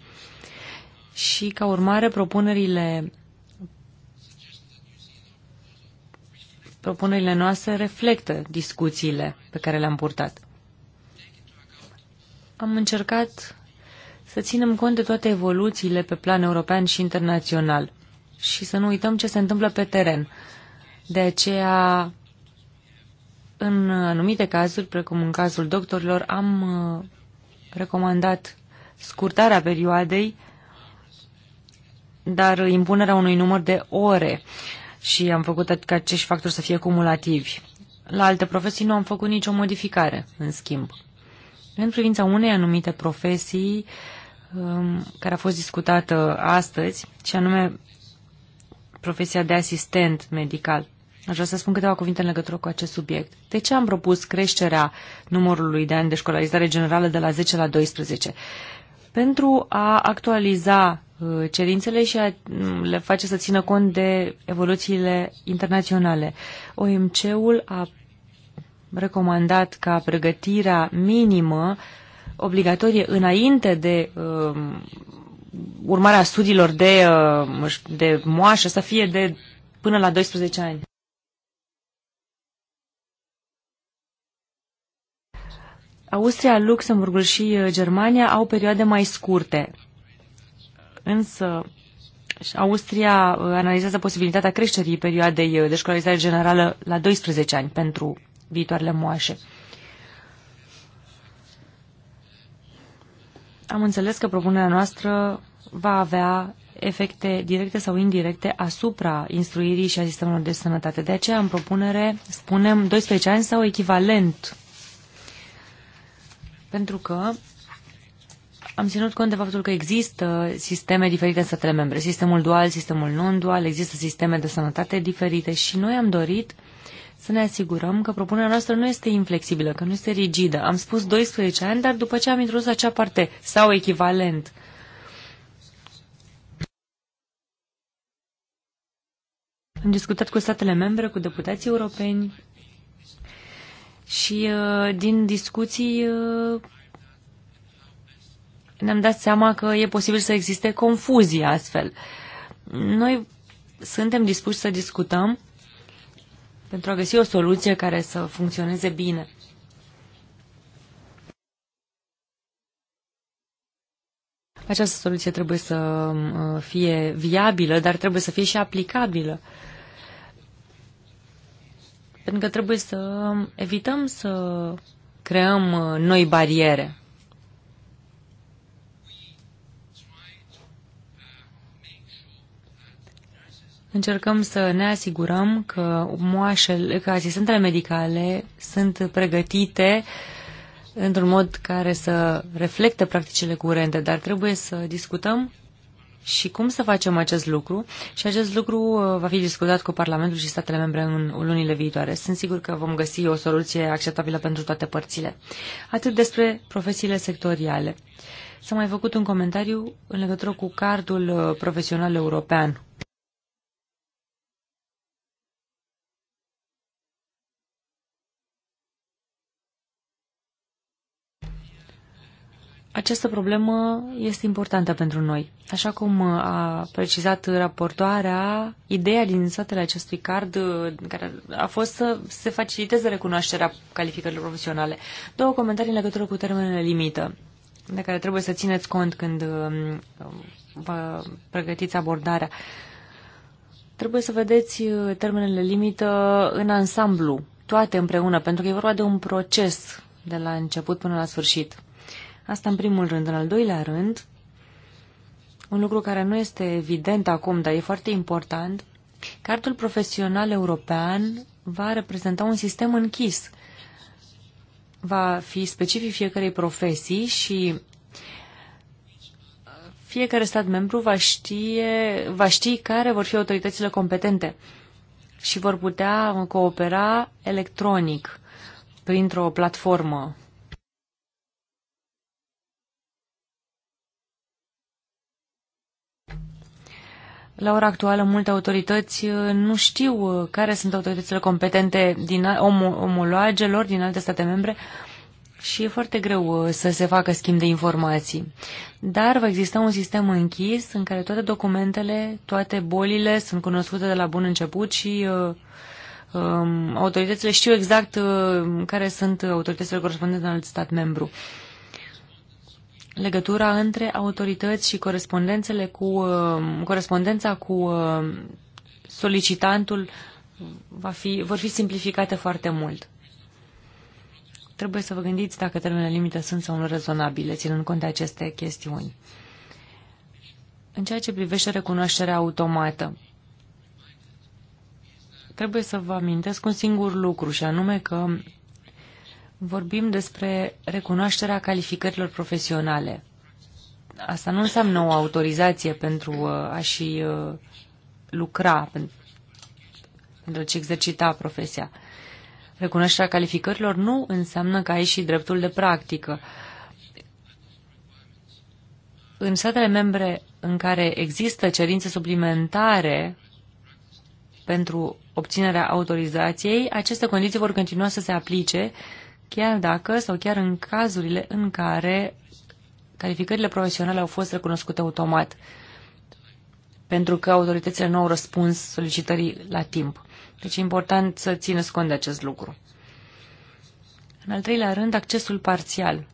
și, ca urmare, propunerile propunerile noastre reflectă discuțiile pe care le-am purtat. Am încercat să ținem cont de toate evoluțiile pe plan european și internațional și să nu uităm ce se întâmplă pe teren. De aceea în anumite cazuri, precum în cazul doctorilor, am uh, recomandat scurtarea perioadei, dar impunerea unui număr de ore și am făcut ca acești factori să fie cumulativi. La alte profesii nu am făcut nicio modificare, în schimb. În privința unei anumite profesii um, care a fost discutată astăzi, și anume profesia de asistent medical. Aș vrea să spun câteva cuvinte în legătură cu acest subiect. De ce am propus creșterea numărului de ani de școlarizare generală de la 10 la 12? Pentru a actualiza uh, cerințele și a mm, le face să țină cont de evoluțiile internaționale. OMC-ul a recomandat ca pregătirea minimă obligatorie înainte de uh, urmarea studiilor de, uh, de moașă să fie de până la 12 ani. Austria, Luxemburgul și uh, Germania au perioade mai scurte, însă Austria uh, analizează posibilitatea creșterii perioadei uh, de școlarizare generală la 12 ani pentru viitoarele moașe. Am înțeles că propunerea noastră va avea efecte directe sau indirecte asupra instruirii și a sistemelor de sănătate. De aceea, în propunere, spunem 12 ani sau echivalent pentru că am ținut cont de faptul că există sisteme diferite în statele membre, sistemul dual, sistemul non-dual, există sisteme de sănătate diferite și noi am dorit să ne asigurăm că propunerea noastră nu este inflexibilă, că nu este rigidă. Am spus 12 ani, dar după ce am introdus acea parte sau echivalent, am discutat cu statele membre, cu deputații europeni și uh, din discuții uh, ne-am dat seama că e posibil să existe confuzie astfel. Noi suntem dispuși să discutăm pentru a găsi o soluție care să funcționeze bine. Această soluție trebuie să uh, fie viabilă, dar trebuie să fie și aplicabilă. Uh, pentru că trebuie să evităm să creăm uh, noi bariere. Încercăm să ne asigurăm că moașele, că asistentele medicale sunt pregătite într-un mod care să reflecte practicile curente, dar trebuie să discutăm și cum să facem acest lucru și acest lucru uh, va fi discutat cu Parlamentul și statele membre în lunile viitoare. Sunt sigur că vom găsi o soluție acceptabilă pentru toate părțile. Atât despre profesiile sectoriale. S-a mai făcut un comentariu în legătură cu cardul uh, profesional european. Această problemă este importantă pentru noi. Așa cum a precizat raportoarea, ideea din satele acestui card care a fost să se faciliteze recunoașterea calificărilor profesionale. Două comentarii în legătură cu termenele limită, de care trebuie să țineți cont când um, vă pregătiți abordarea. Trebuie să vedeți uh, termenele limită în ansamblu, toate împreună, pentru că e vorba de un proces de la început până la sfârșit Asta în primul rând. În al doilea rând, un lucru care nu este evident acum, dar e foarte important, Cartul profesional european va reprezenta un sistem închis. Va fi specific fiecarei profesii și fiecare stat membru va, știe, va ști care vor fi autoritățile competente și vor putea coopera electronic printr-o platformă La ora actuală, multe autorități uh, nu știu uh, care sunt autoritățile competente din omologelor din alte state membre și e foarte greu uh, să se facă schimb de informații. Dar va exista un sistem închis în care toate documentele, toate bolile sunt cunoscute de la bun început și um, autoritățile știu exact care sunt autoritățile corespondente în alt stat membru legătura între autorități și corespondențele cu, uh, corespondența cu uh, solicitantul va fi, vor fi simplificate foarte mult. Trebuie să vă gândiți dacă termenele limite sunt sau nu rezonabile, ținând cont de aceste chestiuni. În ceea ce privește recunoașterea automată, trebuie să vă amintesc un singur lucru, și anume că vorbim despre recunoașterea calificărilor profesionale. Asta nu înseamnă o autorizație pentru uh, a și uh, lucra, pentru a-și exercita profesia. Recunoașterea calificărilor nu înseamnă că ai și dreptul de practică. În statele membre în care există cerințe suplimentare pentru obținerea autorizației, aceste condiții vor continua să se aplice uh, chiar dacă sau chiar în cazurile în care calificările profesionale au fost recunoscute automat, pentru că autoritățile nu au răspuns solicitării la timp. Deci e important să țineți cont de acest lucru. În al treilea rând, accesul parțial.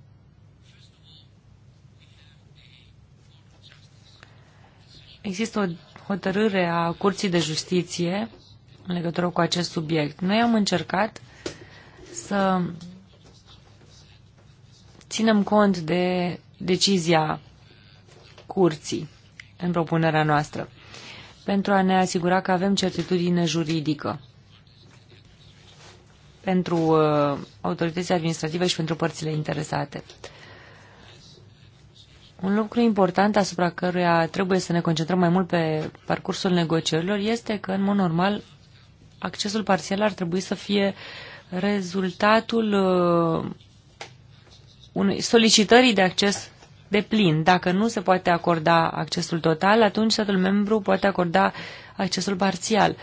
Există o hotărâre a Curții de Justiție în legătură cu acest subiect. Noi am încercat să ținem cont de decizia curții în propunerea noastră pentru a ne asigura că avem certitudine juridică pentru uh, autoritățile administrative și pentru părțile interesate. Un lucru important asupra căruia trebuie să ne concentrăm mai mult pe parcursul negocierilor este că, în mod normal, accesul parțial ar trebui să fie rezultatul uh, unei solicitării de acces de plin. Dacă nu se poate acorda accesul total, atunci statul membru poate acorda accesul parțial.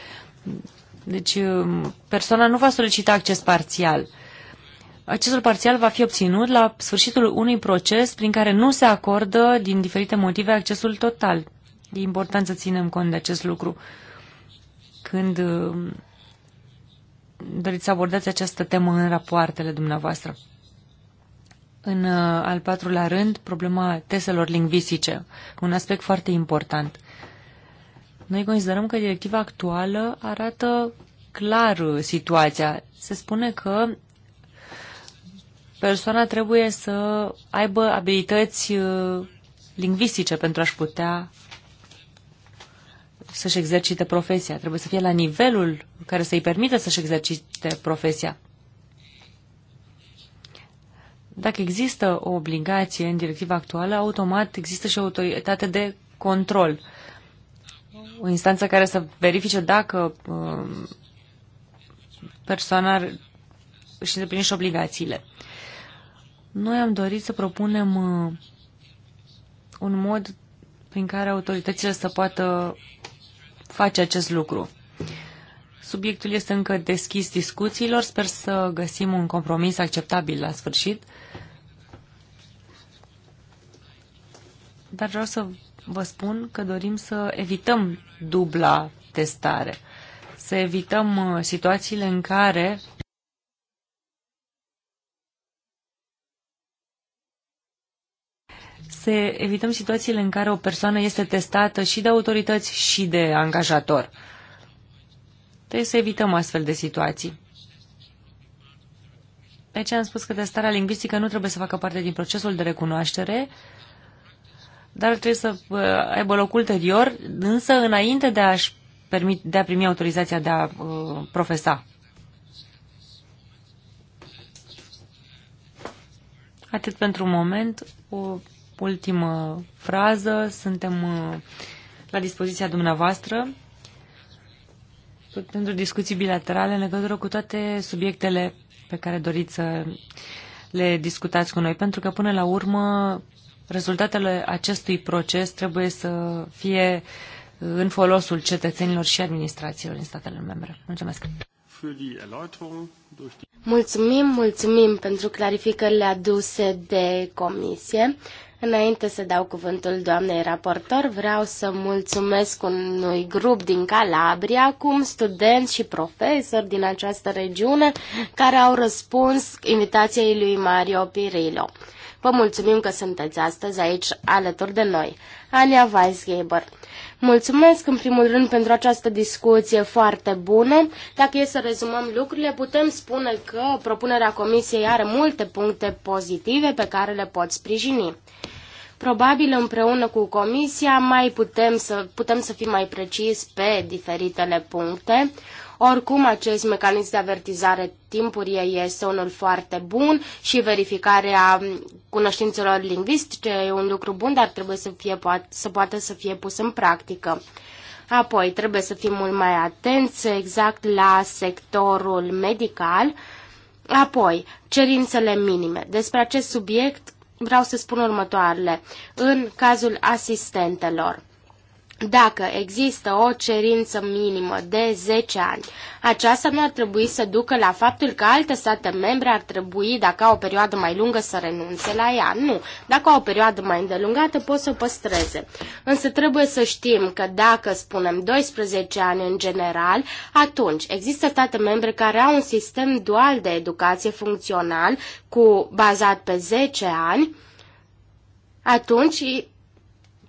Deci um, persoana nu va solicita acces parțial. Accesul parțial va fi obținut la sfârșitul unui proces prin care nu se acordă, din diferite motive, accesul total. E important să ținem cont de acest lucru când um, doriți să abordați această temă în rapoartele dumneavoastră. În uh, al patrulea rând, problema teselor lingvistice, un aspect foarte important. Noi considerăm că directiva actuală arată clar uh, situația. Se spune că persoana trebuie să aibă abilități uh, lingvistice pentru a-și putea să-și exercite profesia. Trebuie să fie la nivelul care să-i permită să-și exercite profesia dacă există o obligație în directiva actuală, automat există și o autoritate de control. O instanță care să verifice dacă um, persoana își îndeplinește obligațiile. Noi am dorit să propunem uh, un mod prin care autoritățile să poată face acest lucru. Subiectul este încă deschis discuțiilor. Sper să găsim un compromis acceptabil la sfârșit. Dar vreau să vă spun că dorim să evităm dubla testare, să evităm uh, situațiile în care să evităm situațiile în care o persoană este testată și de autorități și de angajator. Trebuie să evităm astfel de situații. De aceea am spus că testarea lingvistică nu trebuie să facă parte din procesul de recunoaștere, dar trebuie să uh, aibă loc ulterior, însă înainte de, a-și permit, de a primi autorizația de a uh, profesa. Atât pentru un moment. O ultimă frază. Suntem uh, la dispoziția dumneavoastră pentru discuții bilaterale în legătură cu toate subiectele pe care doriți să le discutați cu noi, pentru că până la urmă rezultatele acestui proces trebuie să fie în folosul cetățenilor și administrațiilor din statele membre. Mulțumesc! Mulțumim, mulțumim pentru clarificările aduse de comisie. Înainte să dau cuvântul doamnei raportor, vreau să mulțumesc unui grup din Calabria, acum studenți și profesori din această regiune, care au răspuns invitației lui Mario Pirillo. Vă mulțumim că sunteți astăzi aici alături de noi. Ania Weisgeber. Mulțumesc în primul rând pentru această discuție foarte bună. Dacă e să rezumăm lucrurile, putem spune că propunerea Comisiei are multe puncte pozitive pe care le pot sprijini. Probabil împreună cu Comisia mai putem să, putem să fim mai precis pe diferitele puncte. Oricum, acest mecanism de avertizare timpurie este unul foarte bun și verificarea cunoștințelor lingvistice e un lucru bun, dar trebuie să, fie, să poată să fie pus în practică. Apoi, trebuie să fim mult mai atenți exact la sectorul medical. Apoi, cerințele minime. Despre acest subiect vreau să spun următoarele. În cazul asistentelor, dacă există o cerință minimă de 10 ani, aceasta nu ar trebui să ducă la faptul că alte state membre ar trebui, dacă au o perioadă mai lungă, să renunțe la ea. Nu. Dacă au o perioadă mai îndelungată, pot să o păstreze. Însă trebuie să știm că dacă spunem 12 ani în general, atunci există state membre care au un sistem dual de educație funcțional cu bazat pe 10 ani, atunci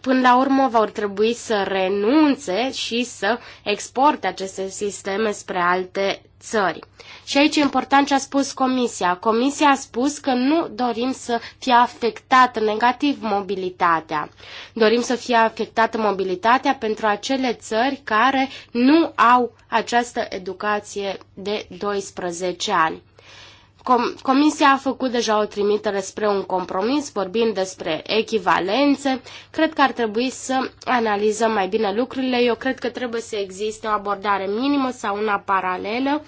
până la urmă vor trebui să renunțe și să exporte aceste sisteme spre alte țări. Și aici e important ce a spus Comisia. Comisia a spus că nu dorim să fie afectată negativ mobilitatea. Dorim să fie afectată mobilitatea pentru acele țări care nu au această educație de 12 ani. Com Comisia a făcut deja o trimitere spre un compromis, vorbind despre echivalențe. Cred că ar trebui să analizăm mai bine lucrurile. Eu cred că trebuie să existe o abordare minimă sau una paralelă,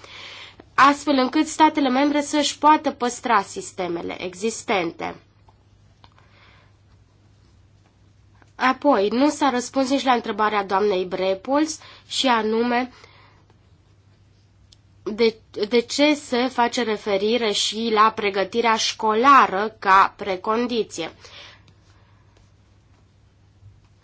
astfel încât statele membre să-și poată păstra sistemele existente. Apoi, nu s-a răspuns nici la întrebarea doamnei Brepols și anume de, de ce se face referire și la pregătirea școlară ca precondiție?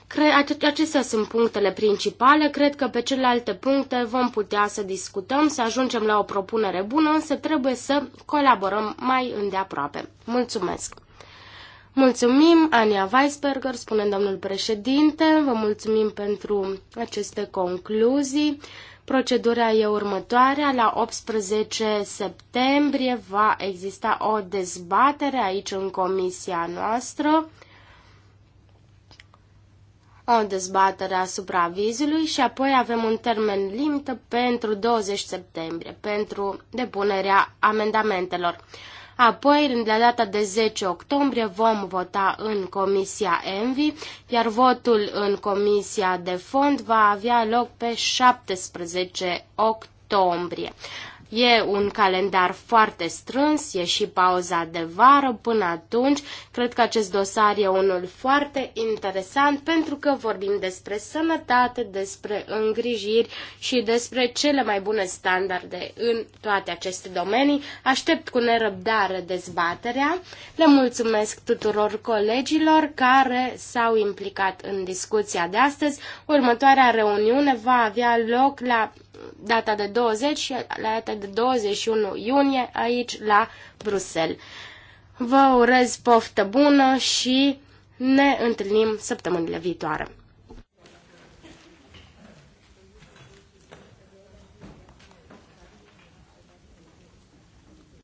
Cred, acestea sunt punctele principale. Cred că pe celelalte puncte vom putea să discutăm, să ajungem la o propunere bună, însă trebuie să colaborăm mai îndeaproape. Mulțumesc! Mulțumim, Ania Weisberger, spune domnul președinte, vă mulțumim pentru aceste concluzii. Procedura e următoarea. La 18 septembrie va exista o dezbatere aici în comisia noastră o dezbatere asupra vizului și apoi avem un termen limită pentru 20 septembrie, pentru depunerea amendamentelor. Apoi, la data de 10 octombrie, vom vota în Comisia ENVI, iar votul în Comisia de Fond va avea loc pe 17 octombrie. E un calendar foarte strâns, e și pauza de vară până atunci. Cred că acest dosar e unul foarte interesant pentru că vorbim despre sănătate, despre îngrijiri și despre cele mai bune standarde în toate aceste domenii. Aștept cu nerăbdare dezbaterea. Le mulțumesc tuturor colegilor care s-au implicat în discuția de astăzi. Următoarea reuniune va avea loc la data de 20 și la data de 21 iunie aici la Bruxelles. Vă urez poftă bună și ne întâlnim săptămânile viitoare.